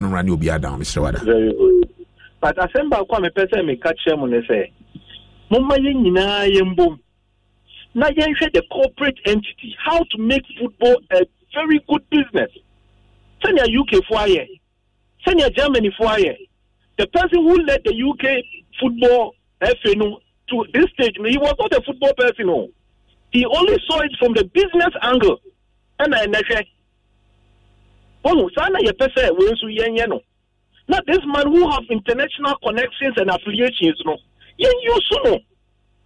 no ra ne obiaa wada but asɛm baako a mepɛ sɛ meka kyerɛ mo ne sɛ momma yɛn nyinaa yɛmbom na the corporate entity how to make football a very good business sɛnea uk fo ayɛ germany fo the person who led the uk football eh, fa no to this stage he was not a football person no he only saw it from the business angle I ɛnɛhwɛ no. Now this man who have international connections and affiliations no. Yen yusu no.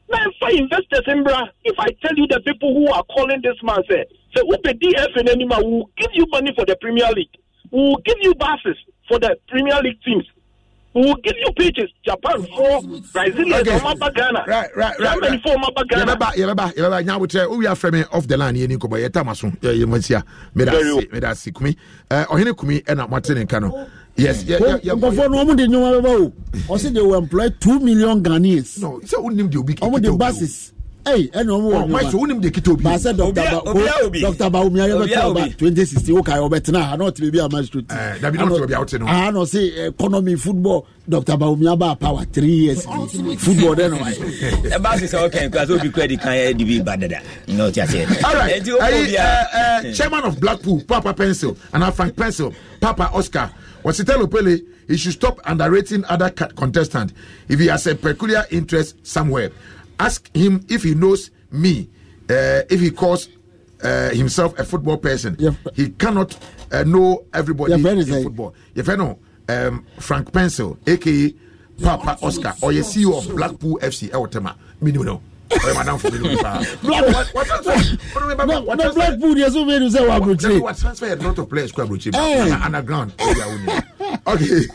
Now if I investors in if I tell you the people who are calling this man say, say who pay DF in anima will give you money for the Premier League. We will give you buses for the Premier League teams. we will give you pages japan for brazil okay. ọmọba ghana right, right, right, germany for ọmọba ghana. yẹbẹba yẹbẹba yẹbẹba nyawo tẹ o yà fẹmi eh, off the line yẹ ni nkọmọ yẹ tá a ma sùn yẹ yẹ mọ si a mẹdàsí mẹdàsí kumi ẹ eh, ọhínì kumi ẹ eh, na mo ti ni nkan no. yes yẹ yẹ yẹ nkɔfɔ no ɔmu de nyɔnma bɛ bá o ɔsi de were employ two million ghanaians. no sɛ o nim de obi kekete o bi o. ɔmu de basis ɛyi ɛna ɔmo wɔ ɔmo ɛsɛ onim de kita obi baasa dɔkita ba ko dɔkita ba omi ayɛ bɛtɛ ɔba twenty sixteen o ka yɛ ɔbɛtena ana ɔtɛ beebi a maestro ti dabi na ɔtɛ beebi a ɔtɛ no ana ah, ɔsi economy football dɔkita ba omi aba power three years football dɛ na wa ye. ɛ b'a sisan o kɛn kura so bi kura di kan yɛ di bi ba dada n'o ti a se. Eh, alright eh, ayi chairman of blackpool papa pencil and frank pencil papa oscar wasitelo pele he should stop underrating other contestants if he has a peculiar interest somewhere ask him if he knows me, uh, if he calls uh, himself a football person. Yeah. He cannot uh, know everybody yeah, in say. football. If I know um, Frank Pencil, aka Papa Oscar, or the CEO of Blackpool FC, Eltema, minimum ọyọ madam fún mi ló ń fa. na blackpool yẹn sún mẹ́rin sẹ́wọ̀n àbúròkyire. wa transfer not to play school àbúròkyire but underground okay.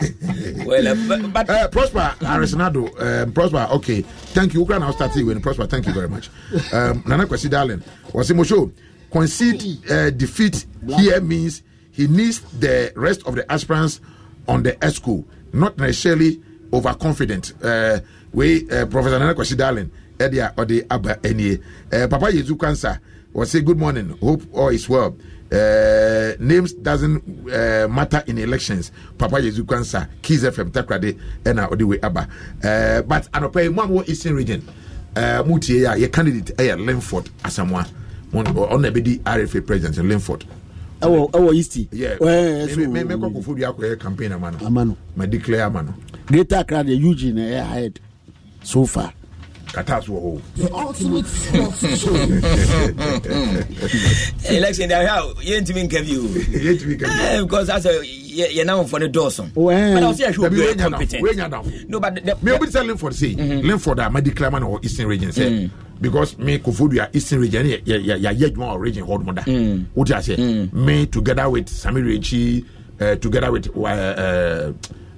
well, uh, but, eh, Prosper Arisinado, um, Prosper, okay. Thank you. Ukraine, I'll start here with Prosper. Thank you very much. Um, Nana Kwesi Darling, Wasimo Show, concede eh, defeat here means he needs the rest of the aspirants on the ESCO, not necessarily overconfident. Uh, we, uh, Professor Nana Kwasi, Darling ɛde a uh, ɔde aba anie uh, papa yesu kansa wɔse good morning hope all is well uh, names doesn't uh, matter in elections papa yesu kansa keys fm takrade ɛna ɔde wei aba uh, but anɔpa yi mu a mowɔ eastern region uh, mutie yi uh, a yɛ candidate ɛyɛ linford asamoa ɔna bɛdi rfa president Lenford. ɛwɔ ɛwɔ east. Yeah. kɔ kofo dua kɔ yɛ campaign amano. Amano. ama declare amano. no. greater accra de eugene ɛyɛ eh, ahead so far kata so wɔ hɔ election de ahwɛ a yɛntumi nka bi o eh, because asɛ yɛnamfoɔ no dɔɔso oh, eh. but ɔsɛ yɛhwɛ obi yɛ no but me obi sɛ linford say mm-hmm. linford a madi clama na wɔ eastern region sɛ mm. because me kofodua eastern region yɛ yɛ yɛ adwuma wɔ region hɔ dɔm da mm. wotu aseɛ mm. me together with samiri echi uh, together with uh, uh,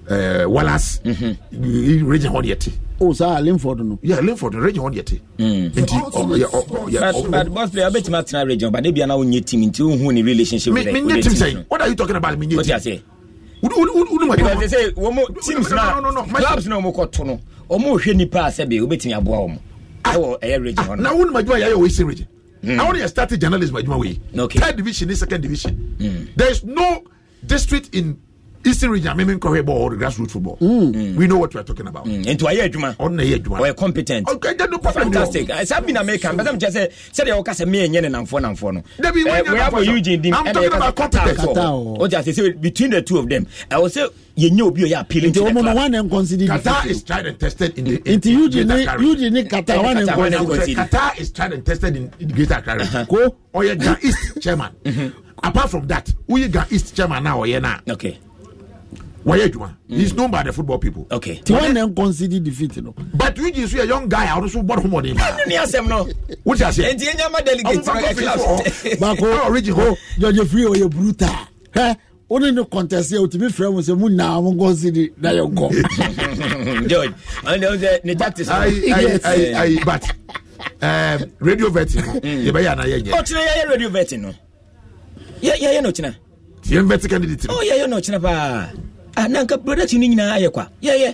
uh, wallace mm -hmm. region hɔ deɛ o saa linford no. yɛ linford region hɔ deɛ te. nti ɔ yɛ ɔ yɛ. but boss player bɛ tɛmɛ region but ebi anaw nye team nti o hun ni relationship. mi mi nye team sɛyin what are you talking about mi nye team. o ti a se. wulu wulu wulu ma yi. because they say wɔn mo teams na clubs na wɔn kɔ to wɔn mo hwɛ nipa asɛbi o bɛ tɛmɛ aboa wɔn. ɛwɔ ɛyɛ region hɔ na wɔn ma juma yɛ ayɛ o esi region. I want to start journalism. Okay. Third division is second division. There is no district in Eastern region, I mean, correct or grassroots football. Mm. mm. We know what we are talking about. Mm. And to a year, Juma. On a year, Juma. We're competent. Okay, that's no problem. Fantastic. It's happening in America, but I'm just saying, say they are me and Yen and Fon and Fon. We have a Eugene Dim. I'm talking about competence. Oh, just say between the two of them, I will say. yɛnyɛ obi ɔyɛ appealing to the club. one and considered Qatar is tried and tested in the in nti Eugene Eugene Qatar one and considered Qatar is tried and tested in, the Greater Accra ko ɔyɛ Ga East chairman mm-hmm. apart from that woyɛ Ga East chairman na ɔyɛ na okay wɔyɛ adwuma mm. he is known by the football people. okay ti wọn nàn consider defeat no. but you jin so a young guy a ɔno so bɔ homo de. ɛnu ni asɛm no. o ti ase. nti enya ma delegate ma ɛ class. baako original. jɔjɔ free o ye brutal. hɛ o ni ne contest yɛ o ti mi fɛ mo sɛ mo na mo consider na yɛ nkɔ. george ɔn de o sɛ ne tactics. ayi ayi ayi but um, radio vetting no yɛ bɛ yɛ ana yɛ nyɛ. ɔtina yɛ yɛ radio vetting no yɛ yɛ yɛ n'otina. tiɛ n vɛti candidate. ɔ oh, yɛ yɛ n'otina paa na nka product no nyinaa ayɛ kwa yɛyɛ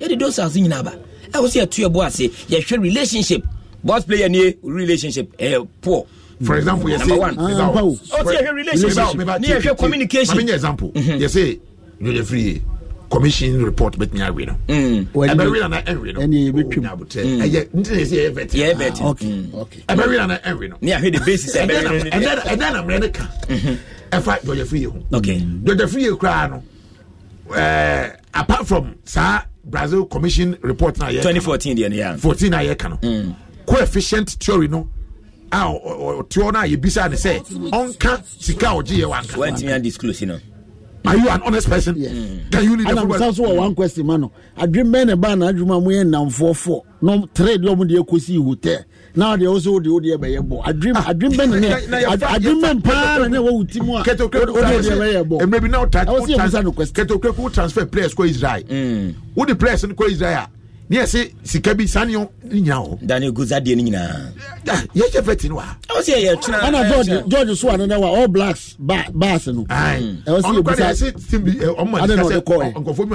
yɛde dose ase nyinaa ba ɛwɔ sɛ yɛto yɛbo ase yɛhwɛ relationship boss player nie relationship ɛyɛ poor for example yɛ say ɔsi yɛhwɛ relationship ni yɛhwɛ communication maame nye example mhm. yɛ say yɛyɛ free yɛ commission report mm. bɛ tiɲɛ awi no ɛbɛ wi nana ɛwi no ɛyɛ n tɛnɛ si yɛ vɛti yɛ vɛti ɛbɛ wi nana ɛwi no ni ahwɛ de basis ɛbɛ wi no ɛdɛ na mɛ ne kan mhm. ɛfa jɔjɛ free yɛ ho jɔjɛ free yɛ koraa no. Eh, apart from saa brazil commission report na yɛ 2014 deɛ no yɛ 14 na yɛ ka no mm. coefficient theory no a ɔteɔ no a yɛbisa ne sɛ ɔnka sika a ɔgye yɛ wanka wantumi undisclose no are you an honest person? Yeah. Mm. Can you lead and the football? And also mm. one question, mano. I dream men a ban. I dream a man now four four. No trade. No money. You see hotel. Now they also the old year boy. I dream. I dream men. I dream men. Pan and they were ultimo. Keto Keto And maybe now transfer. Keto Keto transfer players go Israel. Mm. Who the players in go Israel? ne yɛ se sika bi saa neɛ ne nyina hɔ dane ɛgu sa deɛ no nyinaa yɛhyɛ fɛti no waana george george so ane nɛ wa all blacks bas no ɛwɔsɛnkɔfoɔ bi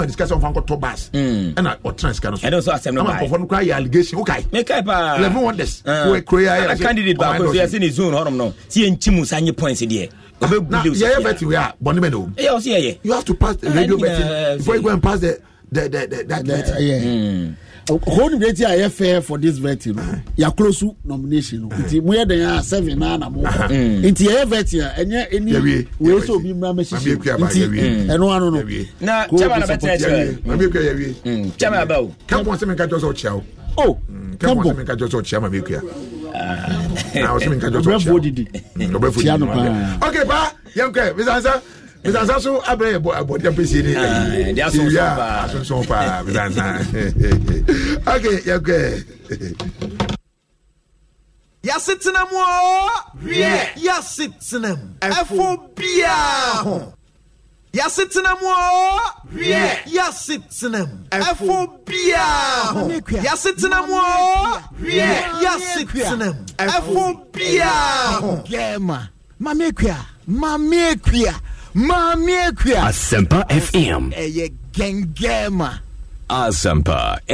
adisika sɛ ɔmfa nkɔtɔ bas ɛna ɔtena sika no soɛnkɔfoɔ no koraa yɛ allegation wokae eleven wonders ah. ah, candidate baako so yɛse ne zone hɔnom no sɛ yɛnkyi mu sa nye points deɛ yɛyɛ fɛti wei a bɔne bɛ ne wo you have to pass the radio vetting ah, uh, before you go and pass the the, the, the, that the, Yeah. Mm. home rate a yɛ fair for this vetting no hmm. yɛakoro so nomination no hmm. nti moyɛ dɛn a seven na na mo hmm. nti yɛyɛ vetting a ɛnyɛ ɛni wei sɛ obi mmra mɛhyehyɛ nti ɛno ano eh, no na kyɛma na bɛtena kyerɛ kyɛma aba o kapɔn sɛ menka kyɛ sɛ ɔkyea o o kapɔn sɛ menka kyɛ sɛ ɔkyea ma mekua na ɔsɛ menka kyɛ sɛ ɔkyea ɔbɛfo didi ɔbɛfo didi ok pa yɛnkɔ ɛ bisansa bisansa so abirɛ yɛ bɔ abɔdeɛ mpɛsie ne ah, Ya asonsɔn paa bisansa ok yɛkɛ. yasetena mu o. wiɛ yasetena mu. ɛfo biara ho. yasetena o. wiɛ yasetena mu. ɛfo biara ho. yasetena o. wiɛ yasetena mu. ɛfo biara gɛɛma maame ekuya maame ekuya. maame akua asɛmpa fm ɛyɛ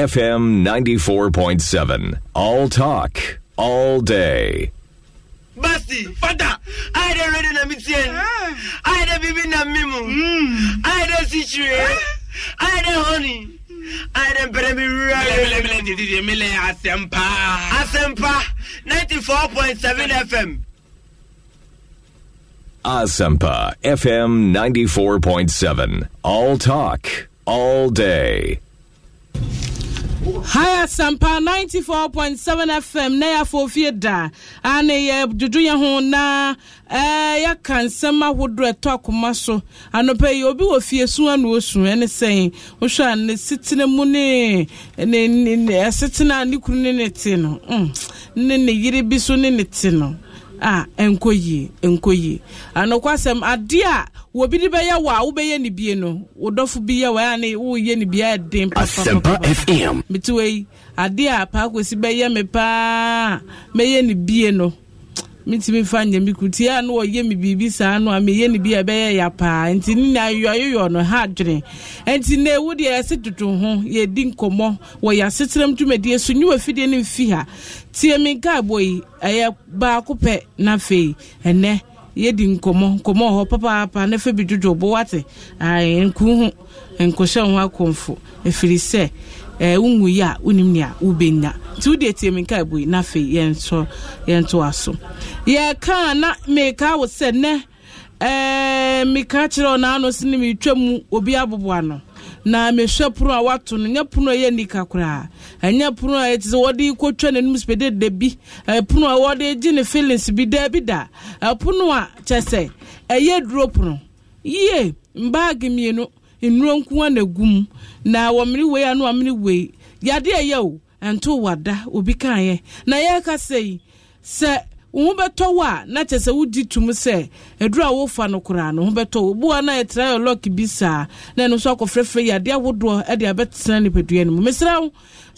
FM 94.7. All talk, all day. Basi, fada, I don't read in the mitien. Ah. I don't in the mimu. Hmm. I don't situe. Ah. I don't honey. I don't pere mi rale. Mele, mele, mele, mele, asempa. Asempa, 94.7 FM. Asampa FM 94.7. All talk, all day. Hi Asampa 94.7 FM na yɛafo fie da ane yɛdwodwo yɛ ho na eh, yɛka nsɛm ahodoɔ ɛtɔ akoma e so anɔpɛ yi obi wɔ fie su ano osu ɛne sɛn wohwɛ a ne setena mu ne ɛsetena ne kunu ne ne te no ne ne yere bi so ne ne te no a nkɔ yie nkɔ yie anokɔ asɛm adeɛ a wobi de bɛyɛ wɔ a wobɛyɛ ne bie no wodɔfo bi yɛ wɔ a ne woyɛ ne bie ayɛ den papapapa mete adeɛ a paakosi bɛyɛ me paa mɛyɛ ne bie no metumi fa nyame kutia no wɔyɛ me biribi saa no a meyɛ ne bi ɛbɛyɛ ya paa nti ne na yɔyɔyɔ no ha adwene nti na ɛwu deɛ yɛse toto ho yɛdi nkɔmmɔ wɔ yɛaseterɛm dwumadie so nyɛ wafidie no mfi ha tie me nkaabɔ yi ɛyɛ baako pɛ na afei ɛnɛ yɛdi nkɔmmɔ nkɔmmɔ hɔ papaapa na fɛ bi dwodwo bo wate nku ho nkɔhyɛ ho akɔmfo ɛfiri sɛ wonwu eh, ya a wonim nea wobɛnya nti wode atie me nka eh, abui na afei yɛnto yɛntoa so yɛkaa na meka wo sɛ nɛ meka kyerɛ anọ si na metwa mu obi aboboa no na mehwɛ pono a wato no nyɛ pono a ɛyɛ nika koraa ɛnyɛ eh, pono a ɛte sɛ wɔde kɔtwa n'anim sipede da bi pono a wɔde gye ne feelings bi daa bi da pono a kyɛ sɛ ɛyɛ duro pono yie mbaage mmienu nnuro nko na egu mu na wɔ wei ano a mmiri wei yade ɛyɛ o ɛnto wada obi kan yɛ na yɛreka ka yi sɛ wo bɛtɔ wo a na kyɛ sɛ wodi tum sɛ aduru a wofa no koraa no ho bɛtɔ wo boa no yɛtra yɛ lɔk bi saa na ɛno nso akɔfrɛfrɛ yɛ adeɛ ahodoɔ de abɛtena nipadua no mu mesrɛ wo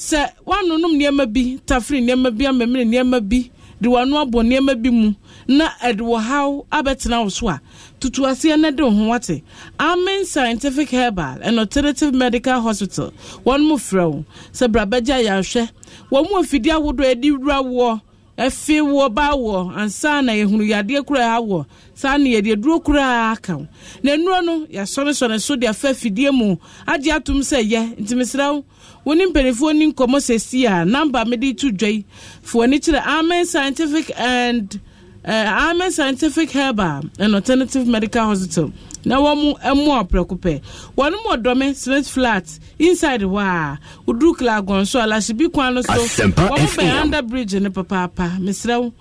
sɛ woanonom nneɛma bi tafiri nneɛma bi amamene nneɛma bi de wɔn abɔ nneɛma bi mu na ɛde wɔ haw abɛtena wo so a tutu aseɛ na de ho wate amen scientific herbal and alternative medical hospital wɔn mu frɛ wo sɛ brabɛgya yɛahwɛ wɔn mu afidie ahodoɔ yɛde wura woɔ ɛfi wɔ ba wɔ ansa na yɛhunu yadeɛ kura ha wɔ saa na yɛde duro kura aka na nnuro no yɛasɔnesɔne so de afa afidie mu agye atom sɛ yɛ ntimisirawo wɔne mpanimfoɔ ni nkɔmmɔ sɛsi a namba mede to dwa yi fo ani kyerɛ amen scientific and uh, amen scientific herbal and alternative medical hospital na wɔn mu ɔprɛko pɛ wɔn mu ɔdɔme smith flat inside wa, a oduru kilaagon so alasibi kwan no so wɔn bɛn under bridge ne papaapa mesrɛw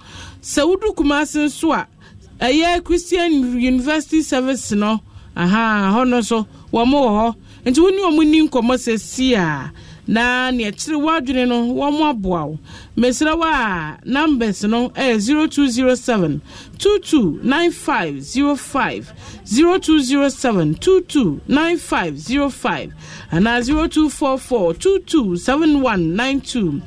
sɛ oduru kumase nso a ɛyɛ christian university service no aha hɔ no so wɔn wɔ hɔ nti wɔn ni wɔn ni nkɔmɔ sɛ a na nea kyerɛ w'adwene no wɔn aboa wo mesrɛ wo a numbers no eh zero two zero seven two two nine five zero five zero two zero seven two two nine five zero five anaa zero two four four two two seven one nine two.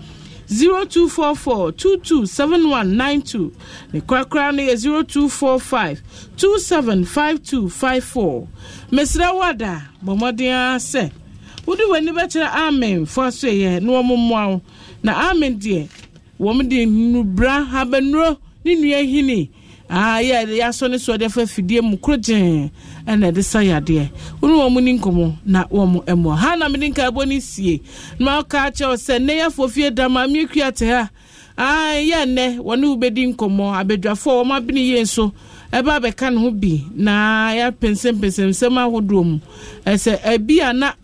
0244227192 ne korakora no yɛ 0245275254 mesrɛ wo ada bɔ mmɔden ara sɛ wode w'ani bɛkyerɛ amen fa so yɛ na wɔn mmoa wo na amen deɛ wɔn de nnubra habanuro ne nnua hini aa yɛ de yasɔ ne so de afa fidie mu koro gyɛn ɛna ɛde sa yadeɛ wɔn wɔn ni nkɔmɔ na wɔn mmoa ha na mene nkaabɔ ne sie na ɔka akyerɛ sɛ ne yɛfo fie da ma mi kua te ha aa yɛ nnɛ wɔne wo bɛdi nkɔmɔ abadwafoɔ wɔn abene yie nso ɛba abɛka ne ho bi na yɛapɛnsɛmpɛnsɛm ahodoɔ mu ɛsɛ ɛbi a na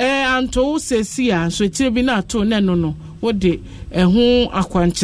ɛɛ eh, anto wo sɛ si a nsukyire bi no ato ne no no wode Support for this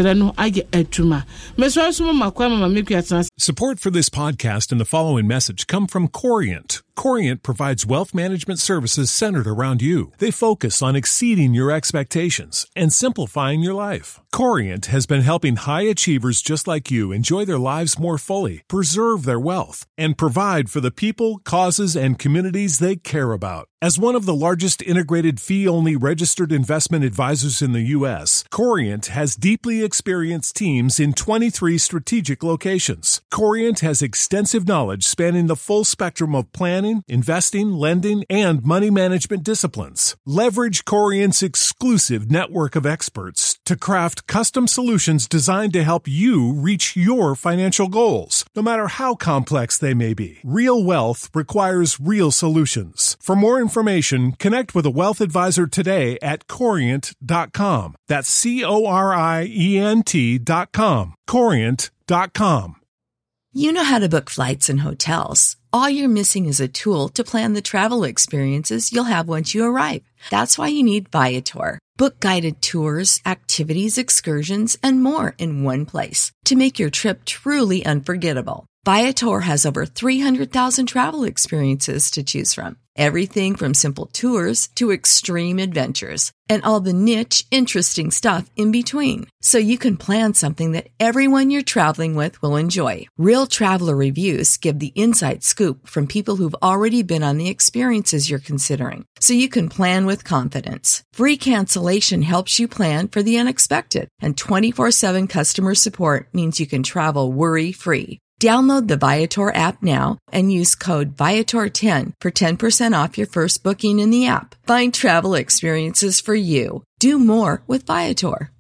podcast and the following message come from Corient. Corient provides wealth management services centered around you. They focus on exceeding your expectations and simplifying your life. Corient has been helping high achievers just like you enjoy their lives more fully, preserve their wealth, and provide for the people, causes, and communities they care about. As one of the largest integrated fee only registered investment advisors in the U.S., Corient Corient has deeply experienced teams in 23 strategic locations. Corient has extensive knowledge spanning the full spectrum of planning, investing, lending, and money management disciplines. Leverage Corient's exclusive network of experts to craft custom solutions designed to help you reach your financial goals, no matter how complex they may be. Real wealth requires real solutions. For more information, connect with a wealth advisor today at corient.com. That's C O R I E N T dot com. Corient dot com. You know how to book flights and hotels. All you're missing is a tool to plan the travel experiences you'll have once you arrive. That's why you need Viator. Book guided tours, activities, excursions, and more in one place to make your trip truly unforgettable. Viator has over 300,000 travel experiences to choose from. Everything from simple tours to extreme adventures and all the niche, interesting stuff in between. So you can plan something that everyone you're traveling with will enjoy. Real traveler reviews give the inside scoop from people who've already been on the experiences you're considering. So you can plan with confidence. Free cancellation helps you plan for the unexpected and 24 7 customer support means you can travel worry free. Download the Viator app now and use code Viator10 for 10% off your first booking in the app. Find travel experiences for you. Do more with Viator.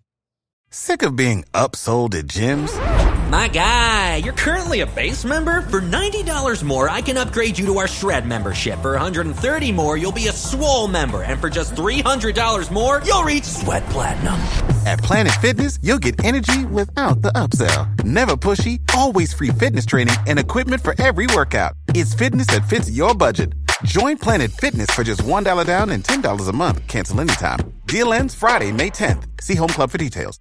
Sick of being upsold at gyms? my guy, you're currently a base member? For $90 more, I can upgrade you to our Shred membership. For $130 more, you'll be a Swole member. And for just $300 more, you'll reach Sweat Platinum. At Planet Fitness, you'll get energy without the upsell. Never pushy, always free fitness training and equipment for every workout. It's fitness that fits your budget. Join Planet Fitness for just $1 down and $10 a month. Cancel anytime. Deal ends Friday, May 10th. See Home Club for details.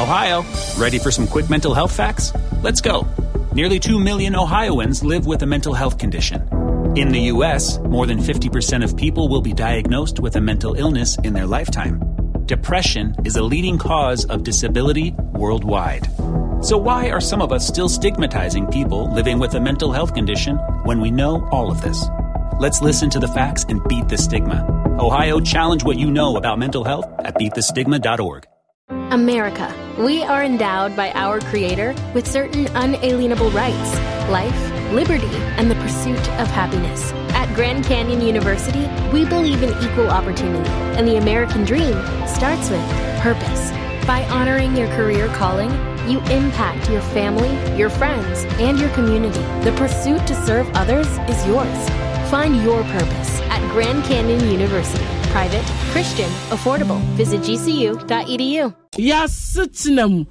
Ohio, ready for some quick mental health facts? Let's go. Nearly 2 million Ohioans live with a mental health condition. In the U.S., more than 50% of people will be diagnosed with a mental illness in their lifetime. Depression is a leading cause of disability worldwide. So, why are some of us still stigmatizing people living with a mental health condition when we know all of this? Let's listen to the facts and beat the stigma. Ohio, challenge what you know about mental health at beatthestigma.org. America. We are endowed by our Creator with certain unalienable rights life, liberty, and the pursuit of happiness. At Grand Canyon University, we believe in equal opportunity, and the American dream starts with purpose. By honoring your career calling, you impact your family, your friends, and your community. The pursuit to serve others is yours. Find your purpose at Grand Canyon University. Private, Christian, affordable. Visit gcu.edu. Yes, it's Then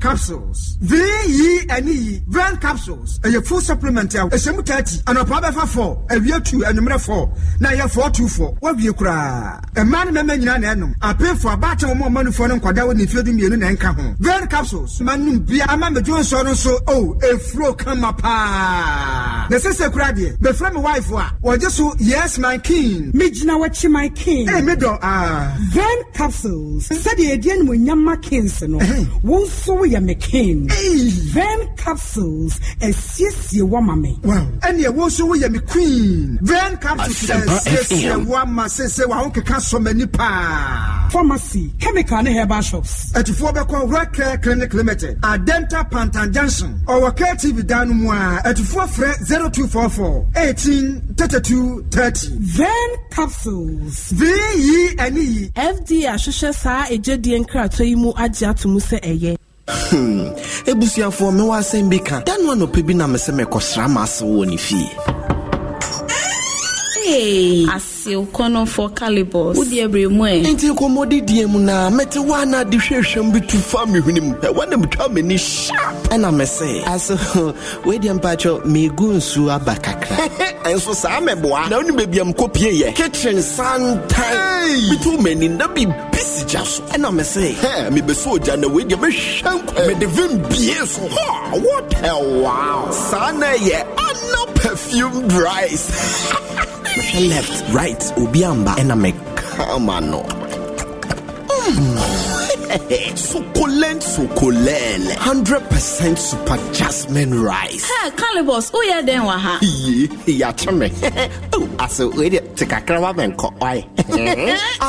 capsules V E N E. ven capsules ɛyɛ full supplement a ɛhyɛ mu thirty A bɛfa four A awia two A number four Now ɛyɛ four two four What you cry? A man koraa mmaa ne mmarima nyinaa na ɛnom apefo abaate wɔn ɔmo nufoɔ no nkɔda wɔ ne fie du mmienu and come home. ven capsules Man, ma num bia ama mɛdwo nsɔ so. Oh, a flow come paa na sese kura deɛ bɛfra mi wife a just so yes my king. mi gyina wɔkyi my king. Hey, eh, mi dɔ aa. Ah. ven capsules sɛdeɛ ediɛ ni mo nyama kings no wɔn nso yɛ mccain ven capsules ɛsiesie wɔ ma me ɛne ɛwɔ nso woyɛ me queen ven capsules ɛsiesie wɔ ma sese wɔaho keka sɔ m'ani paa pharmacy chemical ne herbal shops atufoɔ bɛkɔ wrɛkɛ clinic limited adenta pantan junction ɔwɔ ktv dan no mu a atufoɔ frɛ eighteen thirty two thirty. ven capsules vyi ɛne yi e. fda ahwehwɛ saa ɛgyedie nkrataa yi mu agye ato mu sɛ ɛyɛ Hmm. ebusuafoɔ mewɔ asɛm bi ka da no anɔpɛ bi na sɛ mekɔsra ma wɔ ne fie asew kɔnɔfɔ calibos wodeɛ berɛ mu ɛ e. nti nkɔmmɔdidiɛ mu naa mete wo ana de hwɛhwɛm bi tu fa mehwene mu ɛwɔ ne metwa m'ani sharp ɛna me sɛ aso weideɛ mpakyɛ megu nsuo aba kakra ɛnso saa mɛboa na wo ne baabiamkɔpie yɛ kitchen santan metu m'ani na bibisi ogya so ɛna me se mebɛsɛ ogya na wei deɛ mɛhwɛ nkwa mede vim bie what a wow Sana na ɛyɛ ana perfumed rice mehwɛ left right obi amba ɛna mekama no mm succulent, succulent. 100% super jasmine rice. Hey, Calibos, who ya den waha? Ye, ya me. Oh, aso, wait it. Tikakrawa menko, oi.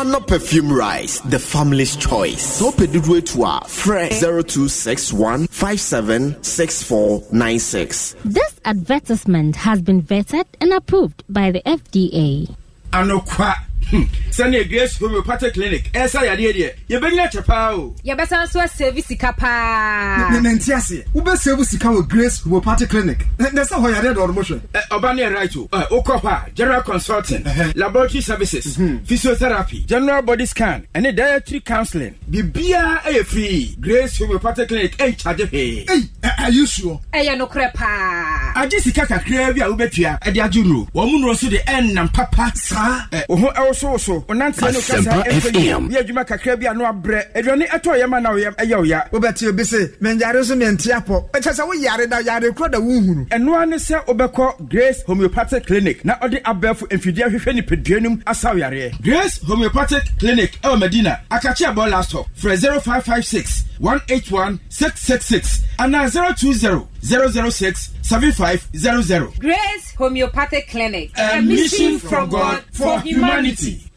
no perfume rice, the family's choice. So pedidwe tuwa, fresh 0261 576496. This advertisement has been vetted and approved by the FDA. Anokwa. Hmm. sani grace homeopathic clinic ɛsa yadeɛ deɛ yɛbɛnyina kyɛ paa o yɛbɛsan so asevi sika paa ne nti aseɛ wobɛsevu sika wɔ grace homeopathic clinic nɛ sɛ hɔ yadeɛ dɔɔde mohwɛ ɔba ne eh, right o wokɔ eh, hɔ a general consulting laboratory services hmm. physiotherapy general body scan ɛne dietary counseling biribiaa ɛyɛ eh, free grace homeopathic clinic ɛnkyade hwee ɛyɛ suɔ ɛyɛ nokorɛ paa agye sika kakraa bi a wobɛtua ɛde agye nnuro wɔn mu nnuro nso de ɛnnam papa saa wo ho ɛwo wosooso wonanteɛ no kasa ɛfɛyi yɛ adwuma kakra bi ano abrɛ aduane ɛtɔ yɛ ma na ɛyɛ ɔya wobɛte obi se menyare so mente apɔ ɛkyɛ sɛ woyare da yare korɔ da wonhunu ɛnoa ne sɛ wobɛkɔ grace homeopathic clinic na ɔde abɛɛfo mfidie ahwehwɛ nipadua nom asaw yareɛ grace homeopathic clinic ɛwɔ medina akakye abɔ last hɔ frɛ 0556 181 666 anaa 020 006 7500. Grace Homeopathic Clinic. A, a mission, mission from God, God for humanity. humanity.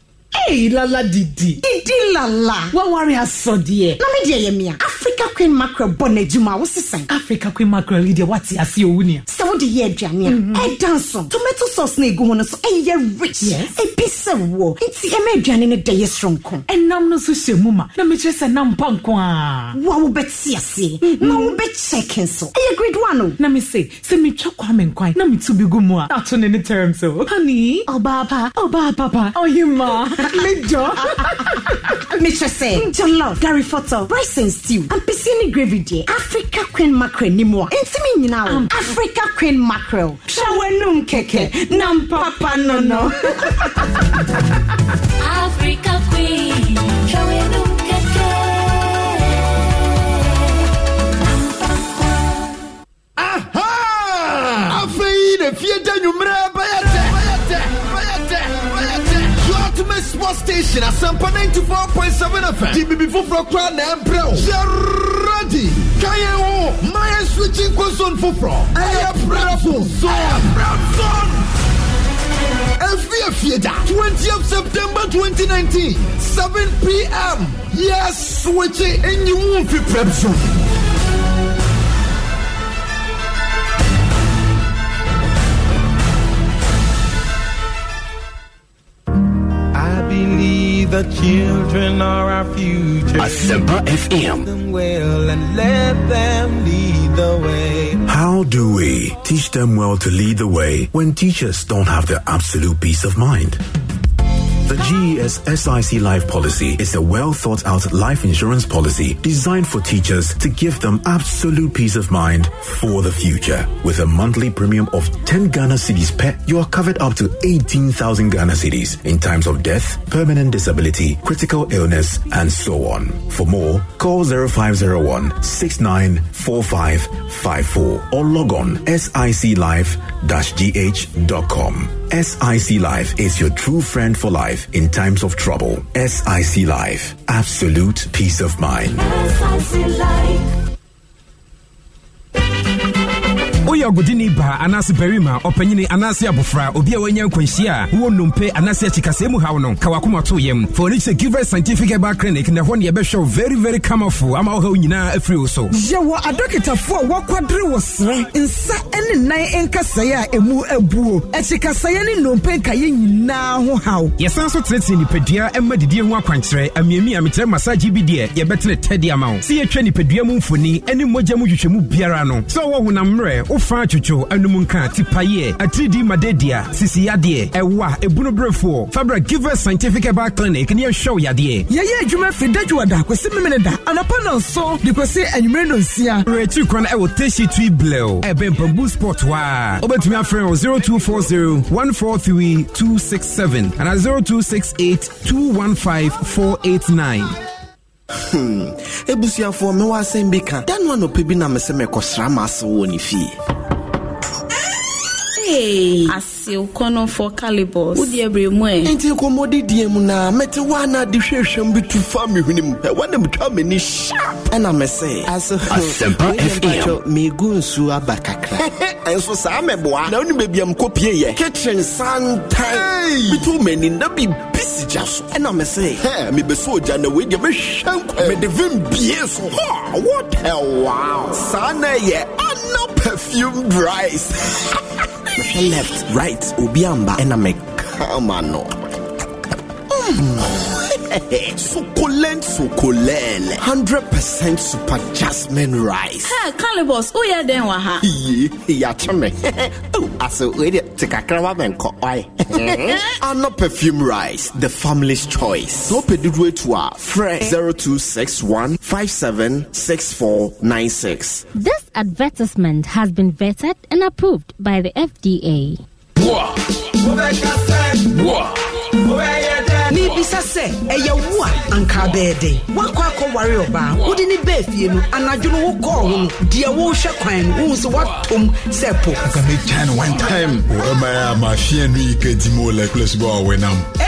Hey, lala didi. Didi lala. Wọ́n wá rí aṣọ díẹ̀. Nami díẹ̀ yẹ mi a. Africa Queen mackerel bọ̀ n'edwuma awo sisan. Africa Queen mackerel yi deɛ wate ase owu ni a. Sẹ́wọ́n de yẹ aduane a. Ẹ danso. Tomato sauce na egu hɔ no ẹ yẹ rich. Ebi sẹ wọ. Nti ẹ mẹ aduane no dẹ yẹ soronko. Ɛnam no so hyɛ mu ma. Na mi kyerɛ sɛ nam pa nko a. Wọ́n awo bɛ ti ase. Na wo bɛ check nso. Ẹ yɛ grade one o. Na mi se sɛ mi twa Kwame Nkrumah na mi tu bi gu mu a. Ato terms o. Honey, ɔbaa pa, ɔbaa papa, ɔyima. Major. Mistress John eh, Love, Gary Foto, rice and stew, and piscini gravy dear. Africa Queen Mackerel ni mo. Enti mi nyina um. Africa Queen Mackerel. Shawenum keke. Nam papa no no. Africa Queen. Shawanum keke. Aha! Afei de fie da nyumre bayara station am 94.7 fm di foforɔ na ready ka yɛn ho ma yɛ switchi nkɔ zone foforɔ ɛyɛ prɛfo 20th September 2019, 7 p.m. Yes, switching in your movie zone. the children are our future. Asempa FM. Well and let them lead the way. How do we teach them well to lead the way when teachers don't have the absolute peace of mind? The GES SIC Life Policy is a well thought out life insurance policy designed for teachers to give them absolute peace of mind for the future. With a monthly premium of 10 Ghana cities per, you are covered up to 18,000 Ghana cities in times of death, permanent disability, critical illness, and so on. For more, call 0501 694554 or log on siclife-gh.com. SIC Life is your true friend for life in times of trouble. SIC Life, absolute peace of mind. woyɛ ɔgodini baa anaase barima ɔpanyini anaase abofra obi a wanya nkwanhyia a wowɔ nnompe anaasɛ akyikasɛɛ mu haw no ka wakoma to yam fa ɔne kyerɛ givers scientific herbal clinic na ɛhɔ ne yɛbɛhwɛ wo very very camafo ama wohaw nyinaa afiri wo so yɛwɔ adɔkitafoɔ a wɔakwadere wɔ serɛ nsa ne nan nkasɛe a ɛmu abuo akyikasɛeɛ ne nnompe nkayɛ nyinaa ho haw yɛsan nso tenetene nipadua ɛma didie ho akwankyerɛ amiami mekyerɛ masagye bi deɛ yɛbɛtene tɛde ama wo sɛ yɛtwa nipadua mu mfoni ne mmogya mu hwehwɛmu biara no sɛ wɔwɔ honam fa atwotwo anum nka tipayeɛ atiridi madadia sisiyadeɛ ɛwa ebunuberefoɔ fabra us scientific herbal clinic ne ɛhwɛw yadeɛ yɛyɛ adwuma firi dadwo da kwasi memene da anapa na nso de kwasi anwumere no nsia rɛkyi kwan ɛwɔ teshi tui blɛw ɛbɛn pambu sport hɔ a wobɛtumi afrɛ wɔ 0240 143 267 anaa 0268 215 489 Hmm. ebusuafoɔ afọ asɛm bi ka da no anɔpɛ bi na me sɛ mekɔsra ma ase ne fie Hey. Asew kɔnɔ fɔ calibus. O deɛ bere mu ɛ. Nti nkɔmɔdi diɛ mu na mɛti wa di hwehwɛm tu fa mi hwene mu. Ɛwɔ sharp. Ɛna mɛ sɛ. Ase Asempa FM. Mi gu nsu aba kakra. Ɛnso saa mɛboa. Na onu beebi a mu kɔ pie yɛ. Kitchen santan. Bi tu mɛ ni na bi bisi gya so. Ɛna mɛ sɛ. mi bɛ so gya na wei deɛ mɛ perfumed rice. left, right, ubiamba, and I'm a camano. Sukolent, succulent, succulent. 100% super jasmine rice. Hey, Calibos, who oh, ya den wa ha? Ye, ya chame. Oh, aso wede tikakrawa men ko oi. Ano perfume rice, the family's choice. So pedidwe twa, fresh 0261 576496. This advertisement has been vetted and approved by the FDA. ebisa sɛ ɛyɛ wo a anka bɛɛ den woakɔ akɔware ɔbaa wode ne bɛɛ fie no anadwo no wokɔɔ ho no deɛ wohwɛ kwan no wohu sɛ woatom sɛ po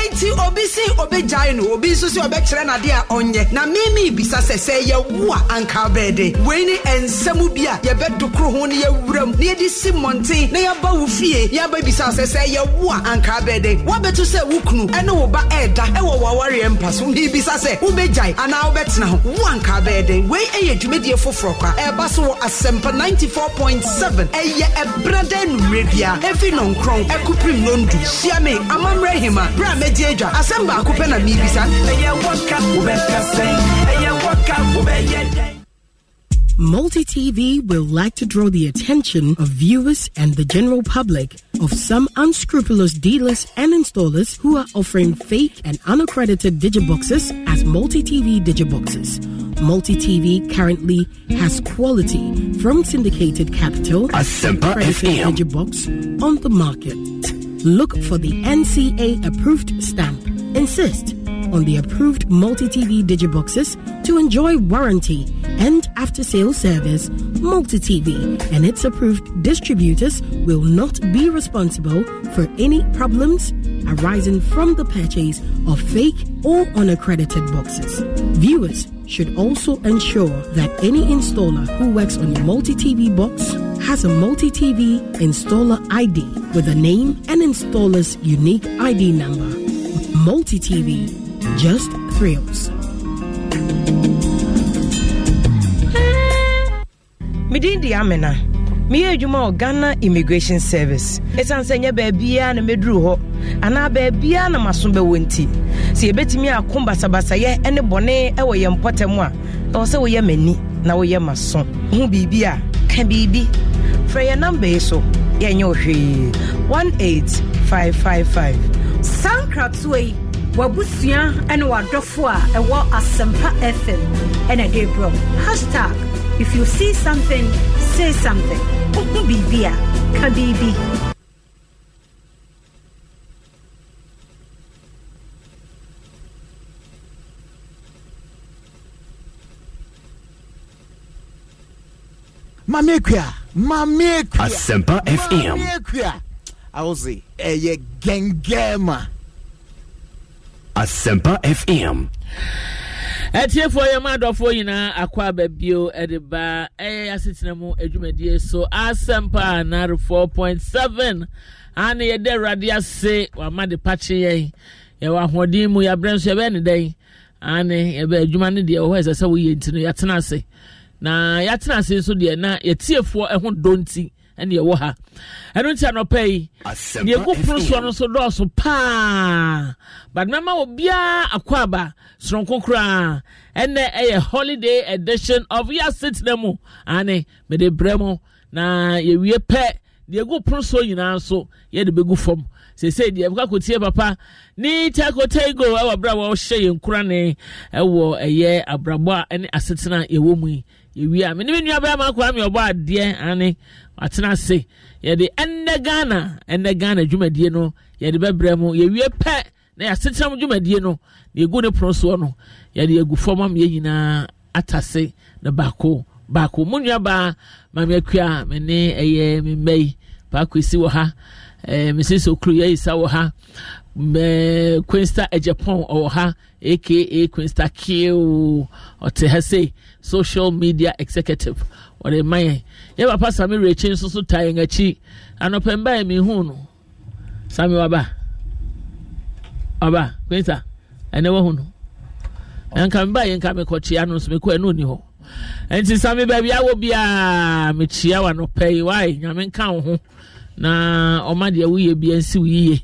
enti obi se obɛgyae no obi nso sɛ ɔbɛkyerɛ nadeɛ a ɔnyɛ na meme bisa sɛ sɛ ɛyɛ wo a anka bɛɛ den wei ne ɛnsɛm bi a yɛbɛdokoro ho no yɛwuram na yɛde si mmɔnten na yɛaba wo fie yɛaba sɛ sɛ ɛyɛ wo a anka bɛɛ den woabɛto sɛ wo kunu ɛne wo ba ɛɛda ɛwɔ w'awareɛ mpa so biribisa sɛ wobɛgyae anaa wobɛtena ho woanka bɛyɛ den wei ɛyɛ dwumadie foforɔ kwa ɛɛba so wɔ asɛmpa 94.7 ɛyɛ ɛbrɛ da nummerɛ bia ɛfi nɔnkrɔn ɛkoprim nondu hyia me amammerɛ hema berɛ a mɛgye adwa asɛm baako pɛ na miribisa ɛyɛ wɔka wobɛka sɛn ɛyɛ wɔka wobɛyɛ dɛn MultiTV will like to draw the attention of viewers and the general public of some unscrupulous dealers and installers who are offering fake and unaccredited digiboxes as MultiTV digiboxes. MultiTV currently has quality from syndicated capital accredited digibox on the market. Look for the NCA approved stamp. Insist on the approved multi-TV digiboxes to enjoy warranty and after sales service. Multi-TV and its approved distributors will not be responsible for any problems arising from the purchase of fake or unaccredited boxes. Viewers should also ensure that any installer who works on your multi-TV box has a multi-TV installer ID with a name and installer's unique ID number. Multi-TV Just Thrills. Medin di Amena. Meyɛ adwuma wɔ Ghana Immigration Service. Ɛsiane sɛ nyɛ baabiara na mɛduru hɔ anaa baabiara na maso bɛwɔ nti. Sɛ yɛbɛtumi ako basabasayɛ ne bɔne wɔ yɛn mpɔtam a, ɛwɔ sɛ woyɛ m'ani na woyɛ m'aso. Ho biribi a, ka biribi. Frɛ yɛn namba yi so. Yɛnyɛ wo hwee. 18555. Saa nkratsoa yi wabusua ne wadɔfo a ɛwɔ asɛmpa fm ɛna de hashtag if you see something say something wohu biribi a ka biribi mamekua mamekua asɛmpa fm awo se ɛyɛ gɛngɛma Asempa FM. atiefoɔ yɛ ma adɔfoɔ nyinaa akɔ aba bio de ba ɛyɛ asetena mu adwumadie so asɛmpa anare 4.7 ane yɛda awurade ase wama de pakye yɛn yɛwɔ ahoɔden mu yɛabrɛ nso yɛbɛyɛ ne dɛn ane yɛbɛ adwuma no deɛ ɛwɔ ɛsɛ sɛ woyɛ nti no yɛatena ase na yɛatena ase nso deɛ na yɛtiefoɔ ɛho dɔ nti ɛne ɛwɔ ha ɛno nti anɔpɛ yi deɛ gu pono soɔ no so dɔɔso paa but mɛma obiaa akɔ aba soronko koraa ɛnɛ ɛyɛ holiday edition of yɛasetena mu ane mede brɛ mu na yɛwie pɛ deɛ gu pono soɔ nyinaa nso yɛde bɛgu fam sese deɛ ɛbɛka kotie papa ne tako tego ɛwɔ berɛ a wɔhyɛ yɛn kura ne ɛwɔ ɛyɛ abrabɔ a ɛne asetena yɛwɔ mu yi ewi a mene me nua bɛrɛ ma akora mi ɔbɔ adeɛ ane atena ase yɛde ɛnɛ ghana ɛnɛ ghana dwumadie no yɛde bɛbrɛ mu yɛwie pɛ na yɛasetena mu dwumadie no na yɛgu ne pono soɔ no yɛde agu fam ama yɛ nyinaa atase na baako baako mu nua baa maame akua me ne ɛyɛ me mma yi paako esi wɔ ha ɛɛ mesisi okuru yɛ isa wɔ ha kwensta quinsta ejapon ɔwɔ ha aka quinsta kiw ɔte ha sei social media executive ɔde ma yɛn yɛ papa sami rekye nso so ta yɛn akyi anɔpɛ mba yɛ mi hu no sami waba waba quinsta ɛnɛ wɔ hu no nka mba yɛ nka mi kɔ kyia no nso mi kɔ ɛnu ni hɔ nti sami baabi awɔ biara mi kyia wɔ anɔpɛ yi waayi nyame nka ho na ɔma deɛ woyɛ bi nsi wo yie.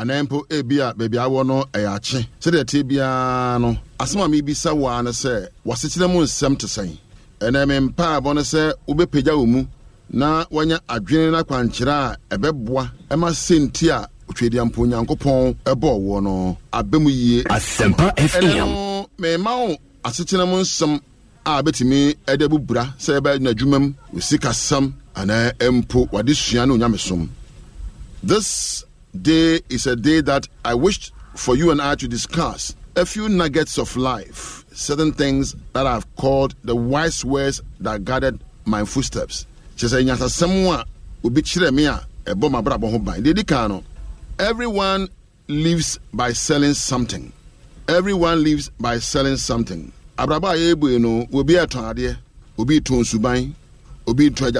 Ana mpo ebi a baabi awɔ no ɛyɛ akye sɛdeɛ ɛte biara no asɛm a mebisa wo a ne sɛ wasekyerɛ mu nsɛm te sɛn ɛnɛ me mpaabɔ no sɛ wobɛpagya wɔ mu na wanya adwene no akwankyerɛ a ɛbɛboa ɛma senti a otwadiampo onyankopɔn ɛbɔɔ wɔ no abɛ mu yie asɛmpa fm mema wo asekyerɛ mu nsɛm a bɛtumi ɛde abubra sɛ ɛbɛyɛ n'adwuma mu osikasɛm anaa mpo wade sua ne onyamesom this day is a day that I wished for you and I to discuss a few nuggets of life, certain things that I've called the wise words that guided my footsteps. kyerɛ sɛ everyone lives by selling something everyone lives by selling something abrabɔ a yɛɛbue no ubi ɛtɔn adeɛ obi ubi suban obi tɔn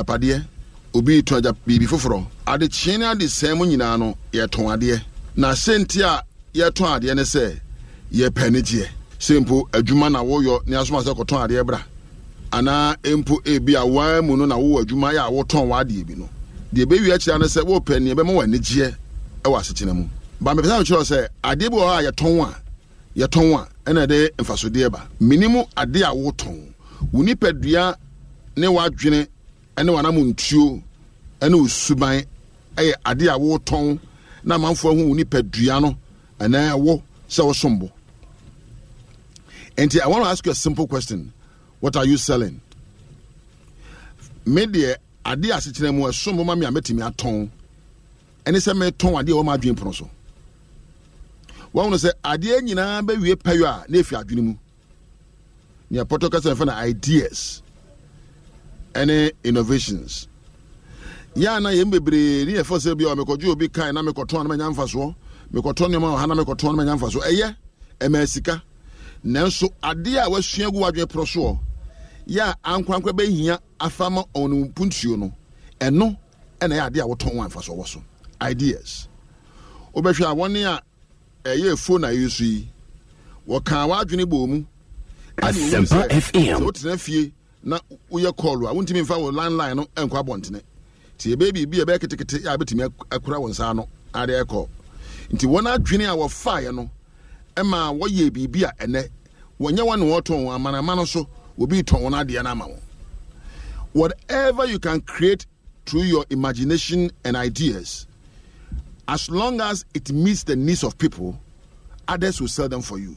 obi to agya biribi foforɔ adekyeɛ ne adesɛn mu nyinaa no yɛtɔn adeɛ na senti a yɛtɔn adeɛ ne sɛ yɛpɛ ne gyeɛ sɛ mpo adwuma na woyɔ ne asoma sɛ kɔtɔn adeɛ bra anaa mpo ebi a wɔn mu no na wowɔ adwuma yɛ a wotɔn wɔ adeɛ bi no deɛ ebewie akyerɛ no sɛ wɔpɛ nea ɛbɛma wɔn ani gyeɛ ɛwɔ asetena mu bambɛpɛsɛ akyerɛ sɛ adeɛ bi wɔ hɔ a yɛtɔn a yɛtɔn a ɛna ɛde mfasodeɛ ba minimu ade a wotɔn wo nipadua ne wadwene ɛne wanam ntuo ɛne osuban ɛyɛ adeɛ a wɔretɔn na amanfoɔ ho nipadua no ɛnɛ ɛwɔ sɛ wɔsom bo nti i want to ask you a simple question what are you selling me deɛ adeɛ asekyerɛ mu ɛsom e bo ma mi a mɛtumi atɔn ɛne sɛ mɛtɔn adeɛ a wɔn adwene pono so wɔn sɛ adeɛ nyinaa bɛwie pɛyɔ a na efi adwene mu nea pɔtɔ kasa yɛn e fɛ na ideas. ne innovations yɛa na yɛm bebree ne yɛfa sɛ bia mekɔgye obi kae na mekɔtɔn no manya mfasoɔ mekɔtɔ nneɔma ɔha na mekɔtɔn no manya mfasoɔ ɛyɛ ɛma sika nanso adeɛ a wasua gu wadwene porɔ soɔ yɛ a ankorankora bɛhia afa ma ɔnempuntuo no ɛno ɛna ɛyɛ adeɛ a wotɔn wɔ amfasoɔ wɔ so ideas wobɛhwɛ a wɔne a ɛyɛ fo na ɛyɛ so yi wɔkaa w'adwene bɔ mu ɛne wotena fie na woyɛ kɔɔlo a wontumi mfa wɔ landline no nkɔ abɔntene nti yɛbɛyɛ biribi ɛbɛyɛ ketekete a bɛtumi akora wɔ nsa no ade ɛkɔ nti wɔn adwene a wɔfaeɛ no ɛma wɔyɛ biribi a ɛnɛ wɔnyɛ wɔn ne wɔtɔn wɔn amanama no so obi tɔn wɔn adeɛ no ama wɔn whatever you can create through your imagination and ideas as long as it meets the needs of people others will sell them for you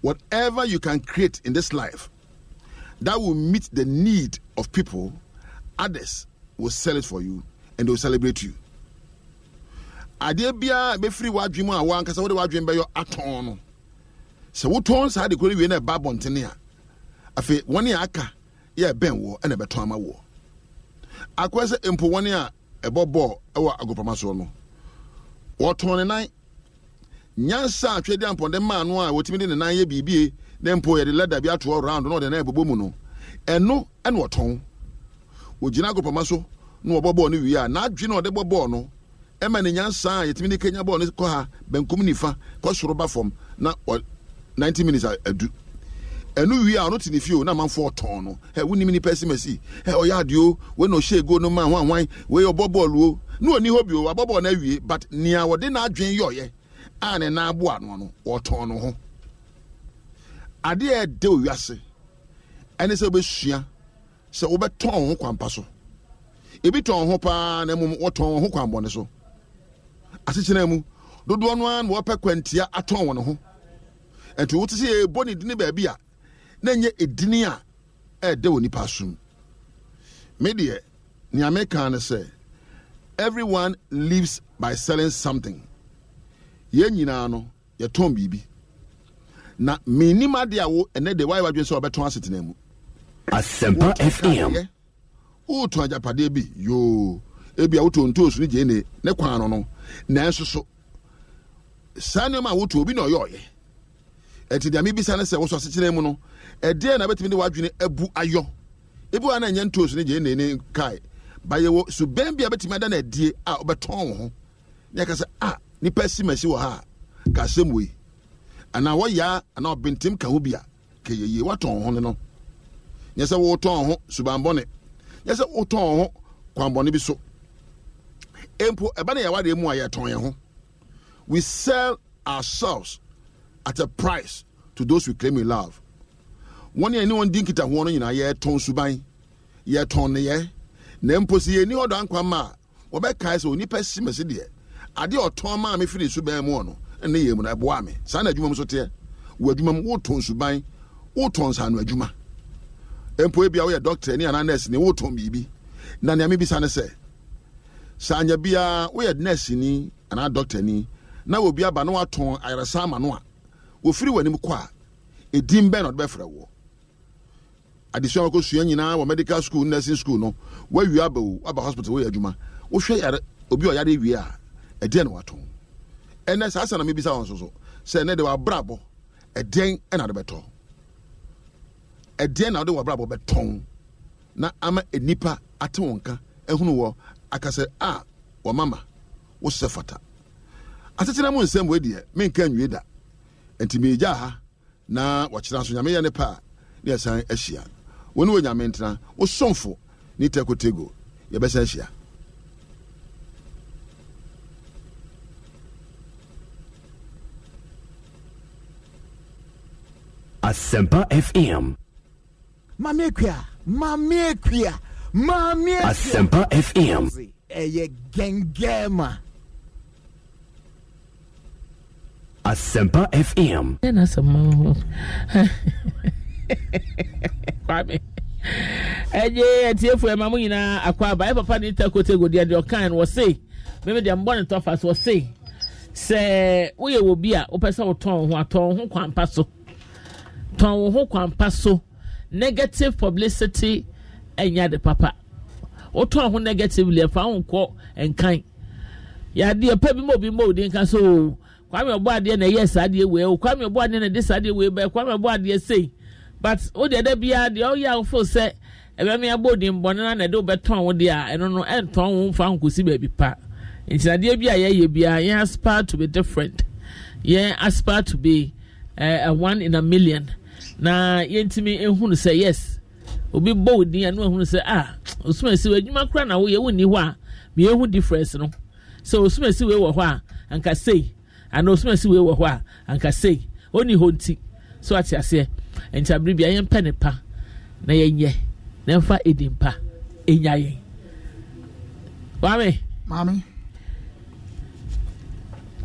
whatever you can create in this life that will meet the need of people, others will sell it for you and they'll celebrate you. adeɛ biara bɛfiri w'adwene mu a wankasa wode w'adwene bɛyɔ atɔn no sɛ wotɔn saa de kuro no wie na ɛba abɔntene a afei wɔne a aka yɛ ɛbɛn wɔ ɛna ɛbɛtɔn ama wɔ akɔɛ sɛ mpo wɔne a ɛbɔ bɔɔl ɛwɔ agopama soɔ no wɔtɔn ne nan nyansa a twɛde ampɔnde maa no a wɔtumi de ne nan yɛ biribie na mpo yɛde leda bi ato round na ɔde na ɛbobɔ mu no ɛno ɛna ɔtɔn ogyina agopama so na ɔbɔ bɔɔl no wie a n'adwi na ɔde bɔ bɔɔl no ɛma ne nyansa a yɛtumi kenya bɔɔl no kɔ ha benkum nifa kɔ soro ba fam na ɔ ninety minutes adu ɛnu wie a ɔno te ne o na amanfo ɔtɔn no ɛ wunim nipa ma mɛsi ɛ ɔyɛ adeɛ o na ɔhyɛ ego no ma ɔbɔ bɔɔl o na ɔni hɔ bi o wabɔ bɔɔl no awie but nea n'adwi yɛ ɔyɛ a ne adeɛ a ɛde ase ɛne sɛ wobɛsua sɛ wobɛtɔn wo ho kwampa so ebi tɔn ho paa na mmom wɔtɔn wo ho kwanbɔne so asekyena mu dodoɔ no ara na wɔpɛ kwantia atɔn wɔn ho nti wote sɛ yɛbɔ ne dini baabi a na nyɛ edini a ɛɛda wɔ nipa som me deɛ nea meka ne sɛ everyone lives by selling something yɛn nyinaa no yɛtɔn biribi na menim adeɛ a wo ɛnɛ de wayɛ wadwene sɛ wɔbɛtɔn asetena mu asɛmpa fm wotɔn agyapadeɛ bi yoo ebi a wotɔ ntoosu no gyee ne ne kwan no no nanso so saa nneɛma a wotɔ obi na ɔyɛ ɔyɛ ɛti deɛ mebisa ne sɛ wosɔ asekyerɛ mu no ɛdeɛ na bɛtumi de wadwene abu ayɔ ebi wa na ɛnyɛ ntoosu no gyee ne ne kae bayɛ wɔ subɛn bi a bɛtumi ada na adie a ɔbɛtɔn wo ho ne yɛka sɛ a ah, nipa si wɔ ha a kasɛm yi anaa wɔyaa anaa ɔbentim ka ho bi a kɛyɛyie ho ne no nyɛ sɛ wotɔn ho subanbɔne nyɛ sɛ wotɔn ho kwanbɔne bi so mpo ɛba ne yɛwadeɛ mu a yɛtɔn yɛn ho we sell ourselves at a price to those we claim we love wɔn yɛn ne wɔn di nkitahoɔ no nyinaa yɛtɔn suban yɛtɔn neyɛ na mpo sɛ yɛni hɔ dɔ ankwa ma a wɔbɛkae sɛ onipa si deɛ adeɛ ɔtɔn maa firi suban mu wɔ ne yɛ mu na ɛboa me saa na adwuma mu so teɛ wɔ adwuma mu wotɔn suban wotɔn nsano adwuma mpo ebi a woyɛ doctor ne anaa nurse ne wotɔn biribi na nea mi bisa ne sɛ saa anya biara woyɛ nurse ni anaa doctor ni na obi aba na watɔn ayaresa ama no a wofiri wɔn anim kɔ a edin bɛn na ɔde bɛfrɛ wɔ adesua wakɔ sua nyinaa wɔ medical school nursing school no wawie aba o aba hospital wɔyɛ adwuma wohwɛ yare obi a ɔyare wie a ɛdeɛ na watɔn ɛnɛ saa sɛ na mebisa wɔn soso sɛ ɛnɛ de wabrabɔ ɛdeɛn ɛna de bɛtɔ ɛdeɛn na wɔde wabrabɔ bɛtɔn na ama nipa ate wɔn ka ɛhunu wɔ akasɛ a wɔn mama wosɛ fata atetena mu nsɛm wɔ deɛ menka nwie da nti meegya ha na wɔkyerɛ nso nyame yɛ ne pa a ne yɛsan ahyia ni wɔ nyame ntena wosomfo ne tekotego yɛbɛsan ahyia Asempa FM. Mamekua, Mamekua, Mamekua. Asempa FM. Eye gengema. Asempa FM. Then as a Kwame. Eye atiefu ema mu nyinaa akwa aba. E papa ni godi ade okan wo se. Meme de mbɔ ne se. Sɛ woyɛ bi a wopɛ sɛ wotɔn ho tɔn wo ho kwampa so negative publicity ɛnyɛ de papa wotɔn ho negatively ɛfa ho nkɔ nkan yadeɛ pɛ bi ma obi ma odi nka so o kwame ɔbɔ adeɛ na ɛyɛ saa adeɛ wei o kwame ɔbɔ adeɛ na ɛde saa adeɛ wei bɛɛ kwame ɔbɔ adeɛ sei but o deɛ dɛ biara deɛ ɔyɛ afo sɛ ɛbɛmi abɔ odi mbɔnena na ɛde ɔbɛtɔn ho deɛ a ɛno no ɛntɔn ho nfa nkosi baabi pa nkyinadeɛ bi a yɛyɛ biara yɛn aspire to be different yɛn aspire to be uh, one in a million. na yɛntumi ehunu sɛ yes obi bɔ wo din na ehunu sɛ ah osuma esi wo edwuma kora na woyɛ wonni hɔ a mie ehu difference no so osuma esi wo wɔ hɔ a anka sei ana osuma esi wo wɔ hɔ a anka sei oni hɔ nti so ate aseɛ nti abiri bia yɛn pɛ nipa na yɛn yɛ na yɛn fa edi mpa enya yɛn maame. maame.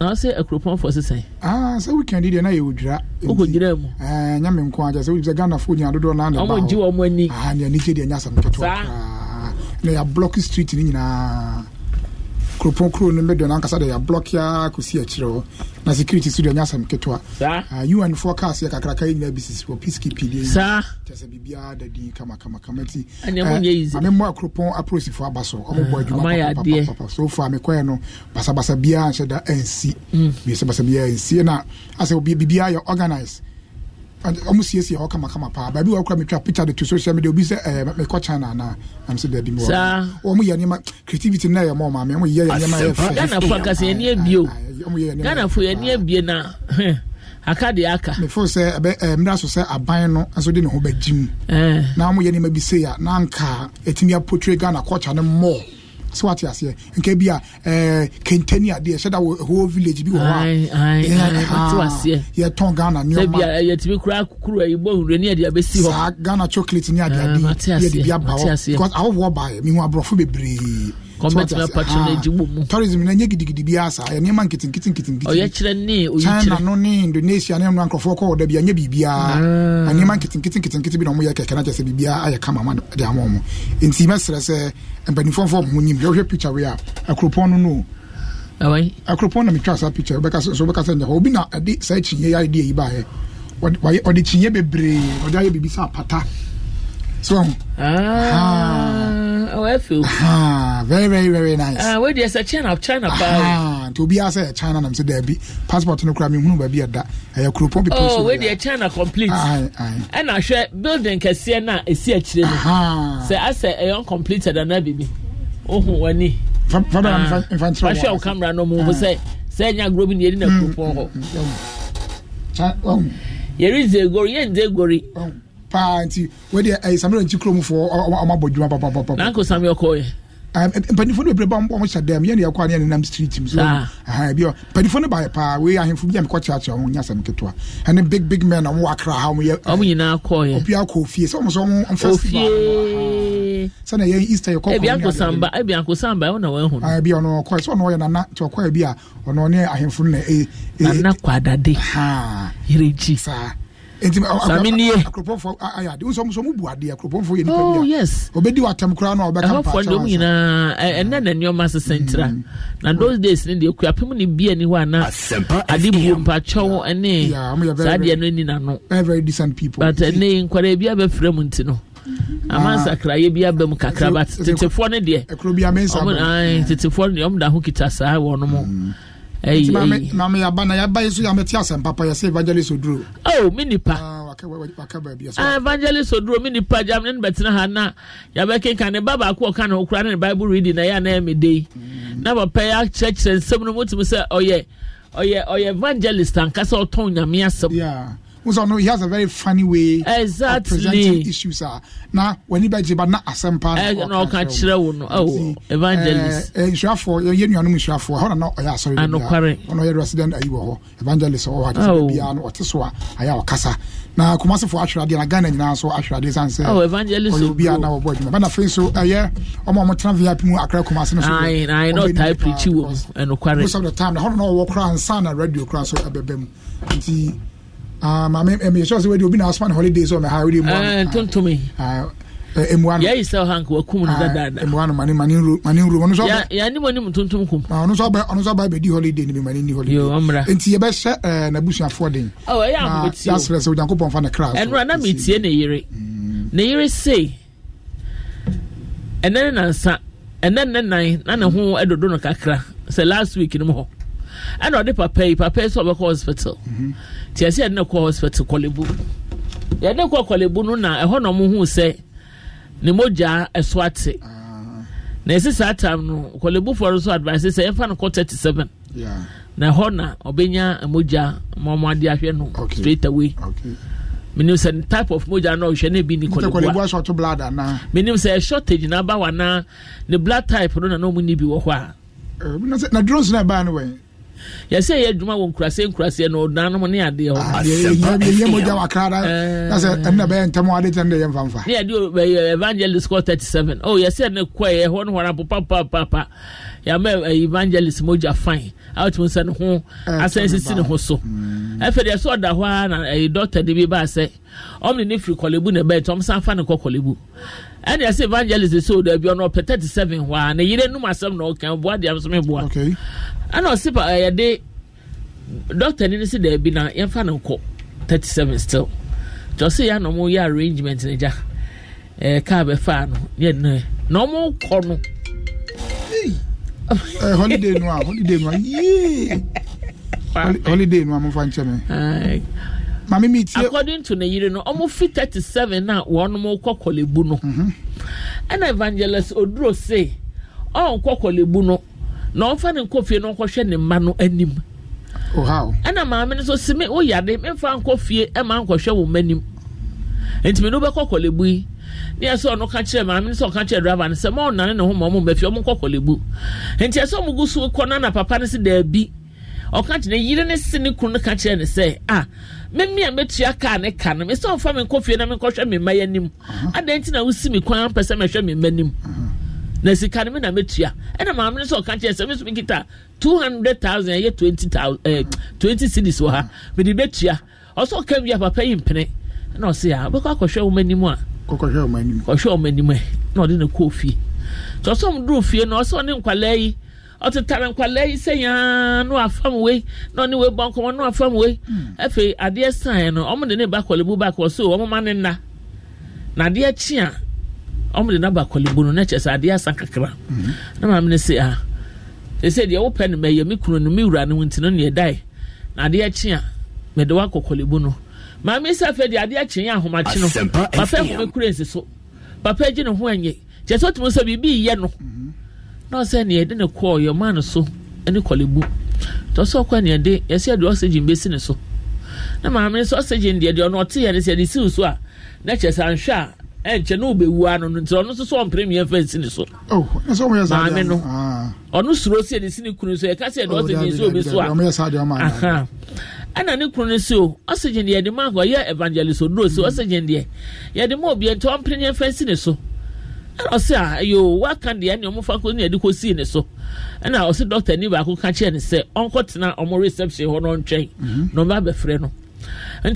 na sɛ akuropɔnfoɔ sesan ah, sɛ weekend deɛ na yɛ wɔdwira wokɔdwira mu eh, nyame nko agya sɛ wosɛ ghanafoɔ nya Dodo na ɔmo gye wɔ mo ani ah, ne anigye deɛ nyɛ asɛm ketewa ah, na yɛablɔck street no nyinaa kuropɔn kuro no mɛdɔ nankasa de yɛablɔke a kɔsi akyerɛ hɔ na security so deɛ ɔnyɛ asɛm ketewa ah, unfoɔ cars yɛ kakraka yɛ nyinaa bi sisi hɔ peacekeeping kyɛ sɛ biribiaa da din kamakamakama nti memmoa eh, kuropɔn aprosifoɔ aba so ɔmobɔ ah, adwuma papapapa so fa mekɔɛ no basabasa biaa nhyɛ da ansi mm. biɛ sɛ basa nsi. ansi na asɛ biribiaa yɛ organise ɔmo siesie hɔ kamakama paa baabi wɔkura mi twa picture de to social media obi sɛ ɛɛ mekɔ china ana am sɛ dabi mu wɔ wɔn yɛ nneɛma creativity na yɛ mɔ maame wɔn yɛ nneɛma yɛ fɛ ghana fo akasa yɛ ni ebie o ghana fo yɛ ni ebie na aka de aka. mefo sɛ ɛbɛ ɛɛ eh, mmiri aso sɛ aban no nso de ne ho bɛ gyi eh. na wɔn yɛ nneɛma bi se ya na nka etimi apotire ghana culture ne mɔɔ so wate aseɛ nka bi a kentani adeɛ ɛhyɛ da wɔ ɛhɔ village bi wɔ hɔ a yɛtɔn ghana nneɔmayɛtumi kora kura yi eh, bɔ hurɛ ne eh, ade abɛsi hɔ saa ghana chocolate ni ne adeade yɛde bi aba hɔ oh. because awɔfoɔ baeɛ mehu aborɔfo bebree commercial patronage wɔ mu tourism na nye gidigidi bi asa yɛ nneɛma nketenkete nketenkete ɔyɛ kyerɛ ne oyi kyerɛ china no ne indonesia ne ɛnura nkurɔfoɔ kɔ ɔda bi a ah. nye biribiara na nneɛma nketenkete nketenkete bi na wɔn yɛ kɛkɛ na kyerɛ sɛ biribiara ayɛ kama ma de ama wɔn nti mɛsrɛ sɛ mpanimfoɔ mfɔ ɔmo nyim yɛhwɛ picture wei a akuropɔn no no akuropɔn na metwa saa picture wobɛka so wobɛka sɛ nyɛ hɔ na ɛde saa kyinye yɛ adeɛ yi baayɛ ɔde kyinye bebree ɔde ayɛ biribi sɛ apata so ah oh feel ah very very very nice ah uh, where there's a china china ah to be as a china nam say there be passport no kra me hunu ba bi ada e kropon people oh where there china complete ah ah and I share building kese na esi akire no say as a yon completed na bibi ohun wani fa fa fa fa show camera no mu ah. say say nya grobi ni na kropon mm, mm, ho mm, um. yeri zegori yeri zegori um paa nti wɔde ɛyɛ samira nti kurom fo ɔmo abɔ dwuma papapapa. nanko sami ɔkɔ yɛ. mpanimfoɔ no bebree ba ɔmo hyɛ dɛm yɛn yɛkɔ ne yɛn nenam street mu so ah. bi no baayɛ paa wei ahemfo bi a mekɔ ho nyɛ asɛm ketewa ɛne big big men ɔmo wakra ha ɔmo nyinaa kɔɔyɛ obi akɔ ofie sɛ ɔmo sɛ ɔmo mfa ofie sɛnɛ easter yɛkɔ na ah, sɛ ɔno nana nti ɔkɔɛ bi a ɔno ahemfo no na ee e, nana kwadade ha saa ɔbɛdi oh, watam koraa na ɔbɛka mpakyɛ wɔn nyinaa ɛnɛ na nneɛma sesɛ ntira mm. na those days ne deɛ kuapem ne bia ni hɔ ana ade buo mpakyɛw ɛne saa deɛ no ani nano but ɛne nkwadaa bi abɛfrɛ mu nti no mm-hmm. amansakraeɛ ah. bi aba mu kakra tetefoɔ no deɛ tetefoɔ no deɛ ɔmo ho kita saa wɔ no mu. Mm nti maame yaba na yaba yi so yame ti asɛm papa yɛ sɛ evangelist oduro. o oh, mi nipa ah, ah, evangelist oduro mi nipa jamani ni bɛtena ha na yaba kenka ne ba baako ɔka ne ho kura ne ne bible reading na yɛ anan mi de yi na papa yɛ akyerɛkyerɛ nsɛm no mo ti mi sɛ ɔyɛ ɔyɛ ɔyɛ evangelist ankasa ɔtɔn nyame asɛm. also no, he has a very funny way exactly. of presenting issues. Are now when he buys but not asempa. Eh, no, catch the one. Oh, evangelist. Eh, eh shuafo. Eh, you know, you shuafo. Hold on, no, oh, yeah, sorry. Ano kware. Ono oh, yɛ resident ayi wɔ hɔ evangelist ɔwɔ adeɛ bi a no ɔte so a ayɛ ɔkasa na kumasi fo ahwɛradeɛ na ghana nyinaa nso ahwɛradeɛ san sɛ ɔyɛ obi a na wɔbɔ adwuma bɛna afei nso ɛyɛ ɔmo a ɔmo tena vip mu akra kumasi no so ayi ayi na ɔtaa pirikyi wɔ mu ɛnokware most of the time na hɔ no na ɔwɔ kora nsa na radio kora nso ɛbɛbɛ mu nti Ah, maame ɛmi ɛsɛ ɔsɛ wɛde obi na asman holidays ɔmɛ ha wɛde mu ano ntontomi emu ano yɛyi sɛ ɔhan kò ɔkum no dadaada emu ano mani mani nro mani nro ɔno sɔ bɛ yanni mo anim ntontom kum ɔno ah, sɔ bɛ ɔno sɔ bɛ bɛdi holiday ni bi mani ni holiday yoo ɔmra nti yɛ bɛ hyɛ eh, ɛɛ n'abusuafoɔ den ɔ ɛyɛ ahometi o na yasrɛ sɛ ɔjanko pɔnfa ne kra so ɛnura na mi tie ne yere mm. ne yere se ɛnɛ ne nansa ɛnɛ ne nan na ne ho ɛdodo no kakra sɛ last week ne mu hɔ ɛna ɔde papa yi papa yi sɛ ɔbɛkɔ hospital nti ɛsɛ yɛde ne kɔ hospital kɔlebu yɛde kɔ kɔlebu no na ɛhɔ na ɔmo hu sɛ ne mogya ɛso ate na ɛsi saa tam no kɔlebu fɔ nso advice sɛ yɛmfa no kɔ thirty seven na ɛhɔ na ɔbɛnya mogya ma ɔmo ade ahwɛ no straight away. Okay. menim sɛ type of mogya no ɔhwɛ no bi ne kɔleboa menim sɛ shortage na aba hɔ anaa ne blood type no na na ɔmu ni bi wɔ hɔ a eh, na drones na ɛbaa no wɛ yɛsɛ yɛ adwuma wɔ nkuraseɛ nkuraseɛ no ɔdanom ne adeɛ ah, na sɛ ɛmna bɛyɛ ntɛm ade ya no dɛ yɛmfamfa ne yɛde evangelist call 37 oh yɛsɛ ne kɔɛ ɛhɔ no hɔra popapapapa yàmẹ evangelist moja fine awotumi nsa ne ho asan sisi ne ho so ɛfɛ mm. deɛ sɛ ɔda hɔ a na doctor de bi ba asɛ ɔmo ne firi kɔlebu ne fa ne ɛna ɛsɛ evangelist sɛ o oh, daabi ɔno ɔpɛ thirty seven hɔ a na yere num asɛm na ɔka boa deɛ nso mi boa ɛna ɔsi pa ɛyɛde doctor ni ne si daabi na yɛnfa ne nkɔ thirty seven still tí ɔsi yɛ anam yɛ arrangement ne gya ɛɛ kaa bɛ fa ano yɛ nnɛ na ɔmo kɔ no. ɛɛ holiday nua holiday nua yee holiday nua mo fa nkyɛn maame mi tie. according to ne yiri no ɔmo fi thirty seven na wɔn kɔ kɔlebu no ɛna mhm. evangelist oduro se ɔnkɔ kɔlebu no na ɔnfa ne nkɔ na na ɔkɔhwɛ ne mma no anim. ohaw ɛna maame no so si mi o yade mefa nkɔ fie ɛma nkɔhwɛ wɔn anim ntumi no bɛkɔ kɔlebu yi ne yɛ sɛ ɔno ka kyerɛ maame no sɛ ɔka kyerɛ driver no sɛ ma ɔnane ne ho ma ɔmo mbɛfi ɔmo nkɔ kɔlebu nti ɛsɛ ɔmo gu so kɔ na na papa no si daabi ɔka kyerɛ yiri ne si ne kunu no ka kyerɛ ne sɛ ah mmemme a metua kaa ne ka no mesan fa me nkɔfie na menkɔhwɛ me mma anim adan nti na wosi me kwan pɛ sɛ mehwɛ me mma anim na sika no me na metua ɛna maame no ɔka kyerɛ sɛ meso mekita two hundred thousand ɛyɛ twenty thousand eh, twenty cities wɔ ha mede bɛtua ɔsɛ ɔka wia papa yi mpene ɛna ɔse a ah, wobɛkɔ akɔhwɛ woma anim a kɔhwɛ woma anim ɛ na ɔde ne kɔɔ fie sɛ ɔsɛ ɔmduru fie no ɔsɛ ɔtetare nkwalaa yi sɛ yaa no afam wei na ɔne wei bɔ nkɔmɔ no afam wei afei adeɛ saeɛ no ɔmo de ne ba kɔlebu ba kɔ so ɔmo ma ne nna na adeɛ kye ɔmo de na ba kɔlebu no na sɛ adeɛ asa kakra hmm. na maame ne ah. se deɛ wopɛ kunu wura ne ɛdae na adeɛ kɔlebu no maame sɛ adeɛ yɛ no papa kura nsi so papa ne ho sɛ sɛ biribi yɛ no. Hmm. na ɔsɛ nea yɛde ne kɔɔ yɛ maa no so ne kɔlebu tɔ sɛ ɔkɔ nea yɛde yɛsɛ yɛde oxygen bɛsi ne so na maame nso oxygen deɛ deɛ ɔno ɔte yɛ no sɛ yɛde siw so a na kyɛ sɛ anhwɛ a ɛnkyɛ na ɔbɛwu ano no nti ɔno nso so ɔmpere mmea mfa nsi ne so oh, maame no ah. ɔno suro si yɛde si ne kunu so yɛka sɛ yɛde oh, oxygen si obi so a ɛna ne kunu no si o oxygen deɛ yɛde maa hɔ yɛ evangelist oduro si mm. oxygen deɛ yɛde maa obi nti ɔmpere mmea mfa nsi ne so. ɛna ɔsi a ayo waka deɛ ɛna ɔmo ko ne ne so baako ka kyerɛ ne sɛ ɔmo reception hɔ na mhm. no nti na ni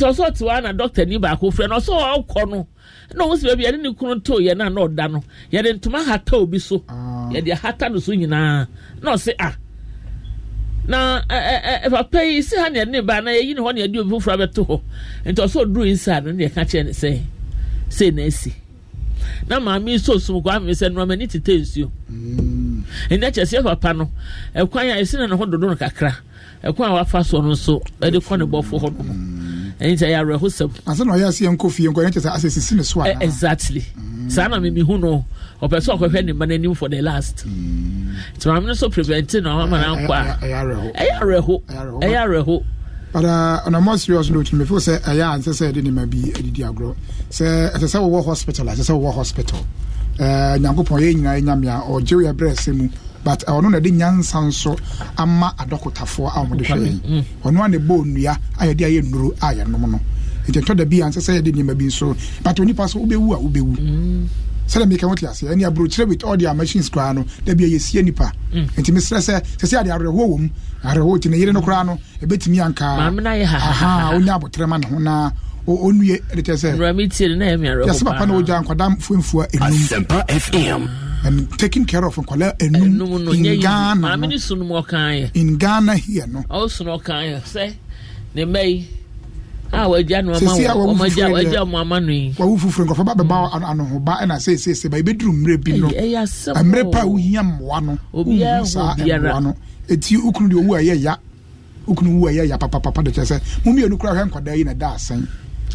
baako frɛ no ɔkɔ no ɛna ɔmo si baabi yɛde ne kunu na na ɔda no yɛde ntoma hata obi so ah. yɛde ahata no so nyinaa na ɔsi a ah. na ɛɛ yi si ha na yɛde ne ba na yɛyi ne hɔ na na maame nso sum kɔ ame sɛ nneɛma ani tete nsuo mm. ɛnna kyɛ sɛ papa no ɛkwan a ɛsi na ne ho dodo no kakra ɛkwan a wafa soɔ no nso ɛde kɔ ne bɔfo hɔ nom mm. ɛnni sɛ yɛawerɛ ho sɛm. ase na ɔyɛ aseɛ nkɔ fie nkɔ ɛnna kyɛ sɛ ase sisi ne so e, a. exactly mm. saa na mimi hu no ɔpɛ sɛ ɔkɔhwɛ ne mma n'anim for the last nti maame no so prevent na ɔma ma na nkɔ a ɛyɛ awerɛho ɛyɛ awerɛho but uh, on a more serious note mefo sɛ ɛyɛ a nsɛ sɛ ɛde nema bi adidi agorɔ sɛ say we wowɔ hospital ɛsɛ sɛ wowɔ hospital nyankopɔn yɛ nyinaa nyame a ɔgye wo ɛberɛ sɛ mu but ɔno uh, na ɛde nyansa nso ama adɔkotafoɔ a ah, wɔde hwɛ yɛn ɔno a ne bɔ nnua a yɛde ayɛ nnuro a yɛnom mm. no nti ntɔ da bi a nsɛ say yɛde nneɛma bi so. but when onipa sɛ wobɛwu a ah, wobɛwu sɛdeɛ meka wote ase ɛne aburokyerɛ with all their koraa no da bia yɛsie nipa mm. nti mesrɛ sɛ sɛ sɛ ade awerɛhoɔ wɔ mu awerɛhoɔ nti ne yere no koraa no ɛbɛtumi ankaaha ɔnya abotrɛ ne ho naa ɔnue ɛdetɛ sɛyɛsɛ papa no ɔgya nkwada mfuamfua ɛnum and taking care of nkwala enum no, no, in Ghana no, in Ghana here no also no kan sɛ ne mɛyi a wagya no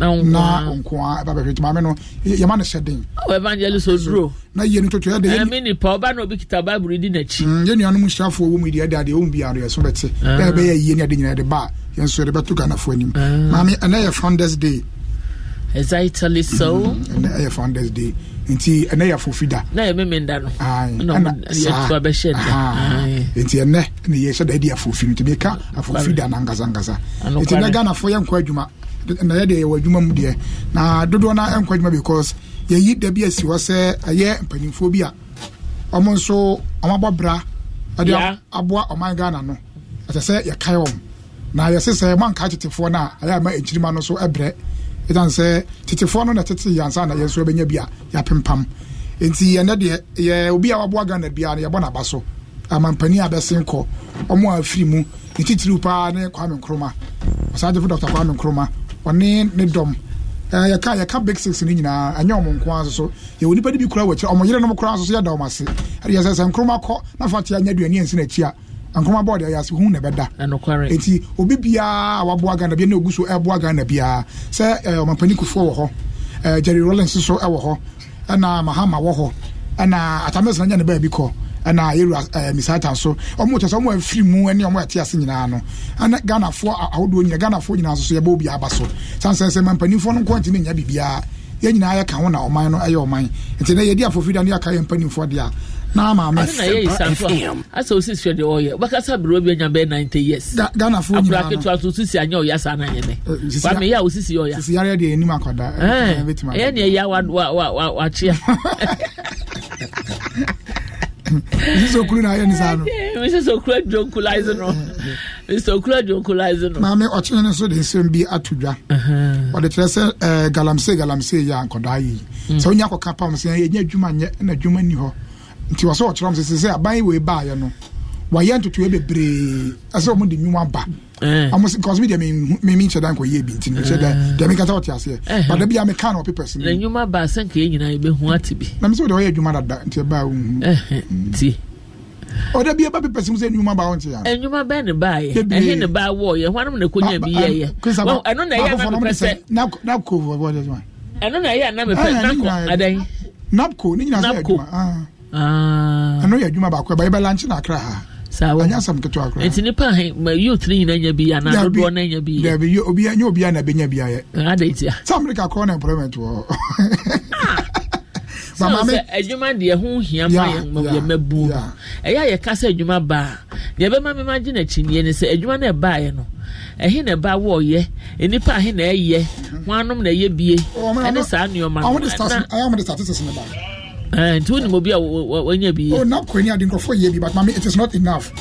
na nkoa ɛba bɛhwɛ nti maame no yɛma no hyɛ den na yie no toto ɛde ɛmi nipa ɔba na kita bible di n'akyi yɛn nuanom hyiafoɔ wɔ mu deɛ deɛ adeɛ wɔn biara yɛ so bɛte bɛɛ bɛyɛ yie ne ade nyinaa yɛde ba yɛn nso yɛde bɛto ghanafoɔ anim maame ɛnɛ yɛ founders day exactly so ɛnɛ mm, ɛyɛ founders day nti ɛnɛ yɛ fofi da na yɛ mímí da no ɛna saa nti ɛnɛ na yɛ hyɛ da yɛ di afofi nti mi ka afofi da na nkasa nkasa nti ɛnɛ ghanafoɔ yɛ nkɔ adwuma na yɛ deɛ yɛwɔ adwuma mu deɛ na dodoɔ no ɛnkɔ adwuma because yɛyi da bi asi hɔ sɛ ɛyɛ mpanimfoɔ bi a ɔmo nso ɔmo abɔ bra ɛde aboa ɔman ghana no ɛsɛ sɛ yɛkae wɔn na yɛse sɛ moanka tetefoɔ no a ɛyɛ ama nkyirima no so ɛbrɛ ɛsiane sɛ tetefoɔ no na tete yɛnsa na yɛn nso bɛnya bi a yɛapempam nti yɛnɛ deɛ yɛ obi a waboa ghana biara no yɛbɔ n'aba so ama mpanin a bɛsen kɔ ɔmo a afiri mu ne titiriw paa ne kwame nkroma ɔsagyefo dr kwame nkroma ɔne ne dɔm yɛka yɛka big six no nyinaa ɛnyɛ ɔmo nko ara so yɛwɔ nipa de bi kura wɔ ɔmo yere nom kura so so yɛda ɔmo ase ɛde yɛ sɛ sɛ nkoroma kɔ na fa te anya aduane ansi n'akyi a nkoroma bɔɔde ɛyɛ ase hu na ɛbɛda eti obi biara a waboa ghana bi ne ogu so ɛboa ghana biara sɛ ɛɛ ɔmampanin kufuo wɔ hɔ jerry rollins nso ɛwɔ hɔ ɛna mahama wɔ hɔ ɛna atamɛsɛn nyɛ ne baabi kɔ ɛna yɛwura ɛɛ misata so ɔmo kyɛ sɛ ɔmo afiri mu ɛne ɔmo ɛte ase nyinaa no ɛna ghanafoɔ ahodoɔ nyinaa ghanafoɔ nyinaa nso so yɛbɔ obi aba so sansɛnsɛn ma mpanimfoɔ no nkɔnti nya biribiara yɛn nyinaa yɛ ho na ɔman no ɛyɛ ɔman nti na yɛde afɔfida ne yɛaka yɛ mpanimfoɔ deɛ na maame fm asɛ osi sua deɛ ɔyɛ wakasa bere obi anya bɛyɛ ninety years ghanafoɔ nyinaa no akoraketewa so sisi anya ɔyɛ asa na yɛ dɛ wame yɛ a osisi yɛ ɔyɛ sisi yare deɛ anim akɔda ɛyɛ neɛ yɛ wakyea mrs na ayɛ ne saa no mrs eh, eh. okuru adwonkulaise no mr okuru adwonkulaise no maame ɔkyene no so de nsɛm bi ato dwa ɔde kyerɛ sɛ eh, galamsey galamsey yɛ ankɔdaa yi sɛ wonya akɔka pam sɛ yɛnya adwuma nyɛ na adwuma nni hɔ nti wɔ sɛ ɔkyerɛ m sɛ sɛ sɛ aban wei baayɛ no wayɛ ntotoe bebree ɛsɛ eh. ɔmo de nwuma ba ɔmo si kɔsmi deɛ mi mi nkyɛ dan kɔ yie bi nti nkyɛ dan eh. deɛ mi kata ɔte aseɛ eh. bada bi a mi kan na ɔpepa si mi. na nwuma ba asan kɛ nyinaa ebe ho ati bi. na mi sɛ o de ɔyɛ adwuma dada nti ɛba ohun. Mm. ti. ɔda bi ɛba pepa si mu sɛ nwuma ba ɔnti yan. nwuma bɛɛ ne ba yɛ ɛhe ne ba wɔ yɛ hɔnom na ko nya bi yɛ yɛ ɛno na ɛyɛ anamipɛsɛ. ɛno na ɛyɛ anamipɛsɛ napco napco ne nyinaa sɛ adwuma ah. Ah. ɛno yɛ adwuma baako ɛba yɛ bɛ lankye na akra ha anyɛ asɛm ketewa koraa nti nipa ahe ma youth ne nyina nya bi anaa dodoɔ no nya bi ya obia nyɛ obia na bɛnya biayɛ adɛn tia sɛ amerika na employment wɔ sɛ adwuma deɛ ho hia ma yɛmabu no ɛyɛ a yɛka sɛ adwuma baa deɛ ɛbɛma me magye no akyinneɛ ne sɛ adwuma no ɛbaeɛ no ɛhe na ɛba wɔɔyɛ nnipa ahe na ɛyɛ ho anom na ɛyɛ bie ne saa nneɔma Eh, nti wonim obi a wanya bi oh, na kwani ade nkurɔfoɔ yɛ bi but mame it is not enough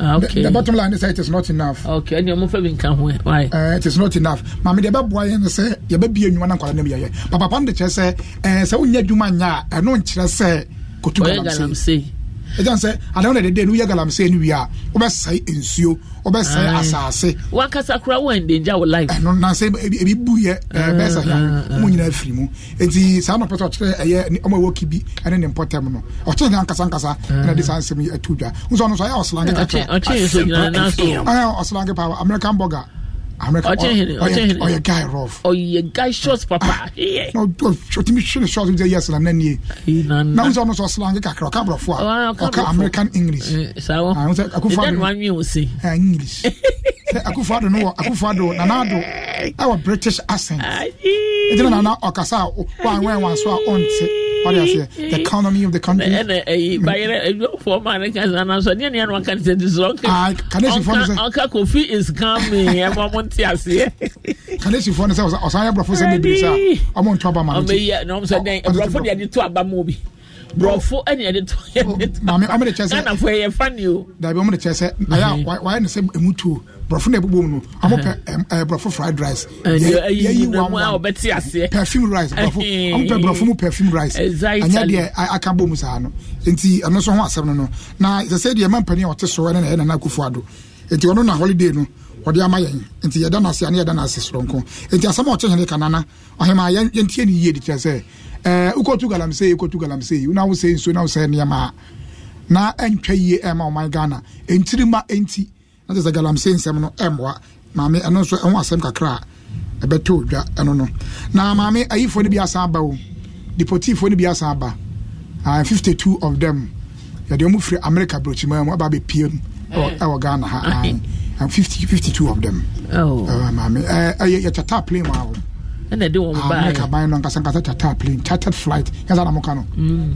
ah, okay. the, the bottom line is that it is not enough. Okay, and your mother been Why? Uh, it is not enough. Mami de bebo ayen se ye be bi enwuma na kwala na Papa pam de che se eh se wonya dwuma nya, eh no nkyere se kotu galamse ɛgyan sɛ adan na dede no woyɛ galamsey no wie a wobɛsɛe nsuo wobɛsɛe asase wakasa kora wo ndangya wo life ɛno eh, nansɛ ebi buyɛ bɛsɛ hia mu nyinaa e firi eh, mu enti saa nɔpɛ sɛ ɔkyerɛ ɛyɛ ɔma ɛwɔ kibi ɛne ne mpɔtam no ɔkyerɛ hia nkasankasa ɛna de eh. saa nsɛm yi ato e dwa nso ɔno nso ɛyɛ ɔselanke kakra ɔselanke paa american burger amẹka ọyẹ ọyẹ guy rough. Oh, ọyẹ guy short papa. na otimi sini short de yẹ silamu nani ye na n sọ ọmọ sọ silamu kakra ọka aburọfo a ọka American English. sawo ìdáni wa mi English eh, akufo ado no wọ akufo ado nana ado ɛwɔ eh. British accent ɛdina ah, eh, nana ɔkasa a wanwɛn wa so oh, a ɔnte. What else? The economy of the country. Ɛnna ɛyi bayerɛ fɔ maa ne ka sanna sɔ ni ɛni ɛni wa Kofi is coming nante aseɛ kanesifoɔ no sɛ ɔsan yɛ borɔfo sɛ bebree sɛ ɔmo nto aba ma no nti borɔfo deɛ de to aba ma obi borɔfo ɛne ɛde to maame ɔmo de kyɛ sɛ ghanafoɔ yɛ fa ne o dabi ɔmo de kyɛ sɛ ayɛ wayɛ ne sɛ emu tuo borɔfo na ɛbobom no ɔmo pɛ ɛɛ borɔfo fried rice yɛyi wan wan ɔbɛte aseɛ perfume rice borɔfo ɔmo pɛ borɔfo mu perfume rice ɛnyɛ deɛ aka bom saa no nti ɛno nso ho asɛm no no na sɛ sɛ deɛ mma mpanyin a ɔte so ɛne na ɛyɛ nana akufo ado nti ɔno na holiday no wɔde ama yɛn nti yɛda no ase ane yɛda no ase soronko nti asɛm a ɔkyɛ hyɛne ka nana ɔhema yɛntie ne yie de eh, kyerɛ sɛ wokɔtu galamsei wokɔtu galamsei wona wo sɛ nsuo na wo sɛ nneɛma a na ɛntwa yie ɛma ɔman ghana ɛntiri ma ɛnti na kyɛ sɛ galamsei nsɛm no ɛmmoa eh, maame ɛno nso ɛho asɛm kakra a ɛbɛtɔ odwa ɛno no na maame ayifoɔ no bi asan aba o deportifoɔ no bi asan aba 52 of them yɛde ɔmu firi america brɛkyimaa mu aba bɛpie mu oh, ɛwɔ eh. ghana ha and 50, 52 of them. Oh. Uh, maame ɛyɛ yɛ charter plane ma And they do on ba yɛ. america ban no nkasa nkasa charter plane chartered flight yasa na mo ka no.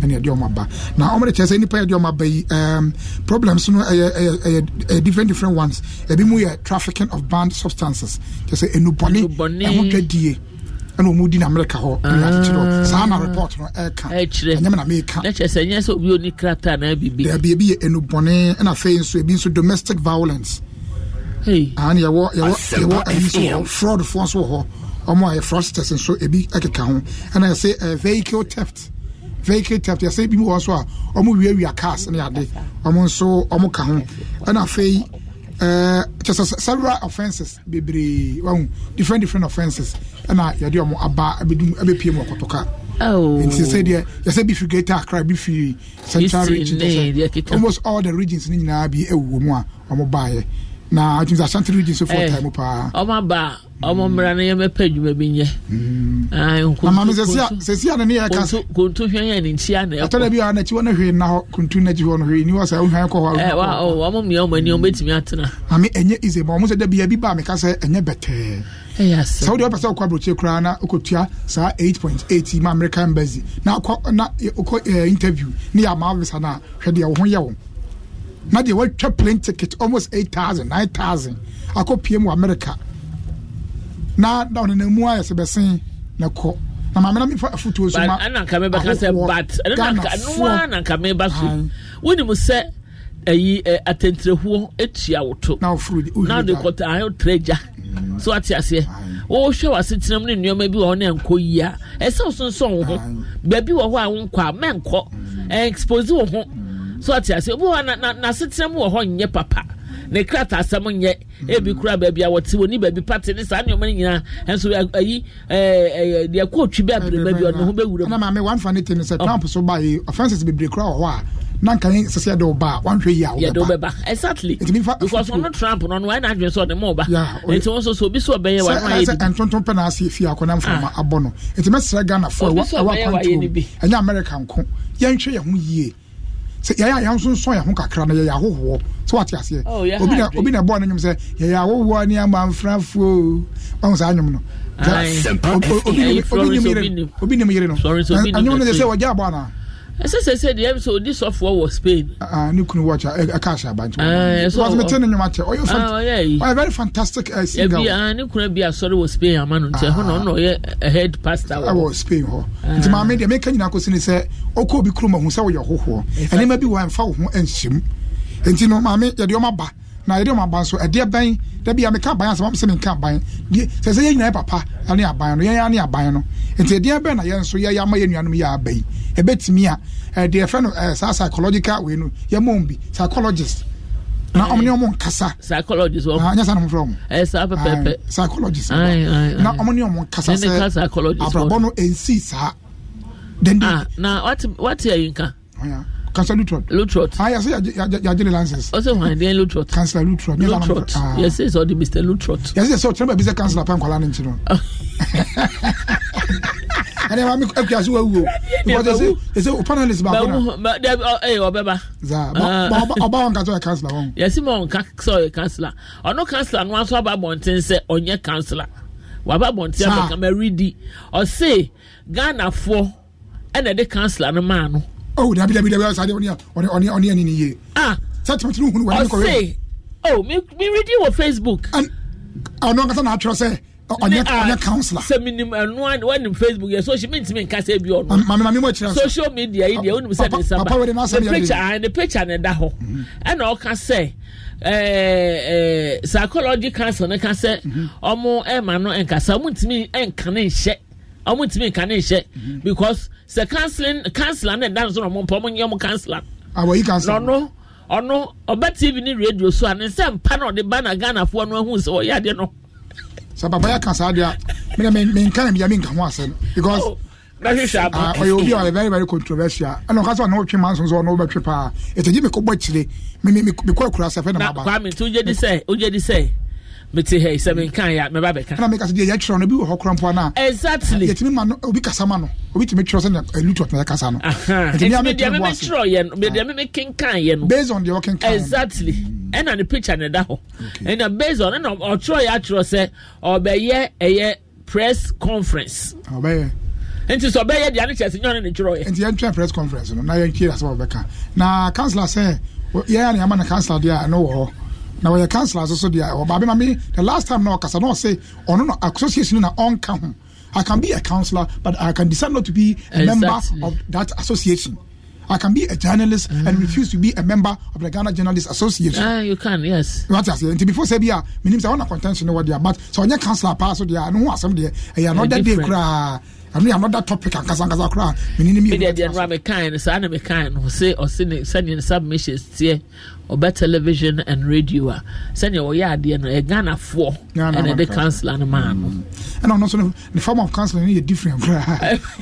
ɛna ɛde wɔn ba na wɔn de kyerɛ sɛ nipa yɛ de um, problems no ɛyɛ uh, uh, uh, different different ones ebi mu yɛ trafficking of banned substances kyerɛ sɛ enubɔni ɛho dwa die. ɛna ɔmu di na amerika hɔ ɛna akyekyere ah. saa na report no ɛka ɛnyɛm na meka ɛkyerɛ sɛ ɛnyɛ sɛ obi oni krataa na bibi. dɛbi ebi yɛ enubɔni ɛna afei nso ebi nso domestic violence. ana ah, yɛwɔ yɛwɔ yɛwɔ ɛyi nso wɔ fraudfoɔ nso wɔ hɔ ɔmo a yɛ fraudsters nso ebi ɛkeka ho ɛna yɛsɛ ɛɛ eh, vehicle theft vehicle theft yɛsɛ bi wɔ so a ɔmo wiawia cars ne ade ɔmo nso ɔmo ka ho ɛna afei ɛɛ eh, kyerɛ several offences bebree wahu different different offences ɛna yɛde ɔmo aba abedum abepie mu ɔkɔtɔka. Oh. nti sɛ deɛ yɛsɛ bi fi greater accra bi fi central region almost all the regions ne nyinaa bi ɛwɔ mu a ɔmo baayɛ. na atumi sɛ asante region sɛ foɔ time paa ɔma ba ɔmo mmara ah, no yɛmɛpɛ adwuma bi nyɛ mame sɛsia ne ne yɛka konto hwan yɛ ne ntia ne ɛtɔda bi a nakyi wɔ no hwee nna hɔ konto no akyi hɔ no hwee ni sɛ wohwan kɔ hɔ ɔmo mmea ɔmani ɔmɛtumi atena ame ɛnyɛ ise ma ɔmo sɛ da bia bi baa meka sɛ ɛnyɛ bɛtɛɛ sɛ wode wopɛ sɛ wokɔ aborɔkyerɛ koraa na wokɔtua saa 8.8 ma american embassy na wokɔ eh, interview ne yɛ ama visa no a hwɛ wo ho yɛ wo na deɛ watwa plane ticket almost eight thousand nine thousand akɔ pie mu america na na ɔnanamu ayɛ sɛ bɛsen na kɔ na maame na mefa afotuo so ma ahofoɔ ghanafoɔ na wonim sɛ ayi atɛntɛrehoɔ atua woto na ɔde kɔta ayɛ tra gya so ate aseɛ wɔhwɛ w'asetena mu ne nneɛma bi wɔ hɔ na nkɔ yia ɛsɛ wo sonsɔn wo ho baabi wɔ hɔ a wonkɔ a mɛnkɔ mm. expose wo ho mm so ate ase obi hɔ na n'asetena mu wɔ hɔ nyɛ papa ne krataa asɛm nyɛ ebi kura baabi a wɔte wɔ ni baabi pati ne saa nneɛma ne nyinaa nso ayi ɛɛ ɛɛ deɛ kɔ otwi bɛ abiri baabi ɔno ho bɛ wura mu. ɛna maame wɔn afa ne ti ne sɛ trump so ba yi offences bebree kura wɔ hɔ a na nkan sisi ɛdɛ ɔba a wanhwɛ yi a ɔbɛba yɛdɛ ɔbɛba exactly because ɔno trump no ɔno wɔn adwene sɛ ɔde mu ɔba nti wɔn nso so obi so ɔbɛyɛ wa n'ayɛ bi sɛ ntontom pɛ n'ase fie akɔnam fama ah. abɔ no nti mɛsirɛ ghana fo ɛwɔ ɛwɔ akwantuo ɛnyɛ america nko yɛnhwɛ yɛn ho yie sɛ yɛyɛ yɛn nso yɛn ho kakra na yɛyɛ ahohoɔ sɛ wate aseɛ oh, obi na obi eh? na bɔɔ ne nwom sɛ yɛyɛ ahohoɔ ne ama mfrafoɔ ɔhun saa nwom no obi nim yere no anwom no sɛ wɔgya abɔ anaa ɛsɛ sɛ sɛ deɛ sɛ ɔdi sɔfoɔ wɔ spain ah, ah, ne kunu watch ɛka ahyɛ abankyemete no nnwom akyɛ ɔyɛ very fantastic eh, ah, ne kuna bi asɔre wɔ spain ama no nti ɛho na ɔna ɔyɛ head pastor wɔ spain hɔ nti maame deɛ meka nyina kɔsi ne sɛ ɔkɔ obi kurom ahu sɛ woyɛ hohoɔ ɛnoɛma bi wɔ ɛmfa wo ho anhyɛm nti no maame yɛde ɔma ba na yɛde ɔma ban so ɛdeɛ bɛn da bi a meka aban asɛm sɛ menka aban sɛ sɛ yɛn nyinaa yɛ papa ne aban no yɛn ne aban no nti ɛdeɛ bɛn na yɛn nso yɛyɛ ama yɛn nuanom yɛ aba yi ɛbɛtumi a ɛde eh, ɛfɛ no eh, saa psychological wei no yɛmɔ bi psychologist na ɔmo ne ɔmo nkasa psychologist ah, wɔn anya sa fɛ ɔmo ɛɛ saa pɛpɛpɛ psychologist wɔn na ɔmo ne ɔmo nkasa sɛ abrabɔ no nsi saa then ah na wati wati ayi nka kansa oh, lutrot lutrot ah yasi yagye ne lances ɔsɛ wɔn adiɛ lutrot kansila lutrot lutrot yasi sɛ ɔdi mr lutrot yasi sɛ ɔtɛnba bi sɛ kansila pa nkwalaa ne nkyɛn no ɛnɛ maame akuya so wawu o because ɛsɛ ɛsɛ o panelist baako na. ɛɛ ɔbɛba. zaa ɔba wɔn kan sɛ kansila wɔn. yɛsi ma wɔn kan sɛ kansila ɔno kansila no aso aba abɔnten sɛ ɔnyɛ kansila waba abɔnten abɛka ma redi ɔse ghanafoɔ ɛna ɛde kansila no oh, maa oh, no. ɔwɔ dabi dabi dabi ɔsade ɔni ɔni ɔni ɛni ni ye. ah sɛtumatu ni hun wɛrɛ ni kɔrɔ. ɔse oh mi mi redi wɔ facebook. ɔno nkasa na atwerɛ sɛ ɔnyɛ ɔnyɛ councillor. sɛ minimu ɛnua wɔnim facebook yɛ social media ntumi nkasa bi ɔno. maame maame mo ekyirɛ so. social media yi deɛ onum sɛ ne nsa ba papa wɛrɛ n'asɛm yɛ de. ne picture ne da hɔ mhm. ɛna ɔka sɛ ɛɛ ɛɛ psychology council ne ka sɛ mhm. ɔmo ɛma no nkasa ɔmo ntumi nka ne nhyɛ ɔmo ntumi nka ne nhyɛ mhm. because sɛ counseling counselor ne da no so na ɔmo mpɔ ɔmo nyɛ ɔmo counselor. awɔ ah, yi counselor. n'ɔno ɔno ɔbɛ tv ne radio so a ne nsa mpa na ɔde ba na ghanafoɔ no ahu sɛ ɔyɛ adeɛ no sɛ papa yɛka saa deɛ a menka na mia menka ho asɛm because ɔyɛ obi a ɔyɛ very very controversial ɛna ɔka sɛ ɔne wotwe ma nso so ɔne wobɛtwe paa ɛtɛgye mekɔbɔ kyire mekɔ akura sɛ fɛ na maba mete hɛ sɛ menka yɛ mɛba bɛka na meka sɛ deɛ yɛtwerɛ no bi wɔ hɔ kora mpoa no a exactly yɛtumi ma no obi kasa ma no obi tumi twerɛ sɛnea ɛlutu ɔtena yɛkasa no ntideɛ memetwerɛyɛ no deɛ memekenkaeɛ no based exactly mm. ɛna ne picture ne da hɔ ɛna based on ɛna ɔtwerɛ yɛ atwerɛ sɛ ɔbɛyɛ ɛyɛ press conference ɔbɛyɛ nti sɛ ɔbɛyɛ deɛ ne kyerɛ sɛ nyɛ ne ne twerɛ yɛ nti yɛntwɛ press conference no na yɛntie asɛm a wɔbɛka na councillor sɛ yɛyɛ ne ama ne councillor deɛ a ɛno wɔ hɔ na wɔyɛ councillor counselor, so the last time na ɔkasa na ɔse ɔno no association na ɔnka ho I can be a councillor, but I can decide not to be a exactly. member of that association. I can be a journalist mm. and refuse to be a member of the Ghana Journalist Association. Uh, you can, yes. What I say, before say, a meaning I want to contention they are but so on your councillor pass, so there, I know what's there, and another ɛno yɛ another topic ankasankasa koraa menenmedeɛ deɛ nora mekae no saa na mekae no ɔse ɔse ne sɛneɛ ne submissions teɛ ɔbɛ television and radio a sɛneɛ wɔyɛ adeɛ no ɛghanafoɔ ɛne ɛde councilor no maa no ɛna mm. ɔno nso no ne form of counseling no yɛ different koraa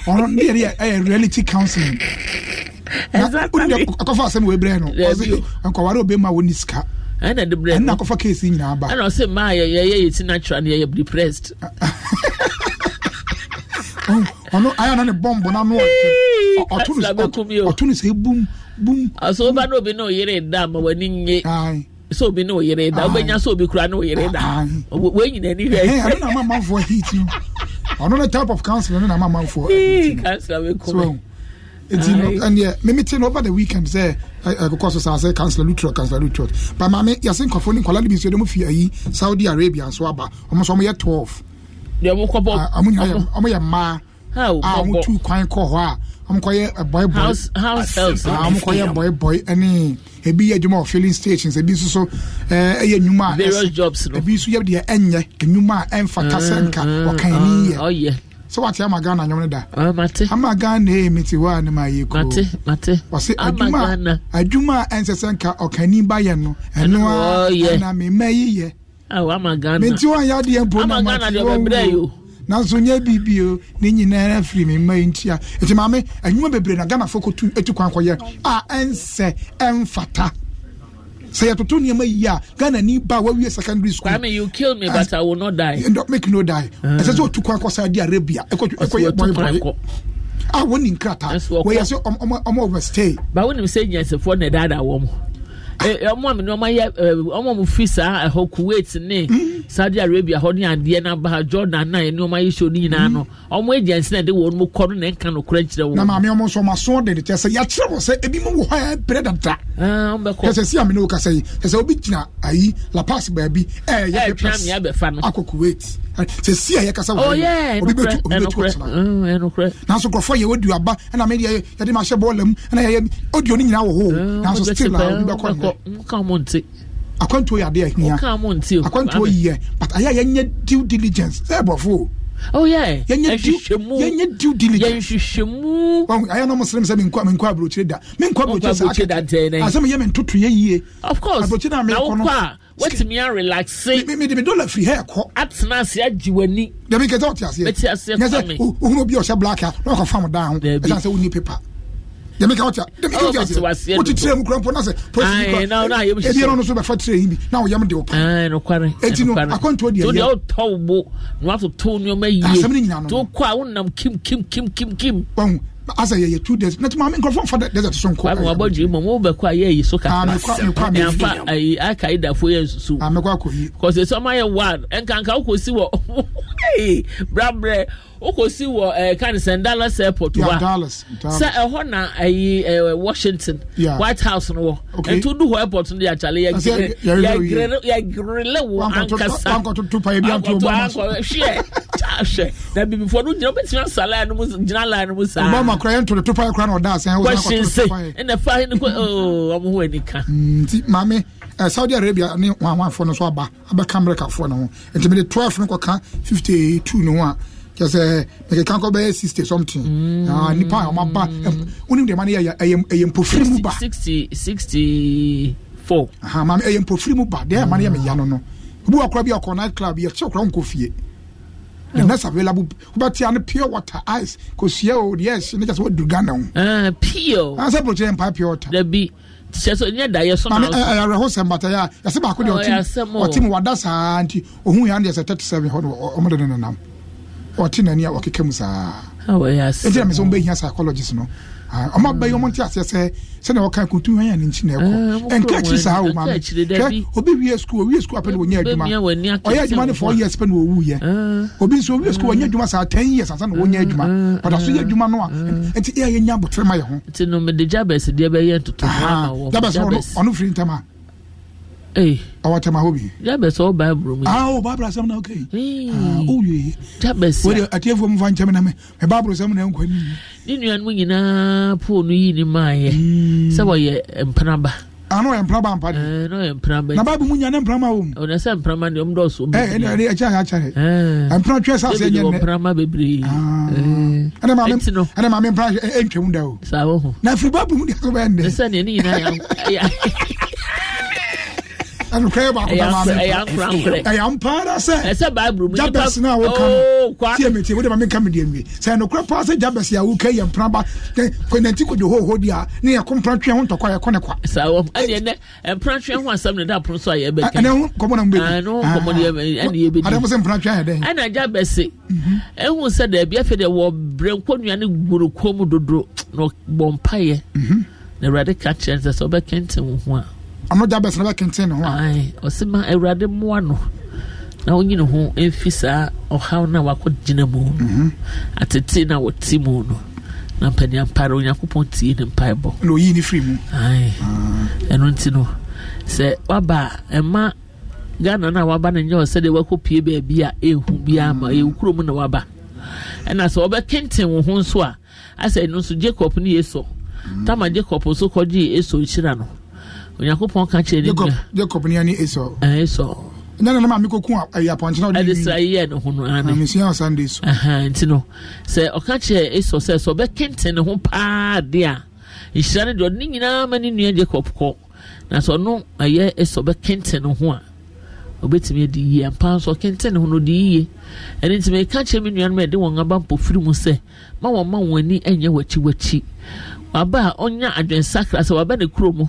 ɔno ne yɛde ɛyɛ reality counseling akɔfa asɛm wɔbrɛ no ɔse nkɔware eh, obɛma wɔni sika ɛna eh, de brɛ ɛna eh, akɔfa case nyinaa ba ɛna ɔse maa yɛyɛyɛ yɛti natural ne yɛyɛ depressed ɔno ayɛ na ne bɔmbo na no sɛ bum woba na obi na ɔyere da ma w'ani nye sɛ obi na ɔyere da wobɛnya sɛ obi kura na ɔyere da wɔanyina ni hwɛ na ma mamfoɔ ɔno ne type of council ne na ma mamfoɔ no ɛneɛ memete no over the weekend sɛ ɛkokɔ so saa sɛ councilor lutrot councilor lutrot but maame yɛse nkɔfoɔ ne nkɔla no bi nso yɛde mu fi ayi saudi arabia nso aba ɔmo nso ɔmo yɛ 12 deɛ ɔmo kɔ bɔ ɔmo nyɛ ɔmo yɛ mmaa a ɔmo tu kwan kɔ hɔ a ɔmo kɔ yɛ ɛbɔi bɔi a ɔmo kɔ yɛ bɔi bɔi ɛne ebi yɛ adwuma wɔ filling stations ebi nso so ɛɛ eh, ɛyɛ nnwuma a various jobs no ebi nso yɛ deɛ ɛnyɛ nnwuma a ɛnfata sɛ mm, nka mm, ɔkan ni mm, yɛ oh, sɛ wate ama ghana nwom no da ah, ama ghana ɛ eh, mete hɔ ne ma yɛ kɔse adwuma a ɛnsɛ sɛ nka ɔkani ba yɛ no ɛno a oh, ɛna mema yi yɛ awo ama ghana meti wọn ya adiẹ mpo na ma ti wọn wu nanso nye biribi o ne nyinaa firi mi mma yi ntia eti maame enyuma bebree na ghana foko tu etu kwan kɔ yɛ a ɛnsɛ ɛnfata sɛ yɛtoto nneɛma yi a ghana ni ba wawie secondary school. kwame you kill me but i will not die. make no die ɛsɛ ah. sɛ otu kwan kɔ saudi arabia ɛkɔ yɛ bɔn bɔn a wɔn ni nkrataa wɔyɛ sɛ ɔmɔ ɔmɔ overstay. bawo ni sɛ nyansefoɔ na ɛdaada wɔn. Eh, eh, ọmọ mi ni ọmọ yẹ eh, ọmọ mi fi saa ẹhọ kuwait ne saudi arabia hɔ ne adeɛ n'aba jordan nan ne ɔmɔ ayi show ne nyinaa no ɔmɔ agency na de wɔn mu kɔ no na nka no kura kyerɛ wɔn. na maame ɔmɔ nso ɔmɔ aso de ne kyɛ sɛ yɛakyerɛ wɔ sɛ ebi mu wɔ hɔ a ɛbrɛ dada. ɛn bɛ kɔ kɛsɛ si amina okasa yi kɛsɛ obi gyina ayi la pass baabi ɛɛ yɛ pɛpɛs akɔ kuwait sɛ si a yɛkasa wɔ obi bɛ tu mm, nanso nkurɔfoɔ yɛ wɔdi aba ɛna mi yɛ yɛde ma hyɛ bɔɔla mu ɛna yɛ yɛ odio ne nyinaa wɔ hɔ ah, nanso still a obi bɛ kɔ nka mo nti. akwantuo yɛ adeɛ ahia nka mo nti o akwantuo yɛ but ayɛ yɛnyɛ due diligence sɛ ɛbɔfo Oh yeah. Yɛnyɛ due yɛnyɛ due diligence. Yɛnhwehwɛ mu. Wɔn na ɔmusiri mi sɛ mi nkɔ mi nkɔ aburokyire da mi nkɔ aburokyire sa akeke asɛm yɛ mi ntutu yɛ yie. Of course aburokyire naa mi kɔ no. N'awokɔ a wetumi a relax. Mi mi de mi dɔla firi hɛ kɔ. Atena ase agyi w'ani. Dɛbi nkɛtɛ ɔte aseɛ. Ɛte aseɛ kɔmi. Nyɛ sɛ ohun obi a ɔhyɛ black a n'ɔkɔ fam dan ho. Dɛbi. Ɛsan sɛ o ni paper yɛmeka wotia dɛmeka wotiaseɛ mu kura na sɛ ɛdeɛ no so bɛfa tirɛ yi bi na woyam de wo pa no akɔntoɔ deɛyɛwotɔwo bo na watotow no nyina no a wonam kimkimkimkimkim asa yɛyɛ two days na tuma nkurɔfoɔ ah, mfa desert so nkɔ wabɔ wabɔ mo bɛkɔ a yɛyi so kakra yɛmfa ayi yɛ nsusu mekɔ akɔ ɔma yɛ wa nkanka wokɔsi wɔ brabrɛ okosi wɔ ɛɛ eh, kan dallas airport wa sɛ ɛhɔ eh, na ɛyi eh, ɛɛ washington white house no wɔ ɛtu du airport no de akyale yɛ gire yɛ girele wɔ ankasa ankɔto ankɔhwɛ ahwɛ na bibifo no gyina bɛ gyina sa line no mu gyina line no mu saa obama kura yɛn ntoro tupa yɛ kura na ɔda asɛn question se ɛna fa ɛna ko ooo ɔmo ho anika. Mm, nti maame saudi arabia ne wɔn ahoafo no so aba abɛka amerikafoɔ no ho nti mi de no kɔka fifty two no ho a kyɛ sɛ mɛkeka nkɔ bɛyɛ sixty something mm. ah, nipa a ɔma ba wonim deɛ ma no eh, ɛyɛ eh, eh, mpofiri mu ba mam ɛyɛ mpofiri mu ba deɛ ma no yɛ meya no no obi wɔ kora bi ɔkɔ night club yɛkyɛ kora nkɔ fie the oh. next available wobɛtea no pure water ice kɔsua o oh, deɛ ɛhye ne kyɛ sɛ woadu ghana ah, pure. ho sɛ brɔkyerɛ mpaa pure water da ɛyɛwerɛho sɛm batayɛ a yɛsɛ baako deɛ ɔte mu wada saa nti ɔhu ya no deɛ sɛ 37 hɔ ɔmode no nenam ɔte nani a ɔkeka mu saa ɛnti ah, na mesɛ wombɛhia psychologist no ah, ɔma bɛyi ɔmo nte aseɛ sɛ sɛnea wɔka kutu hwan a ne nkyi na ɛkɔ eh, ɛnka akyi saa o maame hwɛ obi wie sukuu owie sukuu apɛ na wɔnyɛ adwuma ɔyɛ adwuma ne four years pɛ na wɔwu yɛ eh. obi nso owie sukuu wɔnyɛ adwuma saa ten years ansa na wɔnyɛ eh, adwuma ɔda so yɛ adwuma no a nti ɛyɛ yɛnya abotire ma yɛ ho. nti no mede jabɛs deɛ ɔno firi ntɛm a awatɛm ahɔ bi jabɛs ɔ baibulu mu ah o baibulu asɛm na ɔkɛ yi ah o yie jabɛs o de atiɛfo mu fa nkyɛn na mɛ mɛ baibulu asɛm na nkɔ ni. ne nuanom nyinaa pool hmm. ah, no yi ne maa yɛ sɛ wɔyɛ mpanaba ano yɛ mpraba mpa de ɛno eh, yɛ mpraba na baabu mu nya ne mprama wɔ mu ɔna sɛ mprama deɛ ɔmo dɔɔso mu ɛɛ ɛna ɛde ɛkyɛ akyɛ dɛ mpra twɛ sa sɛ nyɛ nɛ mprama bebree ɛna ah. eh. maame ɛna maame mpra ɛntwɛm da o saa wɔ na fi baabu mu di so bɛyɛ nɛ ɛsɛ deɛ ne ɛnukura yɛ baako dama mi ɛyɛ ankorankore ɛyɛ mpaara sɛ ɛsɛ baabulu mu nipa jabɛsi naa wɔka no tie mi tie o de ma mi ka mi di enwie sɛ ɛnukura paa sɛ jabɛsi a wɔka yɛ mpranba kɔnɛnti ko de hoho di a ne yɛ ko mprantwɛn ho ntɔkwa yɛ kɔ ne kwa. sawɔ ɛni ɛnɛ mprantwɛn ho asɛm ne da pono so a yɛ bɛ kɛ ɛnɛ ho kɔmɔ na mu bɛ di ɛnɛ ho kɔmɔ na yɛ bɛ di adamu sɛ mprantwɛn yɛ dɛ ɛnna jabɛsi ehu sɛ dɛbi afɛ de wɔ brɛ nkonnwa ne gboro kɔn mu dodo na bɔ mpa yɛ na awurade ka kyerɛ sɛ sɛ ɔbɛkɛntɛn wo ho a ɔno jabes no bɛkenten ne ho a ɔsɛma awurade mmoa no na wonyi ne ho ɛmfi saa ɔhaw no a wakɔgyina mu no mhm. atete no a wɔte mu no na mpani ampare onyankopɔn tie ne mpaebɔ na ɔyii ne firi mu ah. ɛno nti no sɛ waba ɛma ghana no a waba no nyɛ ɔ sɛdeɛ wakɔpie baabi a ɛhu biaa ma ɛwo mm. mu na waba ɛna sɛ wɔbɛkenten wo ho nso a asɛ ɛno nso jacob ne yɛsɔ mm. tama jacob nso kɔgyee ɛsɔ hyira no onyankopɔn ka kyerɛ ne nua jacob ne ne esau esau na nana maame koku ɛyɛ apɔnkye na ɔde sra yɛ ne ho no ano mesua sunday so nti no sɛ ɔka kyerɛ esau sɛ sɛ ɔbɛkenten ne ho paa de a nhyira no deɛ ɔde ne nyinaa ma ne nua jacob kɔ na sɛ ɔno ɛyɛ esau bɛkenten ne ho a obetumi adi yie mpa nso kenten ho no di yie ɛne ntumi ka kyerɛ mi nuanom a yɛde wɔn aba mpofiri mu sɛ ma wɔn ma wɔn ani nyɛ wɔkyi wɔkyi waba a ɔnya adwensakra sɛ waba ne kurom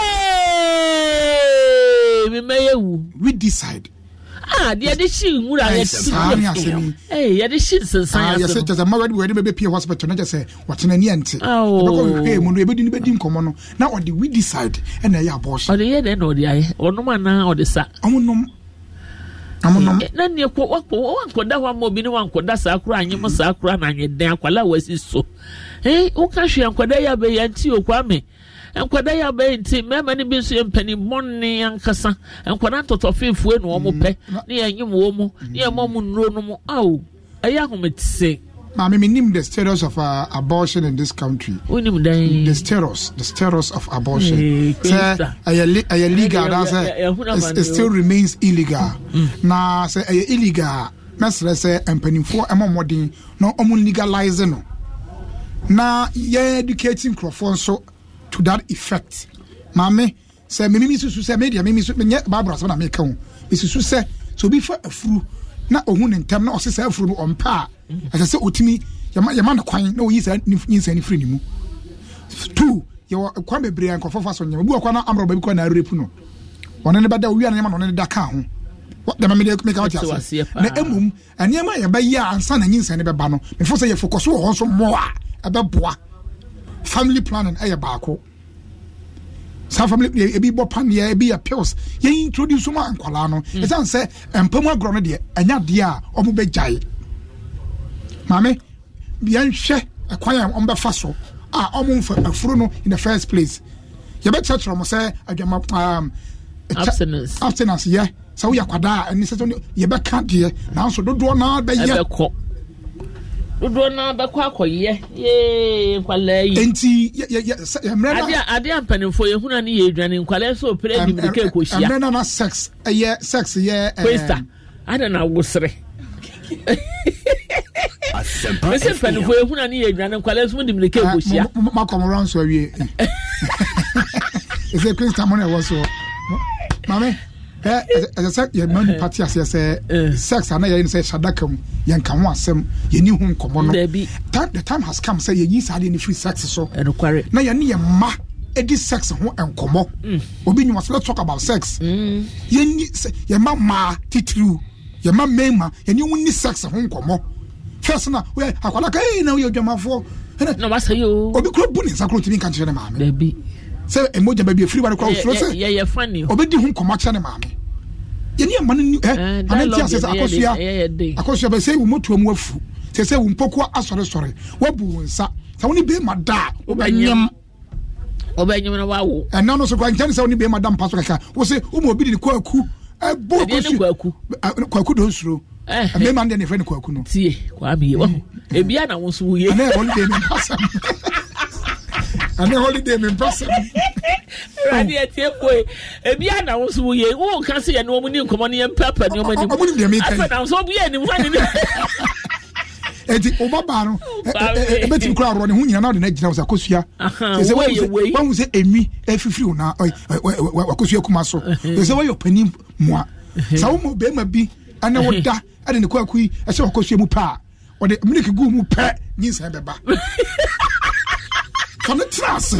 mi mɛyɛ wu. we decide. ah deɛ de si nwura yɛ ti yɛ ɛyɛ yɛ de si nsensan yɛ sɛ kyerɛ sɛ mmarima de wɔde bɛbɛ pie hospital na kyerɛ sɛ wɔtena ni ɛnte ɔbɛkɔ nhwɛ mu no ebɛdi ni bɛdi nkɔmɔ no na ɔde we decide ɛna ɛyɛ abɔɔso. ɔde yɛ dɛ na ɔde ayɛ ɔnom anaa ɔde sa. ɔmo nom na nea kɔ wakɔ wankɔda hɔ ama obi ne wankɔda saa koro anyi mu saa koro na anyi dɛn akwala wɔ si so ɛn woka hwɛ nkɔda yɛ abɛyɛ nti okwa mi nkwadaa yi abɛyɛ nti mmarima no bi nso yɛ mpanimɔne ankasa nkwadaa ntɔtɔfeefue na wɔn pɛ mm-hmm. ne yɛ nyim wɔn mu ne yɛ mɔ mu nnuro no mu awo ɛyɛ ahomete. Maame mi nim the status of uh, abortion in this country. Wonim dan. The status the status of abortion. Sɛ ɛyɛ ɛyɛ legal dan sɛ it still remains illegal. Mm. Na sɛ ɛyɛ illegal mɛsrɛ sɛ mpanimfoɔ ɛmɔ mmɔden na ɔmo legalize no. Na yɛ educating nkurɔfoɔ nso to that effect maame sɛ mimi mi susu sɛ media mimi su nyɛ baabura sɛ na mi ka ho mi susu sɛ sɛ obi fa afuru na ohun ne ntɛm na ɔsɛ sɛ afuru no ɔmpa a ɛsɛ sɛ otimi yɛma yɛma ne kwan na oyi sɛ nyinsa ne firi ne mu two yɛwɔ kwan bebree a nkɔfɔ fa so nyɛ obi wɔ kwan na amrɔ baabi kwan na arepu no ɔne ne bɛda owia ne ma na ɔne ne da ka ho dɛmɛ mi de mi ka ɔte ase na emom nneɛma yɛbɛyɛ ansa na nyinsa ne bɛba no mefo sɛ yɛfokɔ so wɔ hɔ nso mmoa ɛbɛboa family planning ɛyɛ eh, baako saa family ebi bɔ paneɛ ebi yɛ pills yɛn introduce mu ankwalaa no ɛsan sɛ mpamu agorɔ no deɛ ɛnya deɛ a ɔmo bɛ gyae maame yɛn hwɛ ɛkwan a ɔmo bɛfa so a ɔmo nfa afuro no in the first place yɛbɛkyerɛkyerɛ ɔmo sɛ adwama um, abstinence abstinence yɛ sɛ woyɛ kwadaa ɛne sɛ yɛbɛka deɛ nanso dodoɔ naa bɛyɛ ɛbɛkɔ dodoɔ naa bɛkɔ akɔyɛ yee nkwalaa yi. nti yɛ yɛ yɛ mmerɛ na. adeɛ adeɛ mpanimfoɔ yɛ huna ne yɛ edwane nkwalaa so opere enim de kɛ kɔ hyia. mmerɛ na na sex ɛyɛ sex yɛ. kwesta ada na awosere. asempa ɛsɛ mpanimfoɔ yɛ huna ne yɛ edwane nkwalaa so de mirike ah, kɔ hyia. mo ma kɔn mo ranso awie. ɛsɛ kwesta mo na ɛwɔ so. maame ɛsɛ sɛ yɛma nipa te aseɛ sɛ eh. Eh. sex ana yɛyɛ no sɛ hyɛdaka mu yɛnka ho asɛm yɛni ho nkɔmmɔ no the time has come sɛ yɛyi saa deɛ no firi sex so na yɛne yɛ mma ɛdi sex ho nkɔmmɔ mm. obi nyuma sɛ let's talk about sex mm. yɛni yɛma mmaa titiriw yɛma mmarima yɛne ho ni sex ho nkɔmmɔ first na akwadaa ka ɛyɛ na woyɛ adwamafoɔ obi kuro bu ne nsa kuro tumi nka nkyerɛ ne maame sɛ mogya baabi afiri wade kora wosuro sɛ ɔbɛdi ho nkɔmmɔ kyerɛ ne maame yɛne ɛma no eh, ananti asɛ sɛ akɔsoa akɔsoa bɛ sɛ wo motoa mu afu sɛ sɛ wo mpɔkoa asɔresɔre woabu wo nsa sɛ wone bɛma da a wobɛnyam ɔbɛnyam na wawo ɛna no so kora nkyɛne sɛ wone bɛma da mpa so kaka wo sɛ woma obi de ne kwaku ɛbɔ kwaku dɔ nsuro eh, mmarima eh. no deɛ ne frɛ ne kwaku no ebia na wo so woyɛ ɛnɛ ɛwɔ ana holiday mi mpa sɛ. ɛwurade yɛ tie koe ebi anaw so wo yie wo nka se yɛ ni wɔn ni nkɔmɔ ni yɛ mpɛpɛ ni wɔn anim ɔmo ni nìyɛn mi ka yi afɛ na nso obi yɛ ni nfa ni ni. eti o ba baa no e, e, e, ebetumi kura arɔ ne ho nyina na ɔde na gyina wosa akosua sese wahu sɛ emi efifiri wo na wakosua kuma so sese wayɛ ɔpanin mua saa wo ma bɛrima bi ɛna wo da ɛde ne kɔ akui ɛhyɛ wakosua mu paa ɔde miliki gu mu pɛ nyinsɛn bɛba. fa ne tena ase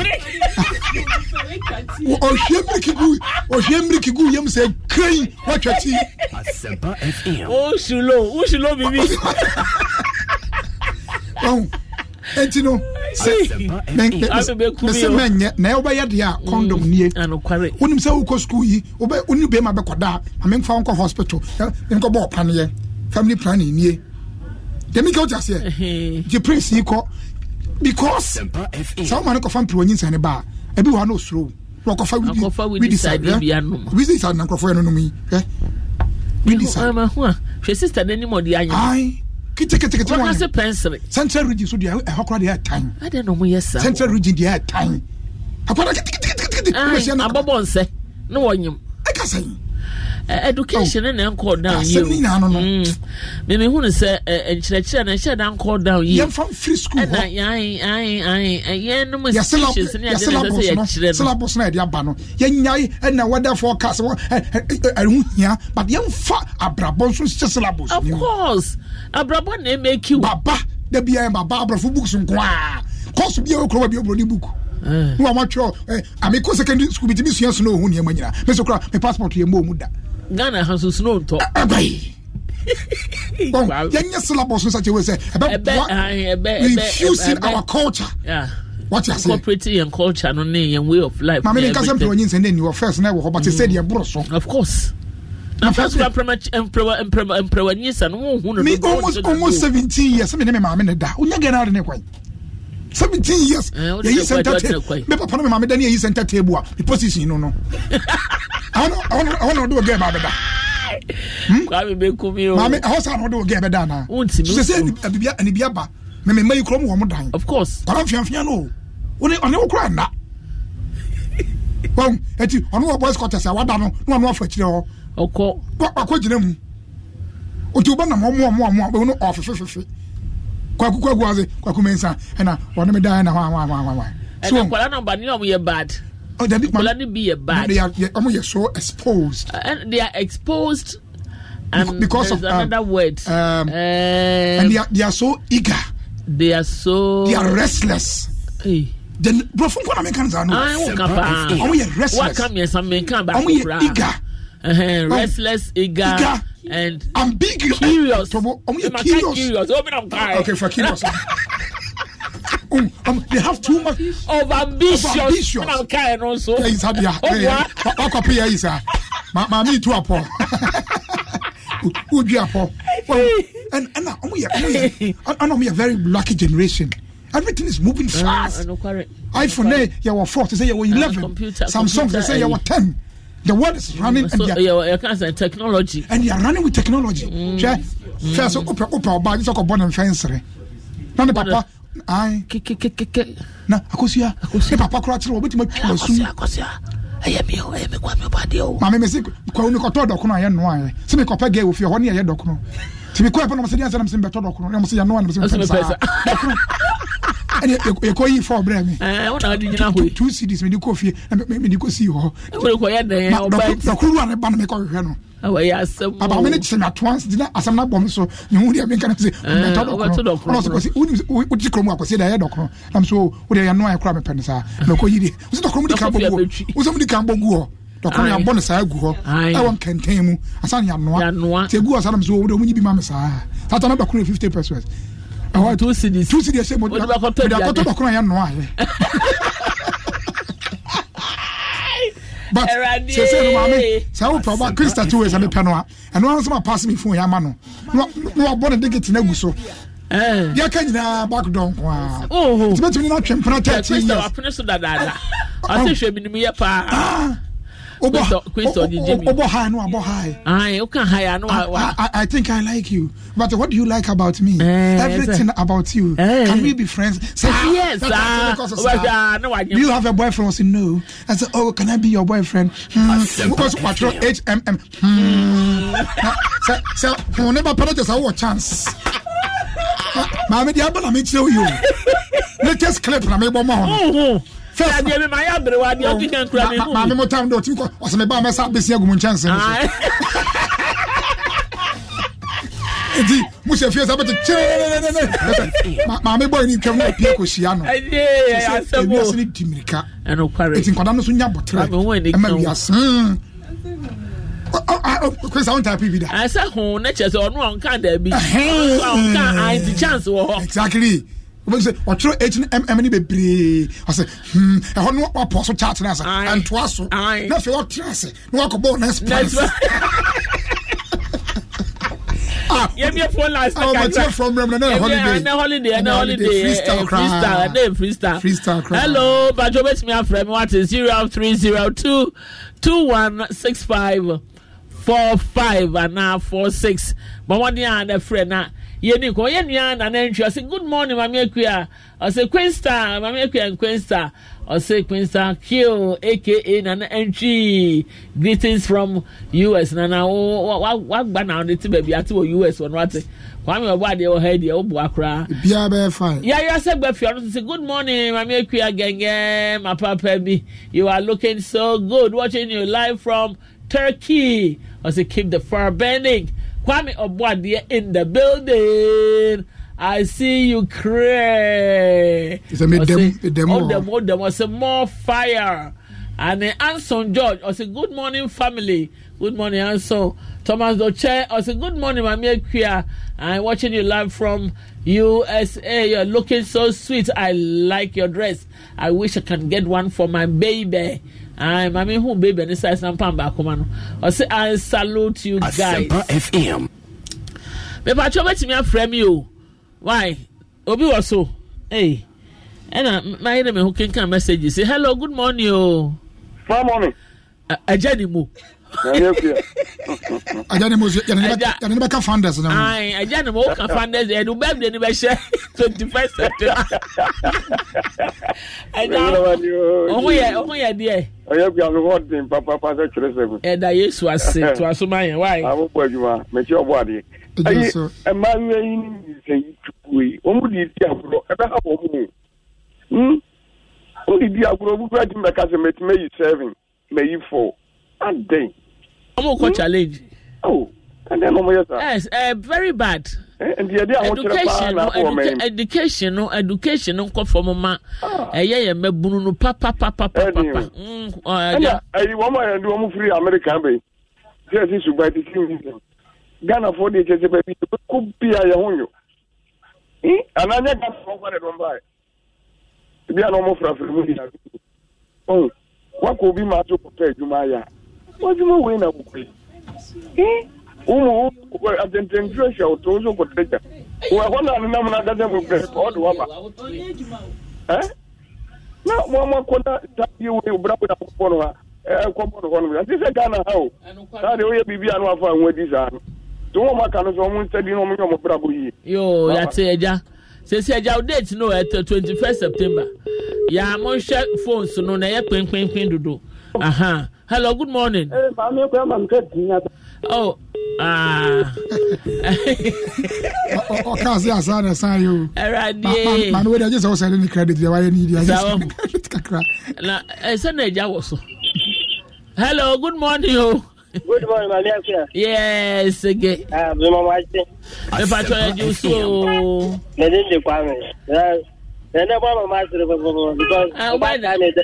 ɔhwɛ miriki gu ɔhwɛ miriki gu yam sɛ kran watwa ti. asɛmpa fm. o sulo o sulo bibi. ɛnti no sɛmesɛ mɛnyɛ na ɛ wobɛyɛ deɛ a condom nie wonim sɛ wokɔ sukuul yi wone bɛma bɛkɔda a mamemfa wonkɔ hospital menkɔbɔ ɔpaneɛ family planning nie dɛmika wote aseɛ gye prince yi kɔ because sɛ woma no kɔfa mpiwanyi nsɛne ba a ɛbi wɔ ha na ɔsuro na ɔkɔfa eh? wedisadewedisaade na nkurɔfoɔ yɛ nonom yi hwɛ wedisad central region so deɛ ɛhɔ kora deɛ ɛtan central region deɛ ɛtan akɔda kitikitikitikiti abɔbɔ nsɛ na wɔnyem ɛka sɛn Eh, education na nkɔ mm. eh, eh, down yie o asɛm nyinaa no no mímí hu sɛ nkyerɛkyerɛ na ɛhyɛ da nkɔ down yie yɛn fa firi school hɔ ɛna yɛn yɛn yɛn yɛn nom institutions ni yɛn de sɛ yɛ no syllabus na yɛde aba no yɛn nya yi weather forecast wɔ hia but yɛn fa abrabɔ nso hyɛ syllabus of course abrabɔ na ɛmɛ ki wo baba dabi yɛn baba abrɔfo books nko a kɔsu bi yɛ okuro bi obroni book n wa ma twɛ ɛ ami ko secondary school bi ti mi sua sunu ohun ni ɛma nyinaa mi so kura mi passport yɛ mbɔ omu da. ghana ha snow ntɔ. ɛbɛyi yɛnyɛ syllabus nsa kyerɛ wei sɛ ɛbɛ infusing our culture. Yeah. What you say? Incorporating your culture no ne your way of life. Mami nka sɛ mpɛwɔ nyinsɛn ne ni wɔ first na wɔ hɔ but sɛ deɛ ɛboro so. Of course. na first kura mpɛwɔ mpɛwɔ mpɛwɔ nyinsɛn no wɔn hu no. Mi almost almost seventeen years mi ne mi maame ne da o nya gɛn na adi ne kwan. seventeen years yɛyi eh, center table me papa no me maame dani yɛyi center table a me position no no awon awon na ɔde wɔ gɛɛ baa bɛ da kwame bɛ kumi o maame ɛhɔ saa na ɔde wɔ gɛɛ bɛ da ana sise sise anibi aba mɛ mɛ mayi kurom wɔ mo dan of course kɔnɔ fianfian no o ɔne ɔne okura nna wɔn eti ɔno wɔ boys quarters a wada no na ɔno afɔ akyire hɔ ɔkɔ ɔkɔ gyina mu otu ɔba nam ɔmo ɔmo ɔmo ɔmo ɔfefefefe kwaku kwaku ase kwaku mensa ɛna wɔne me da ɛna hwan hwan hwan hwan. ɛna nkwalaa namba ni ɔmo yɛ bad. ɔ oh, dabi ma nkwalaa ni bi yɛ bad. ɔmo yɛ so exposed. Uh, they are exposed. and because there is of, um, another word. Um, um, and they are, they are so eager. They are so. They are restless. Hey. Then, bro, from what I'm saying, I know. I won't come back. I'm restless. What come here? Some men come back. eager. uh-huh. restless, eager, eager, and ambiguous. Curious. Tomo, um, yeah, curious. curious. Open up, guy. Okay, for curious. um, um, they have too much of ambitious. Of ambitious. I'm kind also. Yeah, it's happy. Oh, yeah. I'll copy you, uh, sir. Mammy, too, Apo. Would you, Apo? And and now, uh, I'm a very lucky generation. Everything is moving uh, fast. Uh, iPhone, eh, yeah, we're They say, you we're 11. computer, Samsung, computer, they say, you eh. we're 10 the world is running mm, so, and they are, yeah, yeah, say technology and they are running with technology hwɛ mm. hwɛ mm. so wopɛ wopɛ ɔbaa gye sɛ kɔbɔ ne mfɛ nsere na ne papa ae na akosua ne papa koraa kyerɛ wɔbɛtumi atwa wasum maame mese kwa ni kɔtɔ dɔkono a yɛ noaɛ sɛ mekɔpɛ gɛ wɔ fie hɔ ne yɛyɛ dɔkono nti mekɔɛ pɛ na msɛ deɛ sɛ na msɛ mbɛtɔ dɔkono na msɛ yɛnoa na msɛ mbɛtɔ saa ɛde yɛkɔ yi fɔ brɛ me two cities mede kɔ fie mede kɔ sii hɔ nakuru a ne ba no mekɔhwehwɛ no baba mene kyerɛ me atoa gyina asɛm no abɔ me so mehu deɛ menka no sɛ mɛtɔ dɔkorɔwogye kurom akɔsɛ deɛ ɛyɛ dɔkorɔ nam so wode yɛnoa ɛkora mepɛ no saa mɛkɔ yi deɛ wo sɛ dɔkorɔ mudi ka bɔ guɔ wo sɛ mudi ka bɔ guɔ dɔkɔn yà bɔ ne saa egu hɔ ɛwɔ nkɛntɛn mu asan yà noa tí egu hɔ sanam so wɔn de wɔn nyi bi ma mi saa satan na dɔkɔn yɛ fifty percent ɛhɔ two cds two cds ɛsɛ mo de akɔtɔ bakoro yɛ nua yɛ but sese no maame sɛ awo pɛ ɔba krista ti wo sɛ mepɛ no a ɛno ara nso ma pass mi phone yɛ ama no na wabɔ ne digit na gu so yɛka nyinaa back down ko aa tibetumi na twɛ mpena thirteen years ɔte hwɛ mi ni mu yɛ paa. Ah wobɔ high no wabɔ high woka high ano I think I like you but what do you like about me eh, everything eh, about you eh. can we be friends say ah, ah yes ah, ah, no, do you have a boyfriend I said no I said oh can I be your boyfriend hmm. because patrol HMM hmm. sɛ sɛ hone ba pɛrɛ kyɛ sɛ wowɔ chance maame deɛ aba let me wo you, o latest clip let me ma hɔ sɛ maame mo tam de ɔtumi kɔ ɔsɛ meba mɛsa bɛsi agu mu nkyɛnse no nti mohyɛ fie sɛ bɛte kyerɛɛɛɛ maame ne twam na apie kɔhyia no no di mmirika ɛti no so nya bɔterɛ wiase kwesa wọn ne kyerɛ sɛ ɔno ɔnka dɛbi ɔnka ayi chance wɔ hɔ. exactly wobɛu sɛ ɔtwerɛ hnmm no bebree ɔsɛ hmm, ɛhɔ no wapɔ so chart no asa ɛntoa so na afei wɔtena ase na wakɔbɔ next price ah. yɛmiɛfoɔ last kakra from rem na holiday na holiday na holiday freestyle freestyle na freestyle freestyle kra hello bajo betumi afrɛ mi wate zero three zero two two one six five four five and now four six bɔnmɔden a na frɛ na yɛni nkɔ ɔyɛ nua nana ntwi ɔsɛ good morning maame akua ɔsɛ quinsta maame akua quinsta ɔsɛ quinsta kio aka nana ntwi greetings from us nana wo wa wagba na ɔde te baabi ate wɔ us wɔn wate kwame ɔbɔ adeɛ wɔ ha deɛ ɔbɔ akora. biara bɛyɛ fine. yaya sɛ gbɛfia ɔno sɛ good morning maame akua gɛngɛn ma papa bi you are looking so good watching you live from turkey ɔsɛ keep the fire burning. Kwame Obwadie in the building. I see you cray. It's a mid demo. Oh, demo, demo. It's a more fire. And uh, Anson George, I say, good morning, family. Good morning, Anson. Thomas Doche, I say, good morning, my Kia. I'm watching you live from USA. You're looking so sweet. I like your dress. I wish I can get one for my baby. I maame hu baby ne size na mpa mbaako ma no ɔsi I salute you guys. Asempa FM. Mepatwa bɛtumi afrɛ mi o why obi wɔ so ee ɛna mayi na mi ho kinkan message say hello good morning o. Good morning. Ɛjɛ ni mu. Ɛjɛ ni mu yɛrɛ ni bɛ ka funders na. Ayi ɛjɛ ni mu o ka funders yɛ ni bɛɛ ni bɛ hyɛ twenty first September. Ɛjɛ ɔho yɛ ɔho yɛ deɛ ɔyɛ bia no hɔ den papapa sɛ kyerɛ sɛ gu ɛda yesu ase to aso ma yɛn wae amobɔ adwuma mekyi ɔbɔ adeɛ ayi ɛmaayewa yi ne nyisɛ yi tukuo yi wɔn mu de di agorɔ ɛbɛha wɔn mu wɔn de di agorɔ wɔn kura di mɛka sɛ mɛtumi ayi seven mɛyi four adɛn. wɔn kɔ challenge. Oh yes uh, very bad. Eh, education no education no ah. education eh, no nkɔ fɔm ma ɛyɛ yɛ mɛbunu no papapapapapa. ɛna ayi wɔn a yɛn de wɔn firi amerika bɛ tí a ti suba ti ti mi ghana fɔ de kyɛ sɛ a yɛ ho hmm? nyo ana nyɛ ghana fɔ kɔ na wɔn fura fura mu yɛ ɔn wakɔ obi ma to kɔtɔ adwuma yɛ a na kɔkɔ yi umu agyententuro hyɛ o to so kɔtɛ gya wɔ ɛhɔ na nenam no adada mu brɛ ɔde waba na moamakɔ na tadeɛ wei wobra wo nyankopɔn no ha ɛkɔbɔ no hɔ no nti sɛ ghana ha o saa deɛ woyɛ biribia no wafa ho adi saa no nti wɔma ka no so ɔmo nsɛdi no ɔmonyɛ ɔmo brabɔ yie yo yɛte agya sɛsi agya o date no ɛtɛ 21 uh, september yɛa monhwɛ phones no na ɛyɛ kpenkpenkpen dodo aha hello good morning hey, eh, Oh. ɔka se asa na san yo mane wode agye sɛ wo sɛde ne credit deɛ wayɛ ne deɛ kakra na ɛsɛ na agya wɔ so hello good morning o good morning maleafia yes ge bemamagye mepatɔ yɛgye wo so mede de kwame ɛnɛ bɔ mama asere pɔpɔpɔ because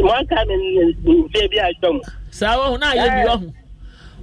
moaka me mfe bi atwam saa wɔ ho na ayɛ bi wɔ ho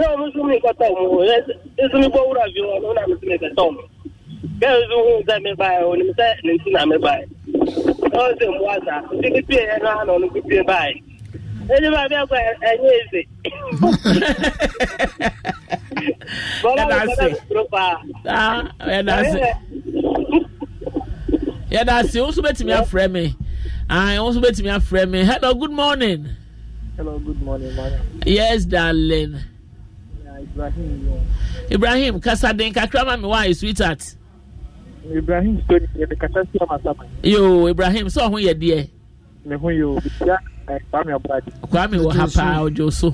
Leo mtumika tomu. Yesu ni kwa ura vyo unaona mtumika tomu. Leo zuhu za mebaya unimsa nitina mebaya. Ose mwaza. Ndikipie yana hano ndikipie baya. Ele ba bia kwa enyeze. Bola ba propa. Ah, ya dase. se dase, wo so betimi afrɛ me. Ah, wo so betimi afrɛ me. Hello, good morning. Hello, good morning, man. Yes, darling. ibrahim kasa den kakra ma mi wa ayi ibrahim sọ ni kasa si ama sama. yoo ibrahim sọ ọhún yẹ yoo eh, kwami ọbaadi. kwami wọ ha paa ọjọ so.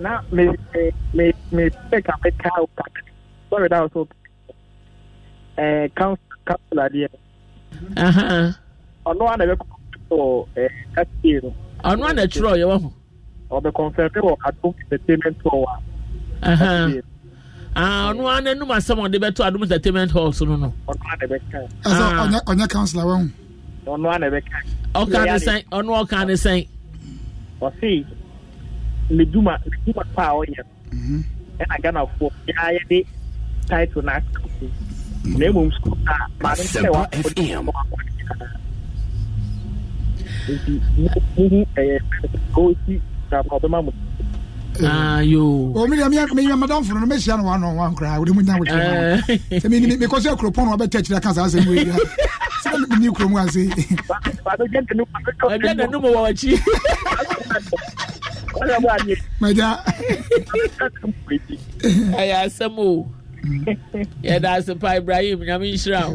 na mi mi mi pẹ ka mi ka o ka sọrọ da ọsọ ẹ na bẹ ọ ẹ kásìkè nù. na ẹ̀túrọ̀ yẹ wọ́n. ọ̀bẹ wọ entertainment ɔno ara n'anum asɛm ɔde bɛto adum entertainment hall so no no. ɔno ara na ɛbɛka. ɛsɛ ɔnyɛ councillor wɔn. ɔno ara na ɛbɛka. ɔka ne sɛn ɔno ɔka ne sɛn. ɔsi ne duma ne duma pa a ɔyɛ. ɛna ghana fo yaa yɛ de title na aka so na emom sukuu a maa ne sɛ wa ɔde ɔmo akɔ ne kaka. nti muhu ɛyɛ ɔsi na ɔbɛma mu medamfo no mɛhyia no wano wa nkraa wode munya wotmekɔ sɛ kuropɔn na wabɛtɛ kyerɛ ka saa sɛm wia sɛ menni kurom ase agya nanom wɔ akyi magya ɛyɛ asɛm o yɛda ase pa ibrahim nyame nhyira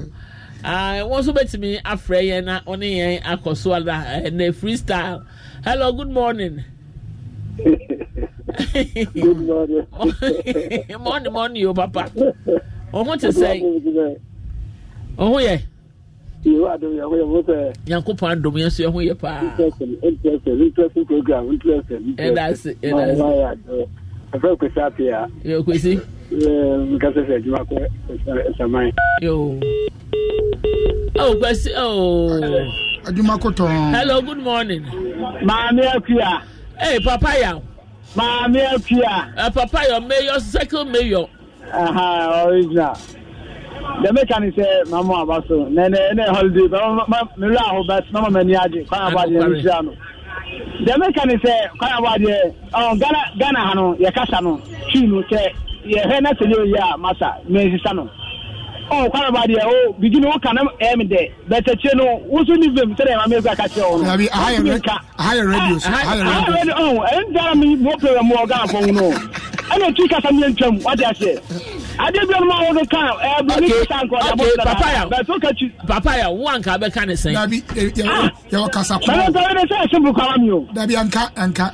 wo wọn nso bẹtumi afrẹ yẹn na ọne yẹn akọ so ada ẹ na freestyle hello good morning. Good morning. morning, morning, yo, papa. Ọmọ ti sẹ. Ọhún yẹ. Ìwé àdùn yẹn wọ́n yẹ wọ́n sẹ. Yankunpọ̀ àdùn yẹn sọ ẹ̀hún yẹ paa. Interesting, interesting, interesting program, interesting. Ẹ dà sí, ẹ dà sí. Ẹfẹ́ kwesí àti yà. Yóò oh, kwesí. Nǹkan oh. sẹ̀sẹ̀ ẹ̀dùnmá kọ ẹ̀sẹ̀ máa. Yóò. Ọ̀ kwesí ọ̀. Ẹ̀dùnmá kò tán. Hello, good morning. Màámi ẹ̀kú yà. Ẹ̀ papa yà. Maame Apia. Uh, papa your mayor second mayor. Aha, original. The mechanic say mama abaso. Ne ne ne holiday. Mama me la ho bet. Mama me ni ade. Kwa abadi ni sia no. The mechanic say kwa abadi. Oh Ghana Ghana hanu. no ye kasa no. Chi no say ye he na se ye ya masa me sisa ọ kwana ba deɛ o bigi ni o kana ɛmi dɛ bɛtɛkyɛ no wosu ni vim sɛdeɛ ɛma mi ka kakyɛ o. yabi aha yɛ rɛ aha yɛ rɛdiyo so aha yɛ oh, rɛdiyo. Eh, ɔn ɛn dara mi mo pere mu ɔgan afɔ ŋun o ɛna otu kasa mi yɛ ntwam wati ase ade bi ɔnum awo no kan ɛɛ eh, bu ni kisa nkɔ ɔdabo sara papaya bɛtɛ kɛkyi. papaya wo anka bɛ ka ne sɛn. dabi yɛ wɔ kasa kɔn. sɛnɛ sɛnɛ de sɛ ɛsɛ bukala mi o. dabi anka anka.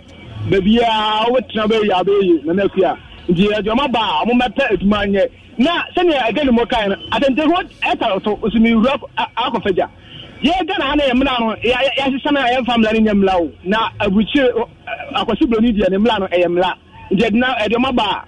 baabi a wobɛtena bɛyɛ abɛyɛ na afi a nti ba a momɛpɛ adwuma na sani ɛga ne mɔ kae no atɛntɛho ɛtare so ɔsumewura akɔfagya yɛgana ha no yɛ mmla no yɛahyehyɛ no a yɛmfa mmla no nyɛ o na aburukyire akwasi buroni deɛ ne mmla no ɛyɛ mmla nti aduɔma ba a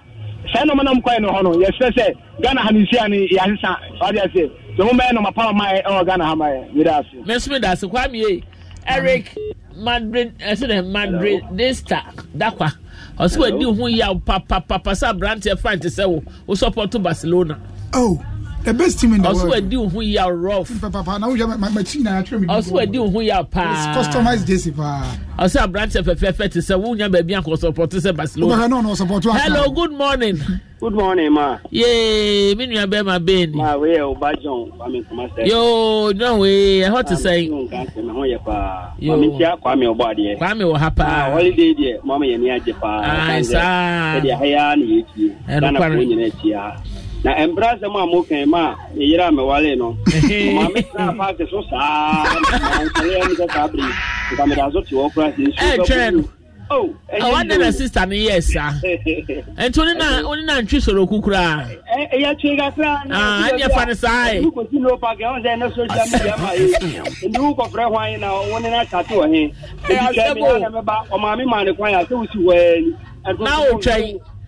saa nɔma nam kɔɛ no hɔ no sɛ ghana ha no nsia no yɛahyehyɛ ɔde nɔma pa ma ɛwɔ ghana ha ma yɛ Eric Madrid ɛsɛ eh, dɛ Madrid Nesta Dakwa ɔsɛ wadi ho yaw papapapa sɛ aberanteɛ fan te sɛ wo wosɔpɔto Barcelona. Oh the best team in the also world. Also, di ohun ya rough. Papa, na ohun ma ma ti na atwere mi. Also, di ohun ya pa. It's customized this pa. Also, abrante fɛfɛɛfɛ te sɛ wonya baabi akɔ support sɛ Barcelona. Obaka no no support wa. Hello, good morning. Good morning, ma. Yee, mi nua bɛɛ ma bɛɛ ni. Ma, wei yɛ Oba John, Kwame Kumase. Yoo, John wei, ɛhɔ te sɛ. Kwame Kumase, mi ho yɛ paa. Yoo. Mami tia Kwame ɔbɔ adeɛ. Kwame wɔ ha paa. Ah, holiday deɛ, mama yɛ ni I'm paa. Ayi I'm Ɛdi ahaya ni yɛ tie. I'm Ghana kuro nyina tie ha na mbra asɛm a mokan ma a meyere a mewale no maame tena paake so saa nkɔleɛ ne sɛ saa bere nka meda so te hɔ kora sɛ ɔwadɛ na sista no yɛ sa nti wone na wone na ntwe soroku koraa ɛyɛ twee kakra ɛnyɛ fa no saa ɛ wokɔsi no pak ɛwo sɛ ɛnɛ social media ma ɛ nti wokɔfrɛ hwan na wone no atate wɔ he ɛyɛ asɛbo ɔmaame ma ne kwan a sɛ wosi hɔ ani na wotwɛn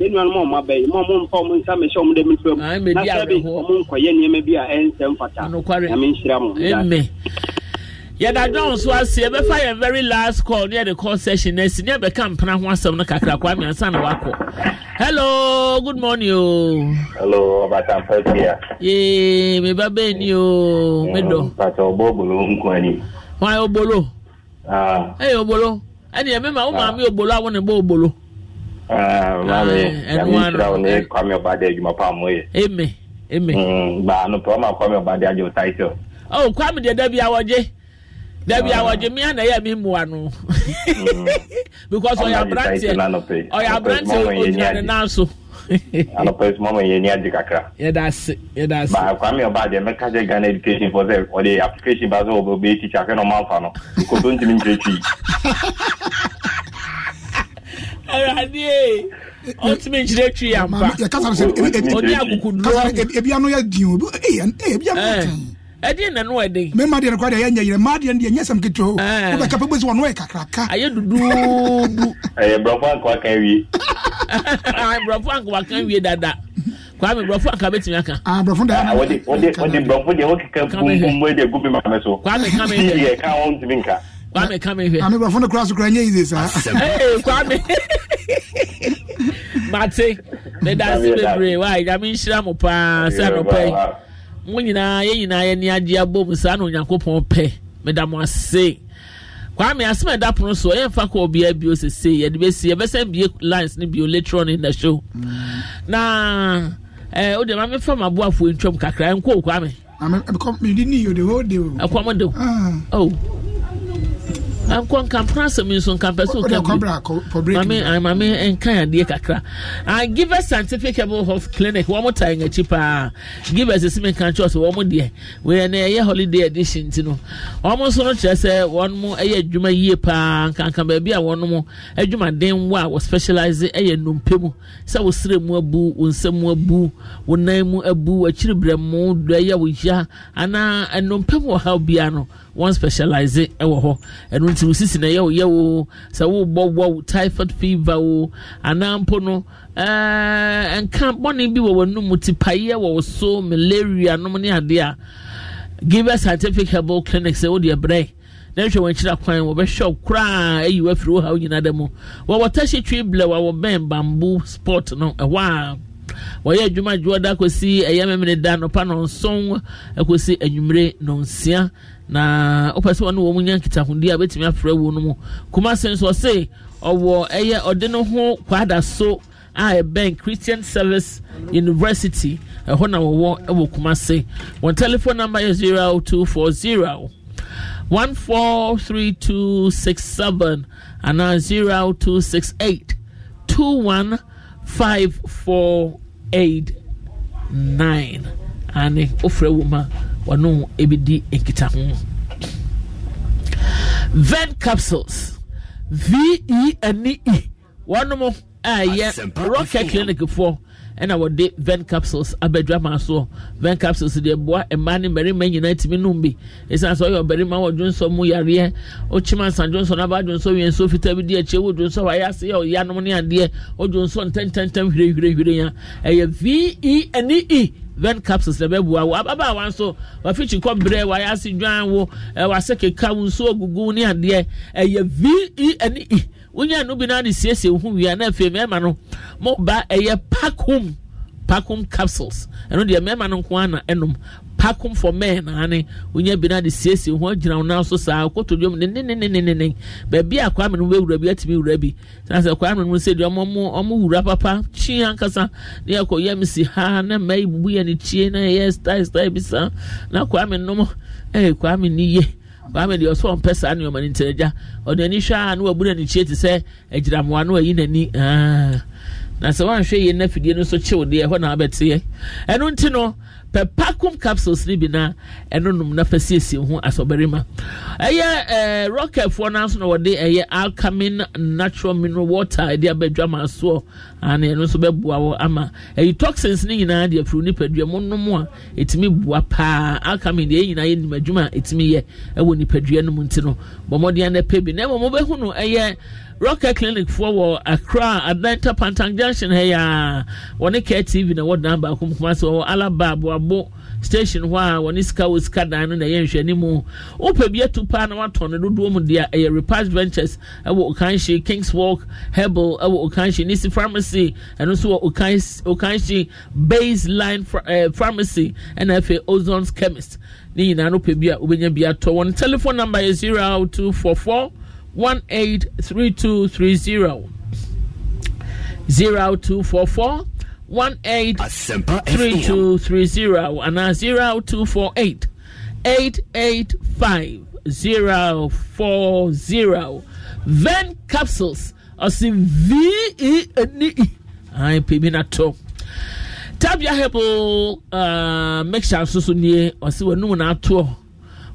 ɛnuanom ah, a ɔma bɛyi ma ɔmo mfa ɔmo nsa mehyɛ ɔmo dɛ me fam na sɛ bi ɔmo nkɔyɛ nneɛma bi a ɛnsɛ mfata na menhyira mo yɛda dɔn so ase yɛbɛfa yɛn very last call ne yɛde call session na asi ne yɛbɛka mpena ho asɛm no kakra kwa miɛnsa na wakɔ hello good morning o. hello ọbàtà mpẹ́kìá. yee mi bá bẹ́ẹ̀ ni o mi dọ̀. pàtó ọbọ̀ òbolo ń kún ẹni. wọn ayé obolo. ẹyẹ ah. obolo ẹni ẹ mẹ́ma ó máa ah. mi obolo àwọn ènìyàn bó obolo. Ah, ah, maame eh, yamira ne eh. kwame ọbaade adwuma pa mo yɛ. eme eme. Mm, gba anopɛ ɔma kwame ọbaade agye o title. ɔ kwame deɛ dabi awɔgye dabi awɔgye mi ana yɛ mi mua no mm. because ɔyɛ aberanteɛ ɔyɛ aberanteɛ ogyina ne nan so. anopɛ suma mo yɛ ni agye kakra. yɛda ase yɛda ase. ba kwame ọbaade mɛka sɛ ghana education for sɛ ɔde application ba sɛ ɔbɛ teacher akɛ na ɔma nfa no nkoto ntumi ntwɛ twi awurade ɔtumi nkyerɛ twi ampa a yɛ kwame ka me hwɛ amebrɛfo no kora so kora nyɛ yie saa kwame mate medase bebree wae nyame nhyira mo paa sɛ anɔpɛ yi mo nyinaa ye nyinaa yɛne agye abɔ mu saa na onyankopɔn pɛ meda mo ase kwame asɛm da pono so ɛyɛmfa kɔ obiaa bio sesei yɛde bɛsi yɛbɛsɛn bie lines no bio later on in the show mm. na eh, wode ma mefa maboafoɔ ntwam kakra nkɔ kwame ɛkɔm de o ah. oh ankɔ nkampra asɛm nso nkampɛ so nkambi mame nka adeɛ kakra givers scientific herbal health clinic wɔn tae n'akyi paa givers esi mi nka nkyɛn sɛ wɔn deɛ wɔyɛ no ɛyɛ holiday edition ti no wɔn nso no kyerɛ sɛ wɔn mo ɛyɛ adwuma yie paa nkankan baabi a wɔn mo adwumaden wɔ a wɔ specialize ɛyɛ nnompe mu sɛ wɔ sere mu abu wɔ nsa mu abu wɔ nan mu abu wɔ akyiribrɛ mu dɔ ɛyɛ wɔ yia anaa nnompe mu wɔ ha biara no wɔn specialize wɔ hɔ ɛno nti wo sisi na yɛwo yɛwo sɛ wobɔ wo typhoid fever wo anaa mpo no nka bɔne bi wɔ w'anum ti paeɛ wɔ so malaria nom ne adeɛ a give us scientific herbal clinic sɛ wode ɛbrɛ na nhwɛ wɔn akyiri akwan wɔbɛhwɛ koraa ayi wafiri wo ha wo nyinaa dɛ mu wɔwɔ tɛhyɛ twi blɛ wɔ bɛn bamboo sport no ɛhɔ a wɔyɛ adwuma adwoɔ da kɔsi ɛyɛ memene da nɔpa nɔnson akɔsi anwummere nɔnsia na wopɛ sɛ ɔne wɔ mu nya nkitahodie a bɛtumi afrɛ wo no mu kumase nso ɔse ɔwɔ ɛyɛ ɔde ne ho kwaada so a ɛbɛn christian service university ɛhɔ na wɔwɔ ɛwɔ kumase wɔn telephone number yɛ 0240 143267 anaa 0268 215489 ane wofrɛ wo ma wɔno ɛbɛdi nkitaho ven capsules vee e, e. wɔnom a ɛyɛ rocket clinic foɔ ɛna wɔde ven capsules abɛdwa maa soɔ ven capsules deɛ boa mmaa ne mmarima nyinaa tumi nom bi ɛsiane sɛ ɔyɛ ɔbarima wɔ dwonsɔ mu yareɛ wokyima nsa dwonsɔ no aba dwonsɔ wie nso fitaa bi di akyire wo dwonsɔ wɔ ayɛ ase yɛ ɔyanom ne adeɛ wo dwonsɔ ntɛntɛntɛm hwirehwirehwire ya ɛyɛ vee e, e ven capsules na bɛboa wo ababaawa nso wafikyi kɔbrɛ wayɛ ase dwan wo wasɛ keka wo nsuo gugu ne adeɛ ɛyɛ ve ne e wonya no bi no ade siesie wo ho wie a na afei mmarima no moba ɛyɛ pakom pakom capsules ɛno deɛ mmarima no nko ara na ɛnom packing for men ane onye bi na de siesie ho gyina ho nan so saa koto dwom ne ne ne ne ne ne ne baabi a kwame no wura bi atumi wura bi na sɛ kwame no sɛ deɛ ɔmo ɔmo wura papa kyi ankasa ne yɛ kɔ yam si ha na mmaa ibubu yɛ ne tie na yɛ style style bi saa na kwame nom ɛyɛ kwame ni yie kwame deɛ ɔsɔ ɔmpɛ saa nneɛma ne ntɛnɛgya ɔde ani hwɛ a na wabu na ne tie te sɛ agyinamoa no ayi n'ani na sɛ wɔanhwɛ yie na fidie no nso kyew deɛ ɛhɔ na abɛteɛ ɛno nti no pɛ pacum capsules ne bi na ɛno nom na fɛ siesie ho asɔbarima ɛyɛ ɛɛ eh, rocketfoɔ no na wɔde ɛyɛ alkamin natural mineral water ɛde abɛdwa ma soɔ ana ɛno nso bɛboa wɔ ama ɛyi toxins ne nyinaa deɛ firi nipadua mu nom a ɛtumi boa paa alkamin deɛ ɛnyinaa yɛ nim adwuma a ɛtumi yɛ ɛwɔ nipadua no mu nti no bɔmmɔden anapɛ bi na mmom wɔbɛhu no ɛyɛ rocker clinic foɔ wɔ accra adanta pantang junction ha yɛa wɔne care tv na wɔdan baako mkoma sɛ wɔwɔ alaba aboabo station hɔ a wɔne sika wɔ sika dan no na ɛyɛ nhwɛne mu wopɛ bi atu paa na watɔn no dodoɔ mu deɛ ɛyɛ repass ventures ɛwɔ okanhye kings walk herbal ɛwɔ okanhye nisi pharmacy ɛno nso wɔ okanhye baseline uh, eh, pharmacy ɛna afei ozone chemist ne nyinaa no pɛ bi a wobɛnya bi atɔ wɔn telephone number yɛ 0244 one eight three two three zero zero two four four one eight three two three zero and zero two four eight eight eight five zero four zero. Ven capsules ɔsi vee ɛni ayi pibi na to tabia herbal uh, mixture nso so nie ɔsi wɔn anum na atoɔ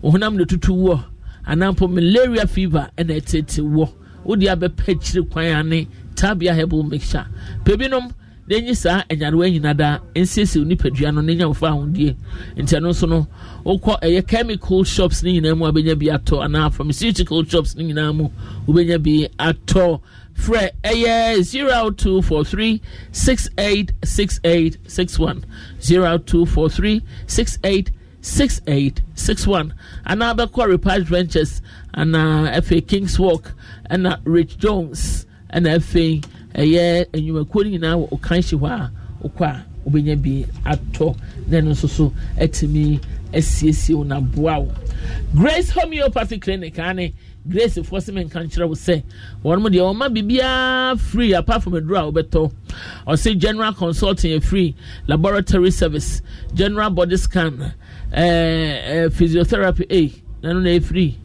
wɔn nam na tutu woɔ anampo malaria fever ɛna ɛtete wɔ wodi abɛpɛ akyiri kwan ane tabia herbal mixture pɛ binom n'enyi saa ɛnyarewa nyina daa nsiesie nipadua no n'enya wofa ahodie ntɛno nso no wokɔ ɛyɛ chemical shops ne nyinaa mu abɛnya bi atɔ anaa pharmaceutical shops ne nyinaa mu wobɛnya bi atɔ frɛ ɛyɛ zero two four three six eight six eight six one zero two four three six eight 6861 anaa bɛkɔ repage ventures anaa afei kings walk ɛna rich jones ɛna afei ɛyɛ nnwumakuo no nyinaa wɔ ɔkan hye hɔ a wokɔ a wobɛnya bi atɔ na ɛno nso so atumi asiesie wo naboa wo grace homeopathy clinic ane grace foɔ sɛ menka nkyerɛ wo sɛ wɔnom deɛ wɔma biribiaa free apart from aduro a wobɛtɔ ɔse general consulting yɛ free laboratory service general body scan uh, physiotherapy eh na no na eh, free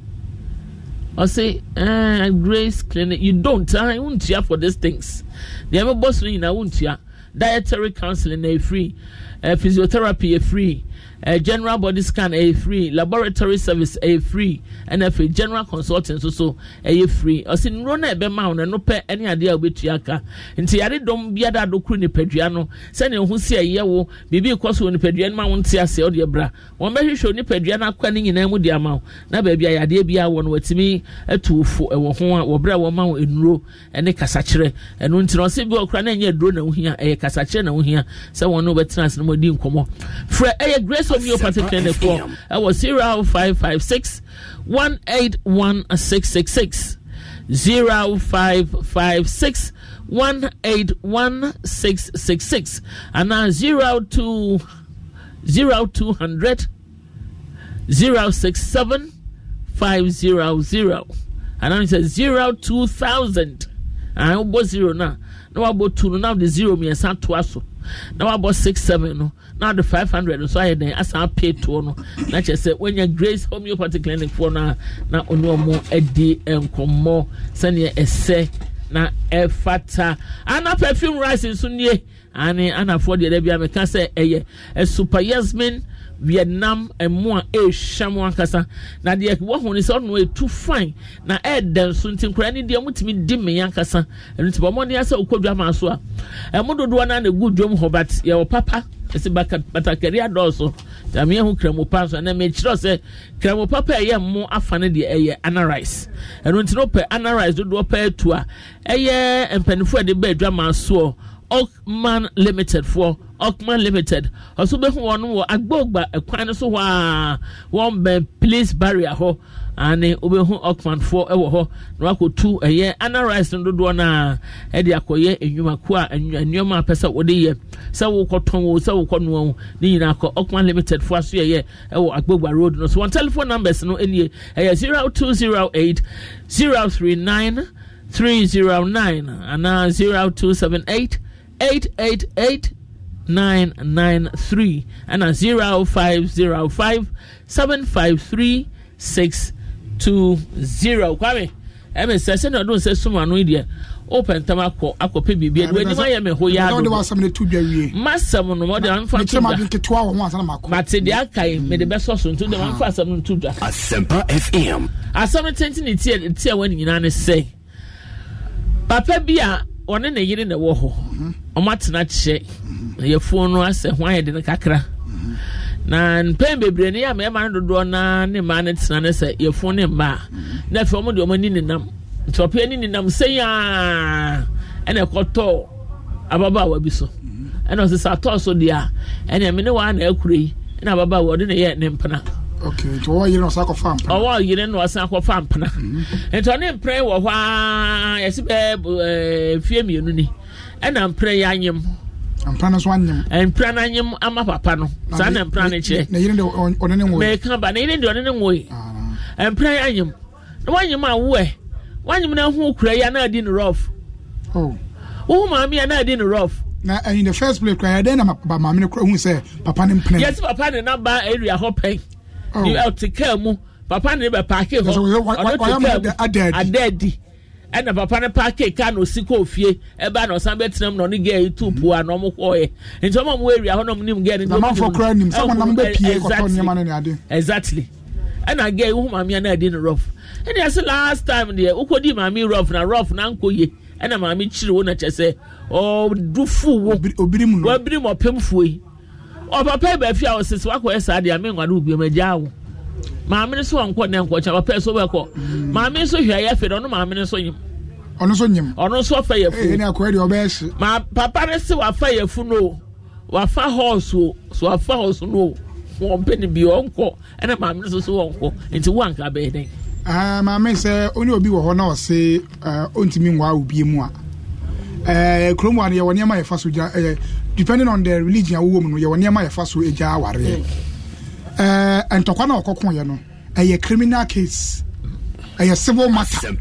I uh, grace clinic you don't uh, wontua for these things deɛ ɛbɛbɔ so no nyinaa wontua dietary counseling na free physiotherapy a free uh, general body scan A uh, eh, free laboratory service eh, A uh, and ɛna afei general consulting so so A uh, free ɔsi nnuro na ɛbɛma wɔn ɛno pɛ ɛne adeɛ a wɔbɛtua aka nti yare dɔm biara adokuru nipadua no sɛnea ohun si ɛyɛ wo biribi kɔ so wɔ nipadua no ma wɔn ti ase ɔde ɛbra wɔn bɛhwehwɛ nipadua no akɔ ne nyinaa mu de ama wo na baabi a yadeɛ bi a wɔ no wɔtumi ɛtu fo ɛwɔ ho a wɔbrɛ a wɔma wɔn nnuro ɛne kasakyerɛ ɛno nti na ɔsi bi wɔ kora na ɛnyɛ duro na ohia ɛyɛ kasakyerɛ na ohia sɛ wɔn no na wɔn di nkɔmɔ frɛ ɛyɛ Grace Homeopathy Clinic for ɛwɔ zero five five six one eight one six six six zero five five six one eight one six six six and now zero two zero two hundred zero six seven five zero zero and now I said zero two thousand and I will zero now. Now I will two now the zero means and to us. Now I will six seven. No. na ɔde five hundred nso ayɛ den asan apue toɔ no na kyerɛ sɛ wɔnya grace homeopathy clinic foɔ no a na ɔne wɔn adi nkɔmmɔ sɛnea ɛsɛ na ɛfata ana perfume rice nso nie ane eh, anafoɔ deɛ dɛbi a meka sɛ ɛyɛ ɛsupayasmin. E vietnam ɛmo a ɛrehwɛ mo ankasa na deɛ wɔho no sɛ ɔno ɛtu fine na ɛɛdɛ nso nti nkora ne deɛ mutumi di me ankasa ɛno nti bɔmmɔden asɛ wokɔ dwama so a ɛmo dodoɔ no a na ɛgu dwom hɔ but yɛwɔ papa ɛsɛ batakari adɔɔso tameɛ ho kramo pa so ɛna mekyerɛ sɛ kramo papa ɛyɛ mo afa no deɛ ɛyɛ anarice ɛno nti no pɛ anarice dodoɔ pɛ atu a ɛyɛ mpanimfoɔ a de bɛɛ dwama soɔ oakman limited foɔ Oakman Limited ɔso bɛhu wɔn wɔ agbogba ɛkwan no so hɔ a wɔn bɛn place barrier hɔ ane wobɛhu Ockmanfoɔ ɛwɔ hɔ na wakɔtu ɛyɛ anarize no dodoɔ no a ɛde akɔyɛ nnwumako a nneɛma a pɛ sɛ wɔde yɛ sɛ wokɔtɔn wo sɛ wokɔnoa wo ne nyinaa kɔ Ockman Limited foɔ so yɛyɛ ɛwɔ agbogba road no so wɔn telephone numbers no nie ɛyɛ 0208 039 309 anaa 0278 888 nine nine three and a zero five zero five seven five three six two zero. Kwame, ɛmɛ sɛ sɛ na ɔdun sɛ suma no deɛ open tam akɔ akɔpɛ biribi ɛdi wɛni mayɛ mɛ ho yɛ ado masɛm no mɔde anfa tudwa mate deɛ aka yi mɛde bɛsɔ so nto deɛ manfa asɛm no tudwa. asɛmpa fm. asɛm tenten ne tia tia wɔn nyinaa ne sɛ papa bi a. ɔne ne yere na ɛwɔ hɔ ɔmo atena kyɛ na yɛfuo no asɛ ho ayɛ de no kakra na mpɛn bebree ne yɛ mmarima no dodoɔ na ne mmaa no tena ne sɛ yɛfuo ne mmaa na afei ɔmo de ɔmo ani nenam nti ɔpɛ ani nenam sɛyaa ɛna ɛkɔtɔ ababaawa bi so ɛna ɔsesa atɔ so deɛ a ɛna ɛmene waa na ɛkura yi ɛna ababaawa ɔde ne yɛ ne mpena. nti ɔwɔ yere na ɔsan akɔfa mpena ɔwɔ mhm. na ɔsan akɔfa mpena nti ɔne mpena wɔ hɔ aa yɛsi bɛ ɛɛ eh, fie mmienu ni ɛna mpena yɛ anyim mpena no anyim ama papa no saa na mpena no kyerɛ na yere de ne nwoye mɛka ba na yere de ɔne ne nwoye ah. mpena yɛ anyim na wanyim awoɛ wanyim na ho kura yi ana adi ne rɔf oh. wohu maame ana adi ne rɔf na eh, in the first place kura yɛ dɛn na maame ne kura hu sɛ papa ne mpena yɛsi papa ne naba area hɔ pɛn ɔte oh. eh, kaa mu papa ne bɛ paaki hɔ ɔno te kaa mu adaadi ɛna papa ne paaki kaa na osi kɔɔ fie ɛbaa na ɔsan bɛtena mu na ɔne gɛɛ tu po a na ɔmo kɔɔyɛ nti ɔmo mu ewia hɔ na ɔmo nim gɛɛ ne nti ɔmo nim ɛwɔ eh, exactly exactly ɛna gɛɛ ihu maame yɛn na ɛdi ne rɔf ɛna yɛsɛ last time deɛ okodi maame rɔf na rɔf na nkɔ yie ɛna maame kyiri wo na kyɛ sɛ ɔdufu wo wabiri mu ɔpem fuo yi ɔpapa baafi a ɔsisi wakɔyɛ saa deɛ ame nwane obi ma gya awo maame nso wɔn nkɔ ne nkɔkyɛn papa nso bɛkɔ maame nso hwɛ ayɛ fɛ de ɔno maame nso nyim ɔno nso nyim ɔno nso ɔfa yɛ fu ɛni akɔyɛ deɛ ɔbɛyɛ si ma papa ne se wafa yɛ fu no wafa hɔɔso o so wafa hɔɔso no o wɔn pɛ ne bi ɔnkɔ ɛna maame nso so wɔnkɔ nti wɔn anka bɛyɛ dɛ. maame sɛ ɔne obi wɔ hɔ na ɔse ɔntumi nwaa obie mu a eh, kurom a no yɛwɔ nneɛma yɛfa so gya depending on the religion a wowɔ mu no yɛwɔ nneɛma yɛfa so agya awareɛ ɛɛ eh, ntɔkwa na ɔkɔko yɛ no ɛyɛ criminal case ɛyɛ civil matter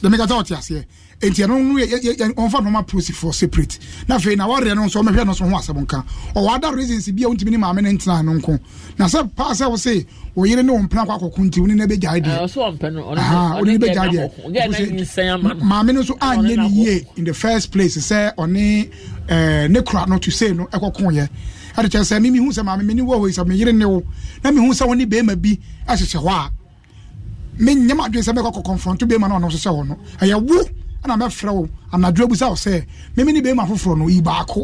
dɛmɛkata ɔte aseɛ nti ɛno no ɔmfa nɔma prosi for separate na afei na wareɛ no nso ɔmɛhwɛ no nso ho asɛm nka ɔwɔ ada reasons bi a wontumi ne maame no ntena no nko na sɛ paa sɛ wo se wo yere ne wo mpena kɔ akɔko nti wo ne no bɛgyae deɛ wone no bɛgyae deɛ maame no nso anyɛ no yie in the first place sɛ ɔne ne kora no to sei no ɛkɔkoyɛ ɛde kyerɛ sɛ memehu sɛ maame mene wɔ hɔ yi sɛ meyere ne wo na mehu sɛ wo ne bɛrima bi ahyehyɛ hɔ a menyɛ ma adwene sɛ mɛkɔkɔ confronto bɛrima no ɔno hyehyɛ hɔ ɛna mɛfrɛ wo anadwo abusa wo sɛ meme ne bɛmu afoforɔ no yi baako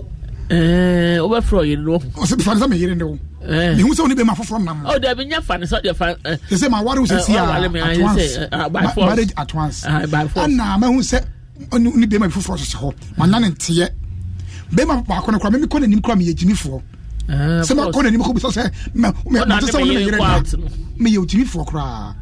eh, wobɛfrɛ yere no fane sɛ meyere ne wo eh. mehu sɛ wo ne bɛmu afoforɔ nam oh, dabi nya fane sɛ sɛ eh, sɛ maware wo sɛ siamarriage at ana mahu sɛ ne bɛmu afoforɔ hyehyɛ hɔ manya ne nteɛ bɛmu baako no kora meme kɔ nanim kora meyɛ gyimifoɔ sɛ makɔ nanim kɔbisa sɛ mate oh, sɛ wo ne meyere da meyɛ otimifoɔ koraa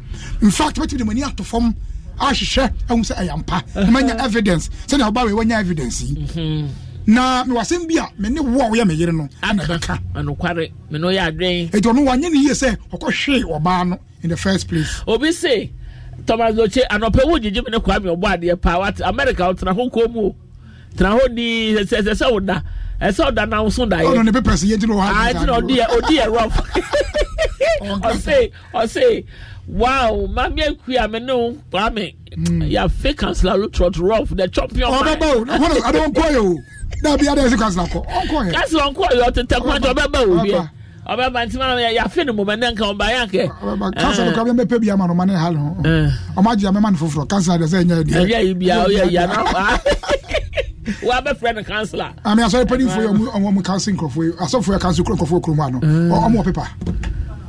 infact mɛtumi de mani ato fam ahwehwɛ ahu sɛ ɛyɛ mpa na manya evidence sɛnea ɔba wei wanya evidence yi na mewasɛm bi a me ne wo a woyɛ me yere no ana ɛbɛka ɛnokware me ne ɔyɛ adwen ɛnti ɔno wanyɛ ne yie sɛ ɔkɔhwee ɔbaa no in the first place obi se thomas doche anɔpɛ wo gyegye me ne kwame ɔbɔ adeɛ paa wat america wotena ho kɔn mu o tena hɔ ni ɛsɛ sɛ woda ɛsɛ ɔda na nso da yɛ ɔno ne pepɛ sɛ yɛgyina ɔha ah, ɛgyina ɔdi yɛ ɔdi yɛ rɔf ɔse ɔse wow maame ekuya mi ne wo kwame hmm. yafe kansila lutrot rof the champion man. ọbẹ̀bẹ̀ o n'ahọ́nà adé nkọ́ yẹ o dàbí adé ẹsẹ̀ kansila kọ ọkọ yẹ. kansila nkọ yẹ ọtẹtẹ kọ́ ọjọ́ ọbẹ̀ bẹ̀ o bíẹ ọbẹ̀ bá ntí maame yafe ni mo mẹ ne nka ọba yà kẹ. kansila kọ́ bẹ́ẹ̀ mẹ́pẹ́ bi ama ọmọ ne ha lọ ọmọ ajé amẹ́mà ni foforọ kansila dẹ̀ sẹ́ ẹ̀ nyẹ́ ẹ̀ diẹ. ẹ̀yẹ́ yìí bi a ọ̀yẹ́ yìí a náà wa bɛ fɛ ni kansila. ami asɔre pɛni fo ye ɔmu ɔmu kansi nkurɔfo ye asɔfo ye kansi nkurɔfo kurumu ano ɔmu wɔ pepa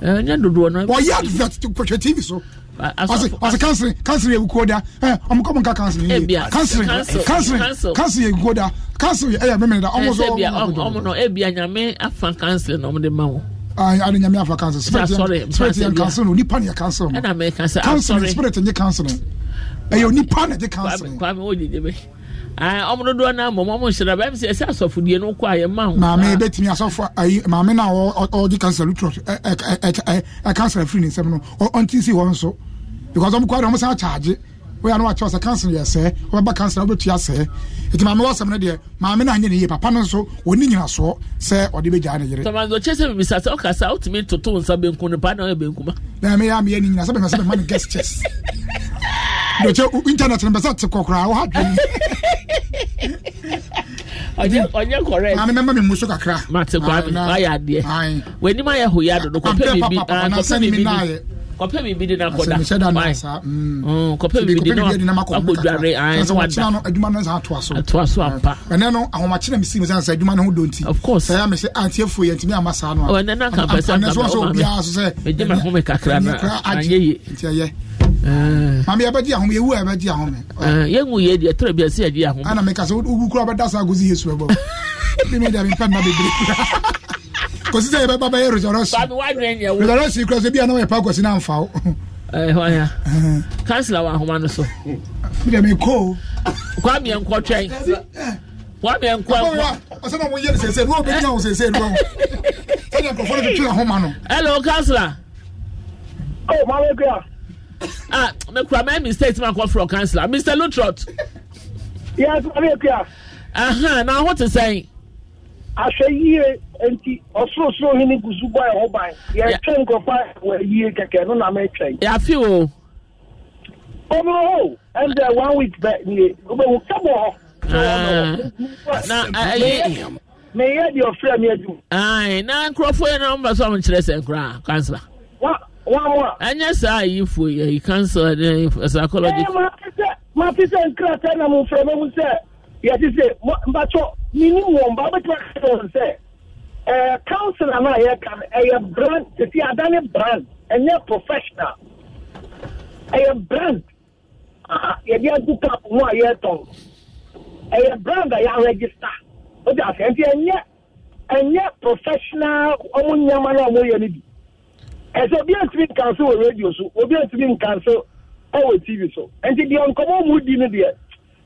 ɛnyɛ eh, dodoɔ eh, eh, no wɔyɛ advert kɔhwɛ tv so ɔsɛ kansere kansere yɛ wukuo da ɔmokɔmɔ nka kansere yɛ kansere kansere kansere yɛ wukuo da kansere ɛyɛ mɛmɛ da ɔmo so ɔmo no ebia nyame afa kansere na ɔmo de ma wɔn ade nyame afa kansere spirit yɛ kansere no nipa ni yɛ kansere no kansere ah, spirit nye kansere ɛyɛ onipa na yɛ kansere ɔmo dodoɔ na mmom ɔmo nhyira bɛm sɛ ɛsɛ asɔfo die no kɔ a yɛ ma ho. maame ebetumi asɔfo ayi maame na ɔgye kansala lutura ɛ ɛ ɛ ɛ kansala firi ne nsam no ɔnti si wɔn so because ɔmo kɔ adi ɔmo san akyaagye wɔyɛ ano akyɛw sɛ kansala yɛ sɛɛ ɔbɛba kansala ɔbɛtua sɛɛ eti maame wɔsɛm no deɛ maame naa nye ne yie papa no nso oni nyina soɔ sɛ ɔde bɛ gyaa ne yere. tɔmɔdɔ kyɛ sɛ bibisa sɛ ɔkasa ɔtumi toto nsa benkum ne paa na ɔyɛ benkum. bɛn mi yà mi yɛ ni nyina sɛ bɛn mi sɛ bɛn ma ni guest dɔkyɛ internet no bɛsɛ te kɔkoraa wo ha dwen ɔnyɛ correct maame me mu so kakra mate kwa ayɛ adeɛ w'anim ayɛ hoyɛ adodo kɔpɛ biribi kɔpɛ biribi ni kɔpɛ biribi di nakɔda kɔpɛ biribi di nakɔdware ɛnsa no adwuma no nsan atoa so atoa so ampa ɛnɛ no ahomakyerɛ mi si mi sɛ adwuma no ho don ti of course sɛ yamɛ ah, sɛ antiɛ fo yɛn ntumi ama saa no a ɛnɛ oh, oh, na nka pɛ sɛ nka bɛ ɔma mi ɛnɛ so obiara so sɛ ɛgye ma ho kakra na anyɛ ye nti Eh. maame yɛbɛgye ahome yɛwu a yɛbɛgye ahome eh, yɛhu yɛ deɛ ɛtrɛ bia sɛ yɛgye ahome ana meka sɛ wogu kora wobɛda saa agosi yesu ɛbɔ memeda mempɛ nna bebree kɔsi sɛ yɛbɛba bɛyɛ resurrection kora sɛ bia na wɔyɛpa kɔsi no amfa wo kansila wɔ ahoma no so mede mekɔ kwamiɛ nkɔtwɛn kwamiɛ nkɔ ɔsɛ na moyɛ no sɛsɛ ne wɔbɛgyina wo sɛsɛ ne wahu sɛdeɛ nkurɔfoɔ no twetwe ahoma no hello kansila Oh, my God ah mekura my mistake ma kɔ frɔ council mr lutrot. yes maame ekuya. ahan na aho te sɛn. ahwɛ yie nti ɔsorosoro hene gusu bɔ ɛhɔ ban yɛtwe nkɔfa wɔ yie kɛkɛ no na mɛtwɛn. yafe o. ɔmo o ɛnjɛ one week bɛ nie ɔbɛwu kɛbɔ hɔ. Ah, na ɛyɛ. meyɛ deɛ ɔfrɛ mi adu. na nkurɔfoɔ yɛn na wɔn bɛ sɔn mo nkyerɛ sɛ nkura council ɛnyɛ saa ayifo yi council ne psychology. maa fi sɛ nkrataa na mo fɛ mo mu sɛ yɛte sɛ mbatɔ nini wɔn ba bɛ tɛmɛ kɛ wɔn sɛ ɛɛ eh, council na naa yɛ kan ɛyɛ brand tete adane brand ɛnyɛ professional ɛyɛ brand yɛde adu cap mu a yɛtɔn ɛyɛ brand a yɛaregister o de afɛ nti ɛnyɛ ɛnyɛ professional ɔmo nyɛma na ɔmo yɛ ne bi ɛsɛ obi antumi nkanso wɔ radio so obi antumi nkanso ɛwɔ tv so nti deɛ nkɔmɔ mu di no deɛ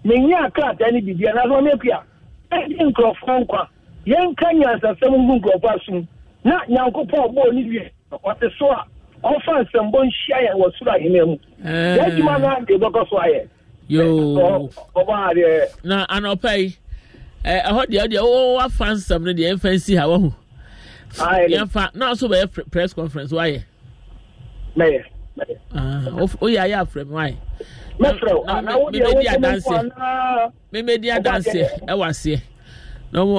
menyɛ akrataa no biribi anaasɛ wɔn akua ɛdi nkurɔfoɔ nkwa yɛnka nyansasɛm ngu nkurɔfoɔ asom na nyankopɔn ɔbɔɔ ne wie ɔte so a ɔfa nsɛmbɔ nhyia yɛn wɔ soro ahena mu yɛadwuma no ade bɛkɔ so ayɛ yoo ɔbɔ adeɛ na anɔpa yi ɛhɔ deɛ ɔdeɛ wɔwɔ afa nsɛm no deɛ ɛmfa nsi ha wɔho Ah, eh, yɛmfa na so bɛyɛ press conference wayɛ mɛyɛ woyɛ ayɛ ah, afrɛ m wayɛ ah, memɛdi adanseɛ memɛdi adanseɛ ɛwɔ aseɛ na ɔmo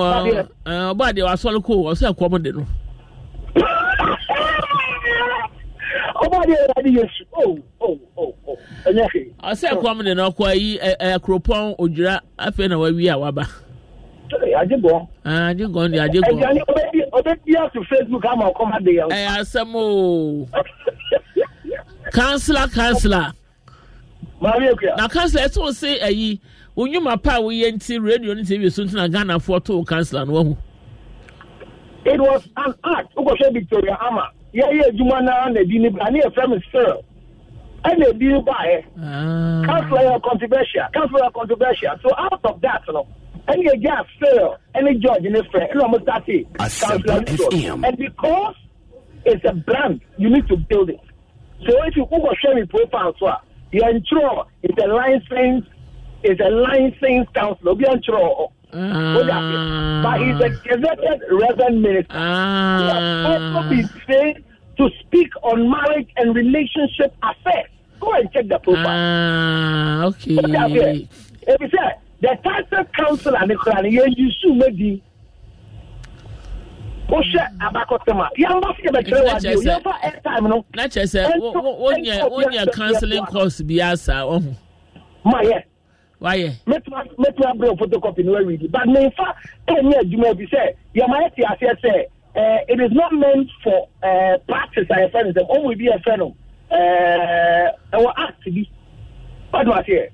ɔbɔ adeɛ eh, wasɔre ko ɔsɛ ɛkɔm de no oh, oh, oh, ɔsɛ ɛkɔm de no ɔkɔ ayi ɛkuropɔn odwira afei na wawie a waba Ajigbọn. Eh, Ajigbọn eh, ni Ajigbọn. Ẹja eh, ni ọbẹ̀ bí àti Facebook àmọ̀ ọkọ̀ máa dè yẹn. Ẹ asẹ́m o. Kansila kansila. Maame Ekuya. Na kansila ẹsẹ̀ wọ́n sẹ́ ẹ̀yí onyuma pa a wòye nti rédíò ní tv so ntina Ghana fọ́ tó kansila ni wọ́n hu. It was an act. O kò ṣe Victoria Ama. Yẹ yẹ edwuma náà na edi ni ba. Ani efra mi Cyril. Ẹna edi ni ba yẹ. Kansila ah. yẹ controversial. Kansila yẹ controversial. So out of that, you know, And you just fail any judge in Israel, and almost that it. And because it's a brand, you need to build it. So if you Google me profile, so you ensure it's a license, it's a licensed counselor, be ensure. Uh, ah. but he's a gazetted reverend minister. Uh, he has also been paid to speak on marriage and relationship affairs. Go and check the profile. Ah, uh, okay. If you say, the council and the council, you should councillor ne kora ne yɛn yi su madi wohyɛ abakɔtɛm a yɛmba so yɛbɛkyerɛ wadeɛ yɛmfa airtime no na kyerɛ sɛ wonyɛ wonyɛ counseling course bi asa ɔho mayɛ wayɛ mɛtumi abrɛ photocopy no awidi but memfa ɛnyɛ adwuma bi sɛ yɛma yɛte aseɛ sɛ Uh, it is not meant for uh, practice I friend them. Oh, we be a friend. Uh, our act be. What do I say?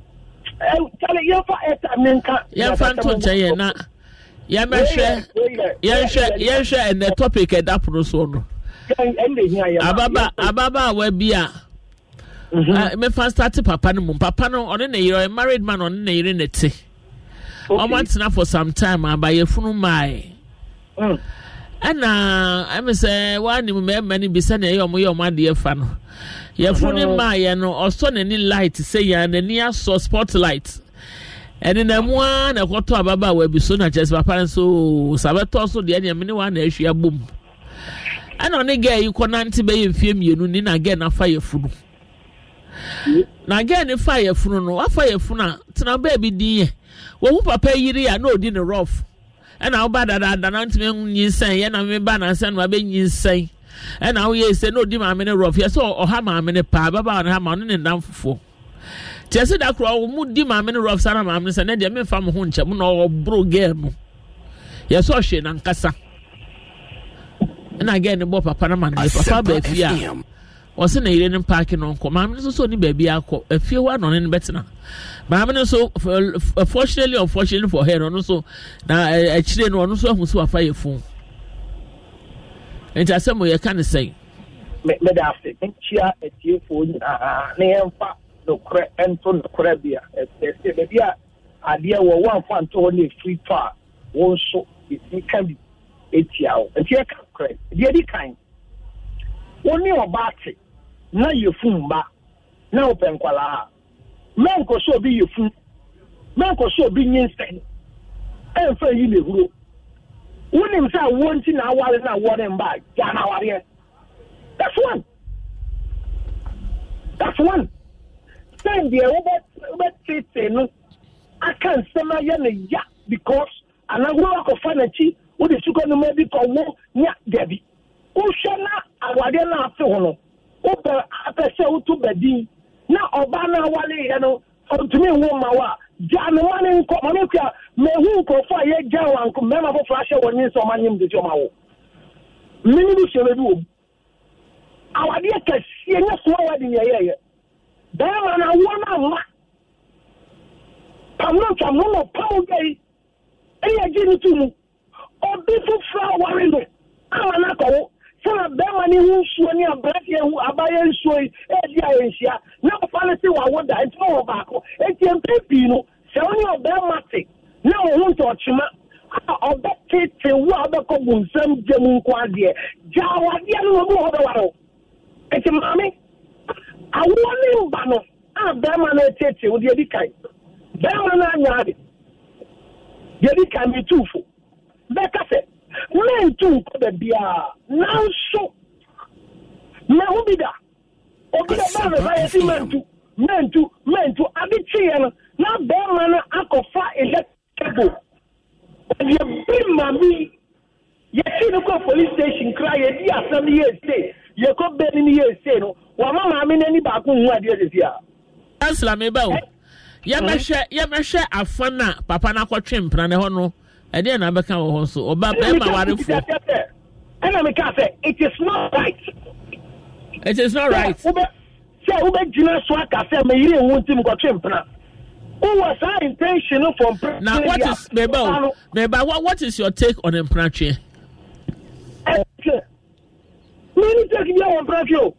yɛmfa ɛta yɛmfa nto nkyɛn yɛn na yɛmɛhwɛ ɛnɛ topic ɛda pono so no ababa ababaawa bi a mhm. mefa start papa no mu papa no ɔne ne yere ɔyɛ married man ɔne ne yere ne te ɔmo atena for some time abayɛfunu maae. Mm. ɛna ɛmi sɛ w'anim mɛɛma no bi sɛnea ɛyɛ ɔmo yɛ ɔmo adeɛ fa no yɛfo ne maa yɛ no ɔsɔ n'ani light sɛ yɛn n'ani asɔ spotlight ɛne na mu ara na ɛkɔtɔ ababaawa bi so na kyerɛ sɛ papa nso sabɛtɔ so deɛ nea mene wa na ahwi abom ɛna ɔne gɛɛ yi kɔ nante bɛyɛ mfie mmienu ne na gɛɛ nafa yɛ funu na gɛɛ ne fa yɛ funu no wafa yɛ funu a tena baabi din yɛ wɔn mu papa yiri a na odi ne rɔf ɛna woba dadaada na ntumi nyinsɛn yɛ na meba nansa no abɛ nyinsɛn ɛna woyɛ sɛ na odi maame ne rɔf yɛ sɛ ɔha maame ne paa baba ne ha ma ɔne ne nam fofoɔ tiɛ sɛ da korɔ wo mu di maame ne rɔf sana maame ne sɛ ne deɛ memfa mo ho nkyɛ mu na ɔboro gɛɛ no yɛ sɛ ɔhwɛ nankasa ɛna gɛɛ ne bɔ papa no ma no papa baafie a ɔsɛ na yire ne paaki no nkɔ maame nso so ni baabi akɔ efie hɔ anɔ ne no bɛtena maame no nso fortunately or fortunately for her no ɔno nso na akyire no ɔno nso ahu so wafa yɛ fun nti asɛm yɛ ka ne sɛn. mmeda ase nkyia etiefoɔ nyinaa ne yɛn fa nokorɛ nto nokorɛ bi a ɛsɛ baabi a adeɛ wɔ wɔn afa nto hɔ na efiri tɔ a wɔn nso esi ka bi etia o nti ka korɛ deɛ di kan wɔn ne ɔbaa te na yɛfum ba na wopɛ nkwalaa mɛnkɔ sɛ obi yɛfu mɛnkɔ sɛ obi nyinsɛn e ɛmfa yi na ehuro wonim sɛ wo nti na aware na awɔ ne mba gya na awareɛ that's one that's one sɛn deɛ wobɛtete no aka nsɛm ayɛ no ya because anagoro akɔfa n'akyi wode sukɔ no ma bi kɔwo nya dabi wohwɛ na awadeɛ no afe ho no wopɛ apɛ sɛ woto badin na ɔbaa no awaleyɛ no ɔntumi nwo ma wo a gya no ma ne nkɔ ma ne kua a yɛgya wɔ anko mmarima foforɔ ahyɛ wɔ nyin sɛ ɔma nyem de ti ɔma wo mene wɔ mu awadeɛ kɛseɛ nyɛ soa wade bɛrima no awoɔ no pam no ntwam no ɛyɛ gye no to mu ɔbi foforɔ aware ama no akɔ saa bɛrima ne ho nsuo ne aberanteɛ ho abayɛ nsuo yi ɛredi ayɛnhyia na papa no se wawo da nti wɔ baako nti mpɛ pii no sɛ wo ne ɔbɛrima te na wo ho ntɔkyema a ɔbɛtete wo a wobɛkɔ bu nsɛm gya mu nko adeɛ gyawadeɛ no wɔbi wɔ hɔ bɛware wo nti maame awoɔ ne mba no a bɛrima no ɛtete wo deɛ di kan bɛrima no anya ade deɛ di kan metufo bɛka sɛ na-etu nkọ beebi a nanso mehu bi da obi da baa bɛba yɛ si mentu mentu mentu ade kyeeɛ no na bɛrima no akɔfa electable yɛ bi maame yɛsi no kɔ police station kra yɛdi asɛm yɛ ese yɛkɔ bɛni no yɛ ese no wama maame n'ani baako nhu adeɛ sisi a. ɛsilamɛ bɛwo eh? yɛmɛhwɛ yɛmɛhwɛ afa na papa n'akɔtwe mpranɛ hɔ no. ɛdeɛ na abɛka wɔ hɔ nso ɔba bɛrima warefoɔ. ɛna mi ka sɛ it is not right. it is not right. sɛ wobɛ gyina so aka sɛ meyiri ewu nti kɔtwe mpena. wowɔ saa intention for mpena. na what is meba o meba what what is your take on mpenatwe. ɛkɛ mɛni take bi a wɔ mpenatwe o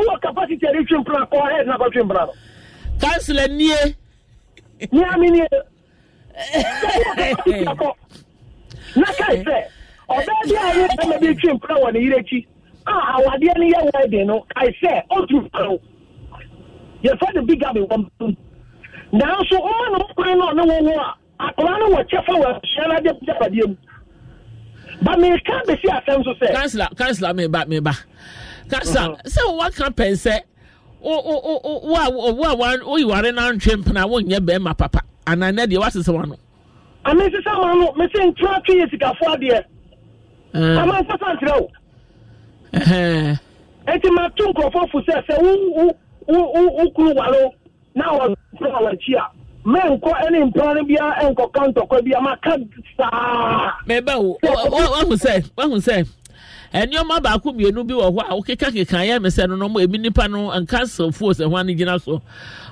wowɔ capacity a de twe mpena kɔ ahead na kɔtwe mpena no. councillor nie. ní àmì nie na kae sɛ ɔbaa bi a yɛ ɛma bi twe mpura wɔ ne yere akyi a awadeɛ no yɛ wɛden no kae sɛ ɔtu pano yɛfɛ no big abi wɔm nanso ɔma no kwan no ɔne wɔwɔ a akwadaa no wɔ kyɛ fa wɔ ahyia no adi mu ba meka bɛsi asɛm so sɛ kansila kansila meba meba kansila uh-huh. sɛ wɔka pɛn sɛ wo a woyiware no antwe mpena wonyɛ bɛrima papa Ana nɛ deɛ wasesɛ wano ame ah, sesɛ ma no mese ntra twe yɛ sikafoɔ adeɛ eh. ama nkasa nkyerɛ wo ɛnti mato nkurɔfoɔ fo sɛ u wokuru ware na wɔmpra wakyi a mɛnkɔ ne mpra no biara ɛnkɔka ntɔkwa bia maka saa mɛbɛ wo wahu sɛ wahu sɛ nneɛma baako mmienu bi wɔ hɔ a wokeka keka yɛ me sɛ no no mo ebi nipa no nkansafoɔ sɛ hwan no gyina so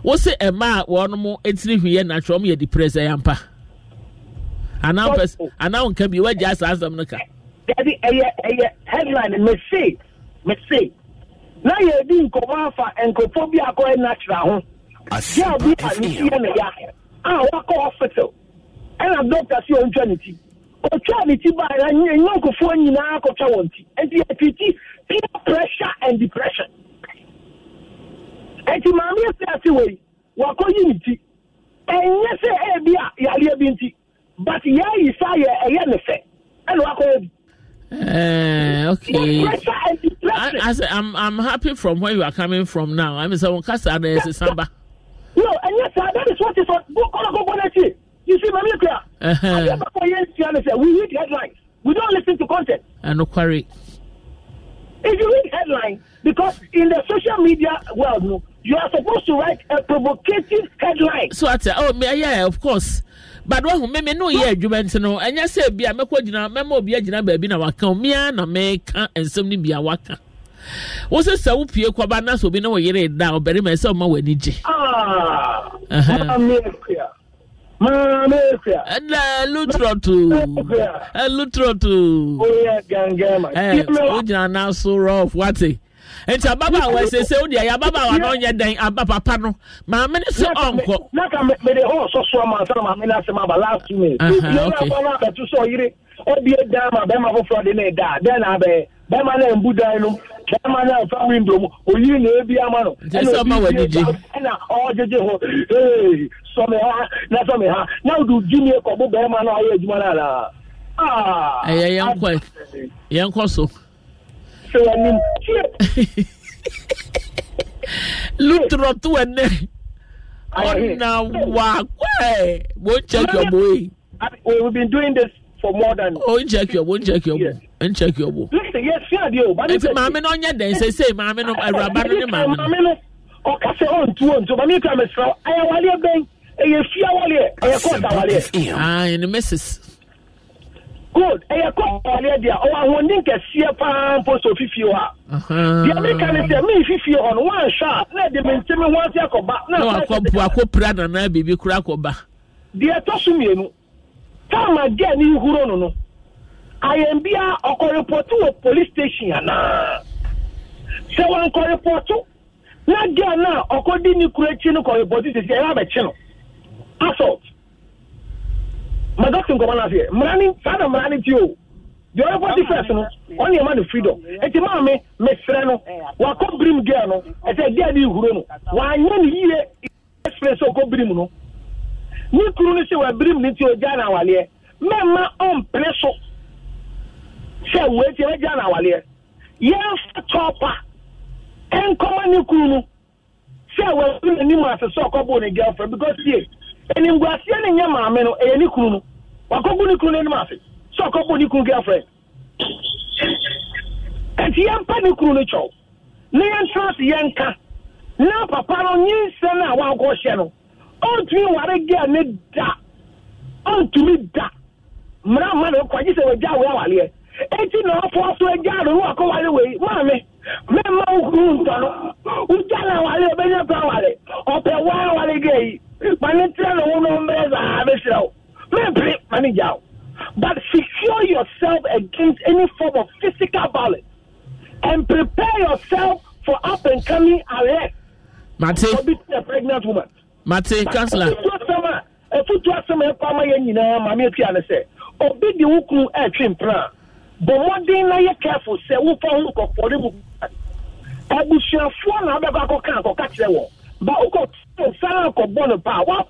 wosi mmaa a wɔn tiri hwi yɛ natwerɛ wɔn yɛ depressed yampa anan pɛ anan nka bi wagya asa asɛm no ka. dabi ɛyɛ ɛyɛ headline mese mese na yɛ di nkɔmɔ afa nkɔfo bi akɔ yɛ natural ho yɛ obi a ne ti yɛ ne ya a wakɔ hospital ɛna doctor si o n twɛ ne ti kɔtwa ne ti baa ɛnyɛ nkurɔfoɔ nyinaa kɔtwa wɔn ti nti yɛpiti peer pressure and depression nti maame yɛ fɛ ase wei wakɔyi ne ti ɛnyɛ sɛ ɛbi e, a yareɛ bi nti but yɛayi sa yɛ ɛyɛ e, ne fɛ ɛna e, wakɔyɛ bi. Uh, okay. I, I say, I'm I'm happy from where you are coming from now. I mean, so Kasa, there's a samba. No, and yes, sir, that is what is on. Go, go, go, go, go, go, go, go, go, go, go, go, go, You see, Mami Kya, uh-huh. we read headlines. We don't listen to content. And no quarry. If you read headline, because in the social media world, no, you are supposed to write a provocative headline. So at oh me, yeah, of course. But when me me no yeah, you mention no, and yes, be a meko jina, memo be a jina baby na waka, mea ah, na meka, and somebody be a waka. wosɛ sɛ wopie kwaba na sɛ obi na wɔyere da ɔbarima ɛsɛ ɔma w'ani gye ɛdɛ lutrɔto lutrɔto wogyina naso rɔf wate nti ababaawa ɛsɛsɛ o di yɛ ababaawa na ɔnyɛ eh? dɛn aba papa no maame ne sɛ ɔnkɔ mede hɔ sɔ soa ma maame no asɛm aba last minute yɛnabɔ no abɛto sɛ ɔyere ɔbie daa ma bɛma foforɔ de ne ɛdaa dɛn na abɛɛ bẹẹma náà ń bú dan bẹẹma náà fa windo mu oyi na ebi ama no ẹna obi ti ẹna ọjẹjẹ hɔ ee sọmi ha na sọmi ha na o jí mi kọ bẹẹma náà ayé ẹdjúmọ náà la. yẹn kọ yẹn kọ so. ṣé wọn ni tó ọ̀nà wà kọ́ ẹ̀ for more than. o oh, n check your bo n check your bo n check your bo. listen yes si adi o. nti maame no nye den sese maame no awuraba eh, no ne maame no. maame no ɔkasa oh, ɔntu oh, ɔntu maame kura mi sira ayawaleɛ bɛn ɛyɛ fi awaleɛ ɛyɛ kɔɔta awaleɛ. Ah, ɛni mrs. good ɛyɛ kɔɔta awaleɛ deɛ ɔwɔ ahoɔden kɛseɛ paa mpo so fifi wa. deɛ mi ka ne sɛ mi fifi hɔ no wɔn ahyɛ a na ɛde mi ntɛmi wɔn ase akɔba. na wakɔ bu akɔ nana beebi kura akɔba. deɛ ɛtɔ so mmienu. tam a gịa n'ihu ronu no ayambia ọkọrịpọtụ wọ polis steshin ya naa sị wankọrịpọtụ na gịa na ọkọdị n'ikuru echi n'ụkọrịpọtụ sisi ya abịachi no assault ma dọkịta nkọma na-asị ya mmerani saa na mmerani ti o the other party first no ọ na-eme no freedom eti maame mesere no wakọ birim gịa no ete gịa n'ihu ronu wanyere n'iyi express ọkọ birim no. ne kuru no sɛ wabirim ne nti ɔgya no awaleɛ mɛma ɔmpene so sɛ weiti ɛgya no awaleɛ yɛmfa tɔpa ɛnkɔma ne kuru no sɛ wabirim anim ase sɛ ɔkɔbɔɔ ne girlfriend because tie ɛnimguaseɛ no nyɛ maame no ɛyɛ ne kuru no wakɔbu ne kuru no ase sɛ ɔkɔbɔɔ ne kuru girlfriend ɛnti yɛmpa ne kuru no kyɛw na yɛntena ase yɛnka na papa no nyinsɛ no a wankɔhyɛ no ɔntumi ware gɛɛ ne da ɔntumi da mmara mma na ɔkɔ agye sɛ awo awaleɛ eti na ɔfɔ so agya awo wakɔ wale wei maame mɛma wokuru ntɔ no na awale ɛbɛnya pɛ awale ɔpɛ wa awale gɛɛ yi ma ne tirɛ no wo no mbɛrɛ saa bɛhyerɛ wo ma ne gya wo but secure yourself against any form of physical violence and prepare yourself for up and coming arrest. Mate. For beating a pregnant woman. mate kansila ɛfutu asɛm ɛkɔ ama yɛn nyinaa maame atua ne sɛ obi de wo kunu ɛtwe mpera na yɛ kɛfo sɛ wofa ho na abɛkɔ akɔka akɔka kyerɛ ba akɔbɔ paa wɔn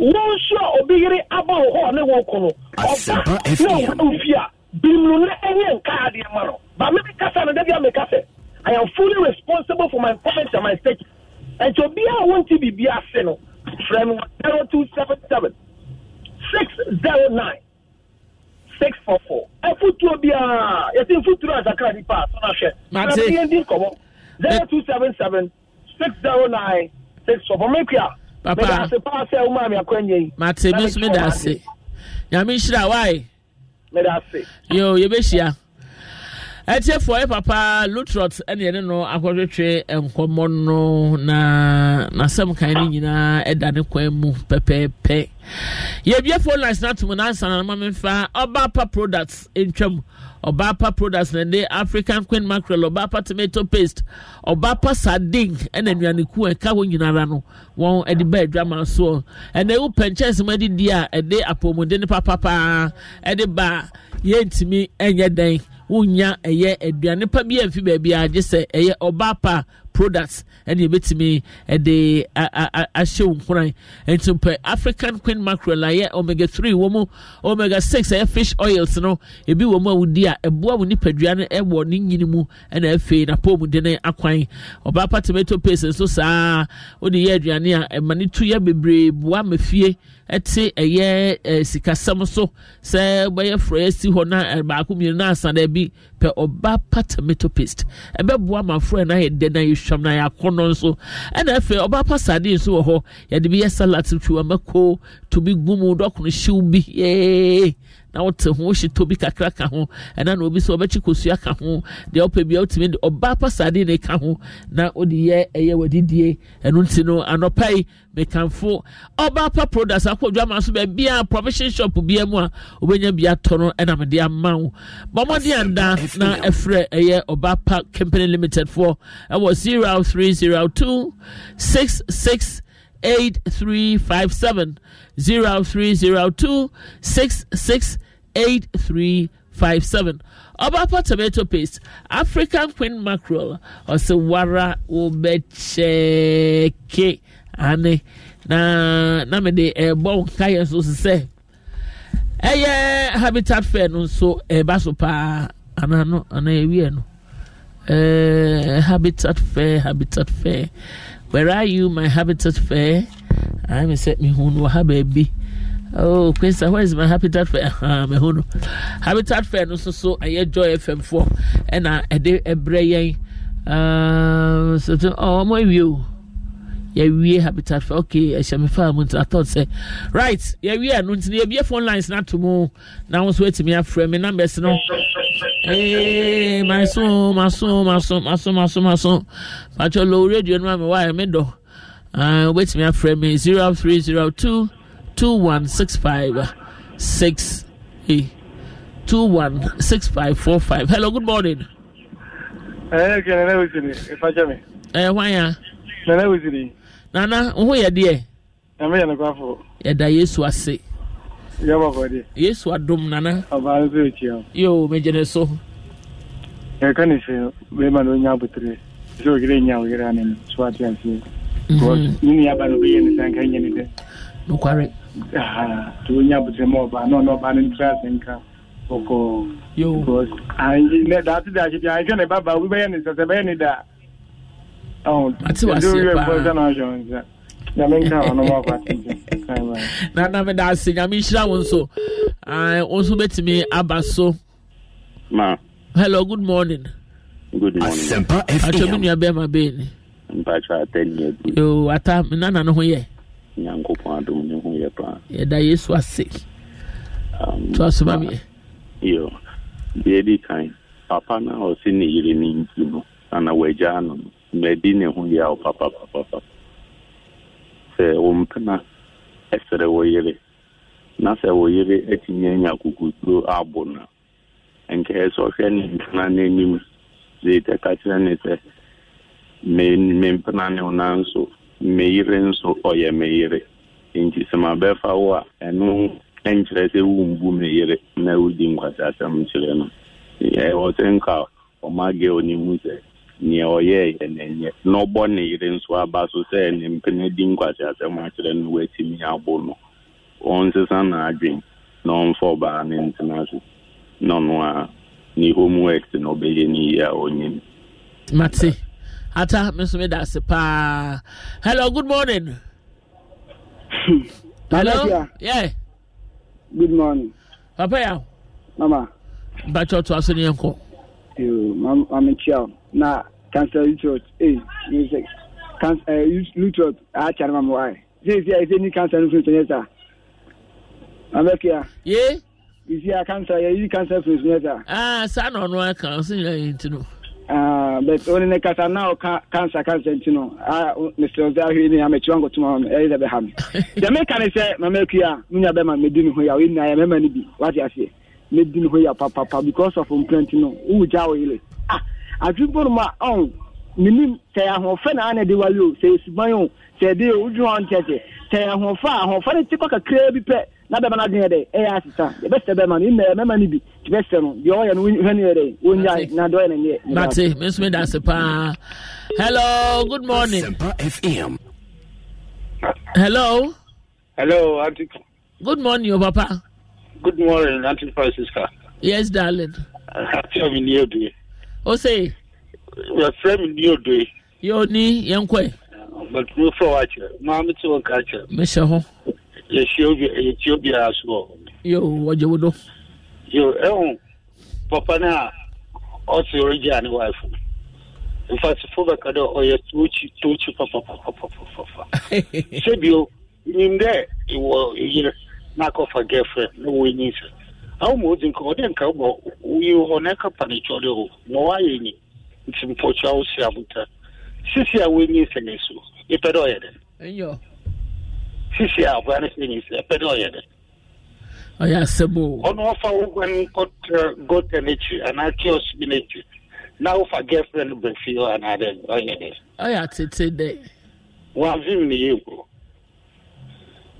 nso a obi aba wɔ hɔ ne wɔn ɔba ne a na ɛnyɛ nka ma no ba kasa i am fully responsible for my comments and my And obiara be our biribi ase no frɛ no zero two seven seven six zero nine six four I ɛfutuo biara yɛsi nfuturo asakra nipa asɔn ahwɛ mate ɛfɛ yɛn di nkɔmɔ zero two seven seven six zero nine six four four uh, mekia papa mɛ daase paa sɛ ɔmo ami akɔ ɛnyɛ yi mate mi nso mi daase nyame nhyira waaye mɛ daase yoo ɛtiɛfoɔ yɛ papa lutrot ɛne yɛne no akɔhwehwɛ nkɔmmɔ no na n'asɛm kan no nyinaa ɛda ne kwan mu pɛpɛɛpɛ yɛbie phone lines no atom nansa na ma memfa ɔbaapa products ntwam ɔbaapa products na ɛde african queen mackerel ɔbaapa tomato paste ɔbaapa sardine ɛna nnuanekuo ɛka hɔ nyinara no wɔn ɛde ba adwama soɔ ɛna ewu pɛnkyɛnse mu ɛde di a ɛde apɔmuden papapaa ɛde ba yɛntumi ɛnyɛ dɛn wonya ɛyɛ aduane pa bi amfi baabi a gye sɛ ɛyɛ ɔbaa pa products ɛne ɛbɛtumi ɛde ahyɛ wo nkoran nti mpɛ african queen mackerel ayɛ omega three wɔ mu omega six ɛyɛ fish oils no ebi wɔ mu a wodi a ɛboa wo nipadua no ɛwɔ ne nyini mu ɛna afei napɔ mu de ne akwan ɔbaa pa tomato paste nso saa wode yɛ aduane a ɛma ne tu yɛ bebree boa ma fie te ɛyɛ sikasɛm so sɛ bɛyɛ frɔyɛ si hɔ na baako mmienu na asan dɛ bi pɛ ɔba pa tomato paste ɛbɛboa ma frɔyɛ na yɛ dɛ na yɛ hwam na yɛ akɔnɔ nso ɛna afei ɔba pa sadi nso wɔ hɔ yɛde bi yɛ salad tuwamako tobi gum dɔkono hyew bi yɛɛ na wote ho hyetɔ bi kakra ka ho ɛna na obi sɛ wɔbɛkye kosua ka ho deɛ wopɛ bia wotumi de ɔbaa pasade ne ka ho na wode yɛ ɛyɛ wadidie ɛno nti no anɔpa yi mekamfo ɔbaa pa products akɔdwa ma so baabia provision shop bia mu a wobɛnya bi atɔ no ɛna mede ama wo bɔ mmɔden anda na ɛfrɛ ɛyɛ ɔbaa pa company limited foɔ ɛwɔ 0302 66 Eight eight three three five seven zero zero two six six 8357 0302 668357 Ọbapa tomato paste African queen mackerel ọsẹ wara wọbẹkyẹkẹ ane na namidi ẹbọ nkayẹ nso sisẹ ɛyɛ habitat fair no nso ɛba so paa ana no ana ewie no ɛɛ habitat fair habitat fair where are you my habitat fair i ah, me set me hun wa ha baby oh kwesa where is my habitat fair ah me hun habitat fair no so so ayɛ joy fm fo ɛna ɛde ɛbrɛ yɛn um so to oh mo awie o yɛwie habitat fair okay ɛhyɛ me fa mu nti i thought sɛ right yɛwie ɛno nti yɛbie phone lines na to mu na ahosuo etimi afrɛ me numbers no ee eh, maso maso maso maso maso maso patro low radio no ma eh, wa me do uh wetumi afrɛ me six five four five. hello good morning ɛɛ eh, kɛ nana wesiri ifakyɛ mi ɛɛ hwan ya nana wesiri nana n ho yɛ deɛ ɛmɛ yɛ ne kɔ afɔ yɛda yesu ase yɛbɔ kɔde yesu adom nana ɔbaa nso ɛkyia yo megyene so yɛka mhm. ne sɛ bɛma no ɔnya abotire sɛ ɔyerɛ nya ɔyerɛ ane no so ate aseɛ ne nuaba no bɛyɛ ne sɛ nka nyɛ ne dɛ nokware nti ɔnya abotire ma ɔbaa na ɔne ɔbaa no ntra ase nka ɔkɔ daate de ahye bia nhwɛ ne baba wobɛyɛ ne sɛ sɛ bɛyɛ ne da ate waseɛ paa na na meda ase nyame nhyira wo nso wo nso bɛtumi aba so ma hello good morning asɛmpa nua bɛma bɛni ata mena ne ho yɛ yɛda yesu ase meɛ um, yo kan papa na ɔse ne yere ne nti no ana wagyaa no madi ne ho yɛ wo papapapapa sɛ wɔmpɛ na ɛsrɛ wɔ yere na sɛ wɔ yere anya akukuturo abo no nkɛ sɛ ɔhwɛ ne mpena n'anim de tɛka kyerɛ ne sɛ me ne nanso me yere nso ɔyɛ me yere nti sɛ mabɛfa wo a ɛno ɛnkyerɛ sɛ wombu me yere na wodi kyerɛ no ɛwɔ sɛ nka ɔne nea ɔyɛɛyɛ n'ɛnyɛ na ɔbɔ ne yere nso aba so sɛ ne mpene di nkwasi asɛm akyerɛ no watumi abo no ɔnsesa n'adwen na ɔmfa ɔbaa ne ntena so na ɔno a ne homework na ɔbɛyɛ ne yie a ɔnyɛ mate ata me da ase paa hello good morning. hello yeah. good morning. papa ya. mama. bàtchọ̀ tó aṣọ ni yẹn kọ. maame kyia na cancer uterus ee eh, music cancer eh, uterus a kyerɛ ma mo ayi sisi a ɛsɛ ni cancer no fi so nyɛ sa abɛ kia. ye. sisi a ah, cancer yɛ yi cancer fi so nyɛ sa. aa saa na ɔno aka ɔsi nyina yi ti no. aa bɛt o ni ne kasa na ɔka cancer cancer ti no a mr ɔsɛ ahwɛ ni amɛkyerɛ nkɔ tuma mi ɛyɛ dɛ bɛ ha mi. jɛmɛ kan sɛ mama kia mu nya bɛ ma mɛ di ni ho ya o yi na yɛ mɛma ni bi wati aseɛ mɛ di ni ho ya papapa because of mplanti no o wu gya o yele ah adwumpo no ma ɔn minim sɛ ahoɔfɛ na ana de wa yio sɛ esuban o sɛ ɛde o ojú hɔ sɛ ahoɔfɛ ahoɔfɛ no ti kɔ kakraa bi pɛ na bɛma no adwene dɛ ɛyɛ asesa yɛbɛsɛ bɛma no mmɛ mɛma no bi ti bɛsɛ no deɛ ɔyɛ no hwɛ no yɛ dɛ wɔnyae na dɔyɛ no neɛ bate mesome da ase paa hello good morning fm hello hello auntie good morning o papa good morning auntie francisca yes darling happy new year ose yɛfrɛ me ni odoe yɛoni yɛnkɔe but mefa wo akyerɛ maa mete wɔ nka akyerɛ mehyɛ ho yɛhyia obiara so hɔ yo wɔgye wo do yo ɛho papa no a ɔse ɔregyaa ne wife no papa bɛka dɛ ɔyɛ tokyi tokyi papapapapapa sɛbio nim dɛ na girlfriend na wɔnyi sɛ awo ma odi nka ɔde nka bɔ yi hɔ na ɛkapa ne kyɛ ɔde hɔ ma wayɛ ni nti mpɔtwa wo si abuta sisi a wɔnyi nsɛnɛ so epɛ dɛ ɔyɛ dɛ sisi a ɔbaa ne sɛ nyi sɛ ɛpɛ dɛ ɔyɛ dɛ ɔyɛ asɛbo ɔno ɔfa wo kɔtɛ gota n'akyi anaa kios bi n'akyi na wofa girlfriend bɛ fie hɔ anaa dɛ ɔyɛ dɛ ɔyɛ atete dɛ wɔavim ne yɛ nkuro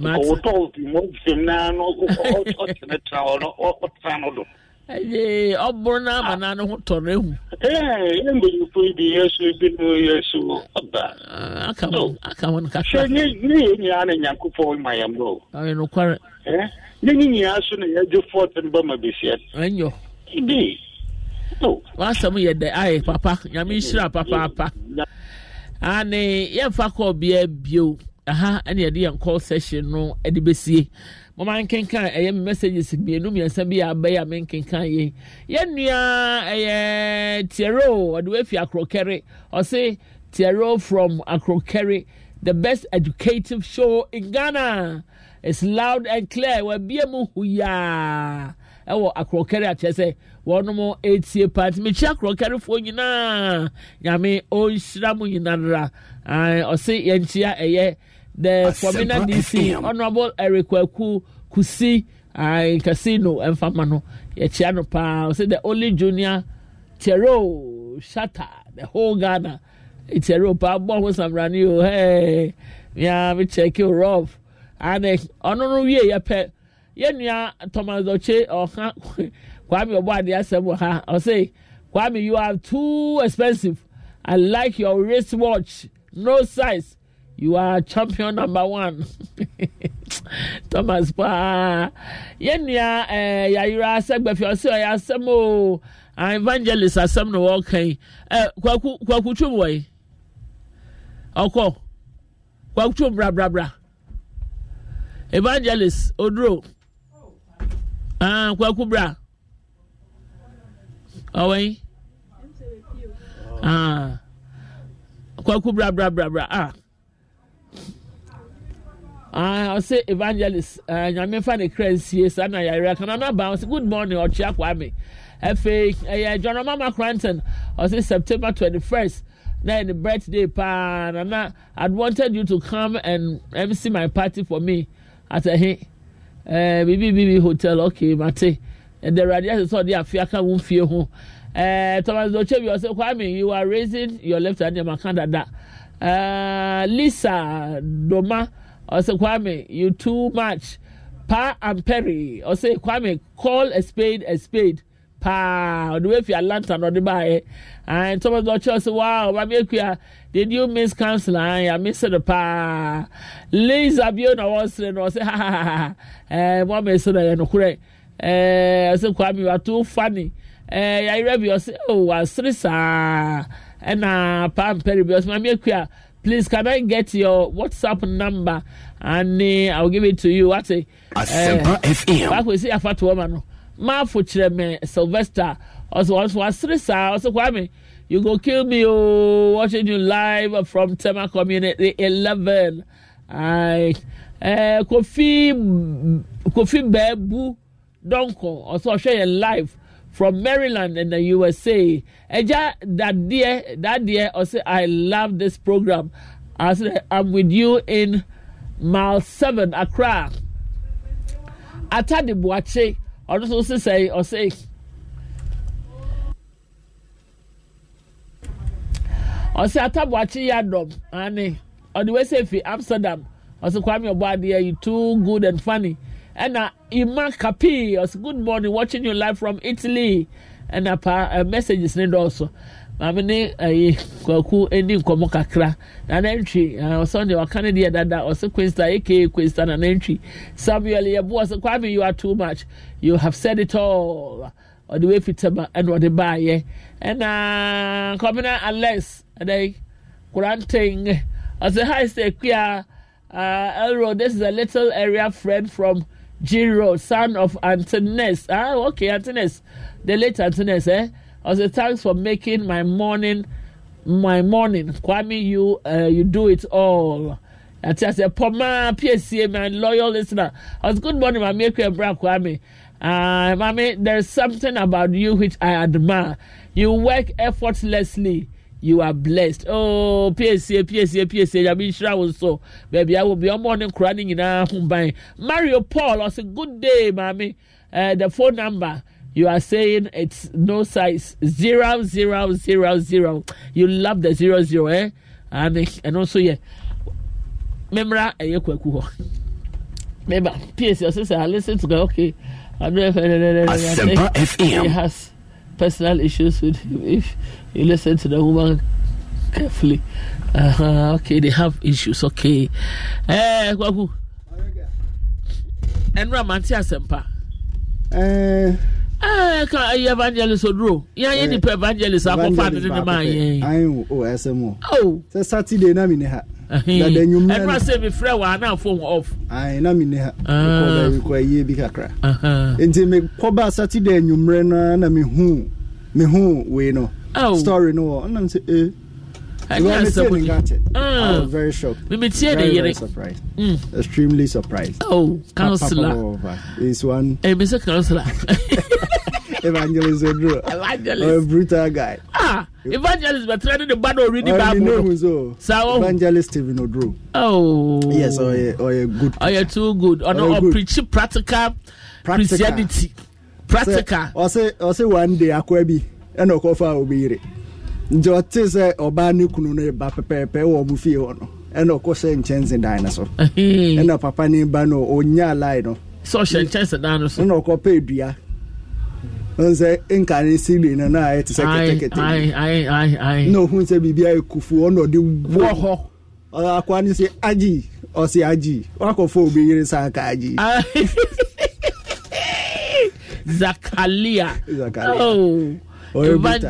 ɔwotɔ eh, opi mu ɔgyem naa na ɔtenetena hɔ no ɔtena no do ɛyɛ ɔboro no ama naa no ho tɔ no ehu ɛyɛ mbanyimfo yi bi yɛsu bi no yɛsu ɔba aka ho aka ho no kakra hwɛ ne ne yɛ nyinaa na nyankopɔn ma yɛn bro ɔyɛ nokware ne ne nyinaa so na yɛgye fɔɔte no bama besia no ɛnyɛ bi wasɛm yɛ dɛ ayɛ papa nyame nhyira mm. papaapa mm. ane yɛmfa kɔɔ biaa bio aha ɛna yɛde yɛn call session no ɛde bɛsie mɔmɔ nkenkan ɛyɛ mi messages mmienu mmiɛnsa bi abɛyɛ a mi nkenkan yɛ yɛn nua ɛyɛ tiɛro ɔde wɛfi akorokɛre ɔsi tiɛro from akorokɛre the best educative show in ghana is loud and clear wabie mu huyaa ɛwɔ akorokɛre akyerɛ sɛ wɔnom etie paati mekyi akorokɛrefoɔ nyinaa nyame ɔnhyira mu nyinaa ɔsi yɛn kyia ɛyɛ. the formula dc Honorable eric kwaku kusi uh, casino mfama no yɛkyia no paa ɔsɛ the only junior tero shata the whole ghana e, tero paa bɔ ho samrani o hey mia mi kyɛki o rob ane ɔno no pet. yɛpɛ yɛnua thomas Oche ɔha kwame ɔbɔ adeɛ asɛm wɔ ha ɔsɛ kwame you are too expensive i like your wristwatch. no size. you are champion number one thomas paa yɛnua eh, yayera sɛ gbafi ɔsɛ ɔyɛ asɛm o ah, evangelist asɛm no wɔka yi eh. eh, kwaku ɔkɔ kwaku brabrabra evangelist oduro ah, kwaku bra ɔwɔ ah, kwaku brabrabrabra ah. ɔsɛ ah, evangelist eh, nyame fa ne kra nsie saa na yɛawerɛ kana no aba ɔsɛ good morning ɔkyea me. afei ɛyɛ john mama cranton ɔsɛ september 21st na yɛ ne birthday paa nana i wanted you to come and mc my party for me at ɛhe ɛɛ bibi bibi hotel okay mate ɛdɛ awurade asɛ sɛ ɔde afe aka wo mfie ho ɛɛ thomas doche bi ɔsɛ kwame you are raising your left hand yɛ ma kan dada lisa doma ɔsɛ kwame you too much pa and ampere ɔsɛ kwame call a spade a spade paa ɔde wefi atlanta na ɔde baayɛ and thomas dɔkyɛ ɔsɛ wow maame akua did you miss counseling i am missing it paa liz abio na wɔsere na ɔsɛ ha ha ha ha ɛɛ mo ama esi na yɛ nokorɛ ɛɛ ɔsɛ kwame wato fani ɛɛ yɛayerɛ bi ɔsɛ o oh, wasere saa ɛna paa ampere bi ɔsɛ maame akua please can I get your WhatsApp number and uh, I'll give it to you. What's it? Uh, Asempa uh, FM. Back with see afat woman. Ma fuchire me Sylvester. Also also wasrisa also kwame. You go kill me oh watching you live from Tema Community 11. I eh, Kofi Kofi Bebu Donko also share your live from Maryland in the USA. Eja, that dear, that dear, also, I love this program. I said, I'm with you in mile seven, Accra. Ata Atadi Buache, or just also say, or say, ɔsɛ atabuakye yɛ adɔm ane way say fi amsterdam ɔsɛ say ɔbɔ adeɛ you too good and funny And uh, Iman Kapi, good morning, watching you live from Italy. And uh, a message is needed also. I ne ayi kwaku edi nkɔmɔ kakra na nantwi ɔsɔ eh, deɛ waka ne deɛ dada ɔsɛ kwesta aka kwesta na nantwi samuel yɛbo ɔsɛ Kwami, you are too much you have said it all ɔde wei fitama ɛna ɔde baayɛ ɛna kɔmina alex ɛdɛyi kuranteng ɔsɛ hi sɛ kuya uh, hello. this is a little area friend from. Jiro, son of Antinous. Ah, okay, Antinous, the late Antinous, eh? I say thanks for making my morning, my morning. Kwame, you, uh, you do it all. Ati ase poma PSCA, my loyal listener. I was good morning, my milk and bra Kwame. Uh, mommy, there's something about you which I admire. You work effortlessly. you are blessed oh psa psa psa i nhyira wo so, baby. I will be on morning crying in our ban mario paul say good day mommy. uh, eh, the phone number you are saying it's no size zero zero zero zero you love the zero zero eh and ɛno nso yɛ memra ɛyɛ eh, kwaku hɔ meba psa i listen to to okay. I'm FM. It has personal issues with him if you listen to the woman carefully. uh okay, they have issues. Okay. Eh, Wahu. And Ramanti Asempa. Eh. Eh, ka evangelist oduro. Ya ye eh, ni pe evangelist akọfa adi ni ma yẹn. Ayiwo, o ẹsẹ Oh. Sẹ Saturday na mi ni ha dada enyim ɛnura sɛ mi frɛ wa ana phone off. ayi na mi ni ha kɔ ah. kɔ bi kakra nti mi kɔba satide enyimrɛ na na mi hu mi hu wei no story no wɔ ɔnam sɛ ee. Well, I was very shocked. Very, very surprised. Mm. Extremely surprised. Oh, counselor. Is one. Hey, Mr. Counselor. Evangelist Oduro. Evangelist. I'm a brutal guy. Ah, Evangelist, but trying to ban or Bible. Oh, So, oh. oh. Yes, oh, yeah, oh, good. Oh, too good. Oh, no, good. practical, practical Christianity. Practical. Ɔsɛ ɔsɛ one day akwa bi obi Nti ɔte sɛ ɔbaa ne kunu no ba pɛpɛɛpɛ wɔ ɔmo fie papa ne no no. Sɛ nsɛ nkane sili no na ayɛ te sɛ kɛtɛkɛtɛ na ohun sɛ biribia yɛ kufu ɔna ɔde wɔ hɔ akoa no sɛ agyi ɔse agyi wakɔfa obi yere sa aka agyi zakalia, zakalia. Oh.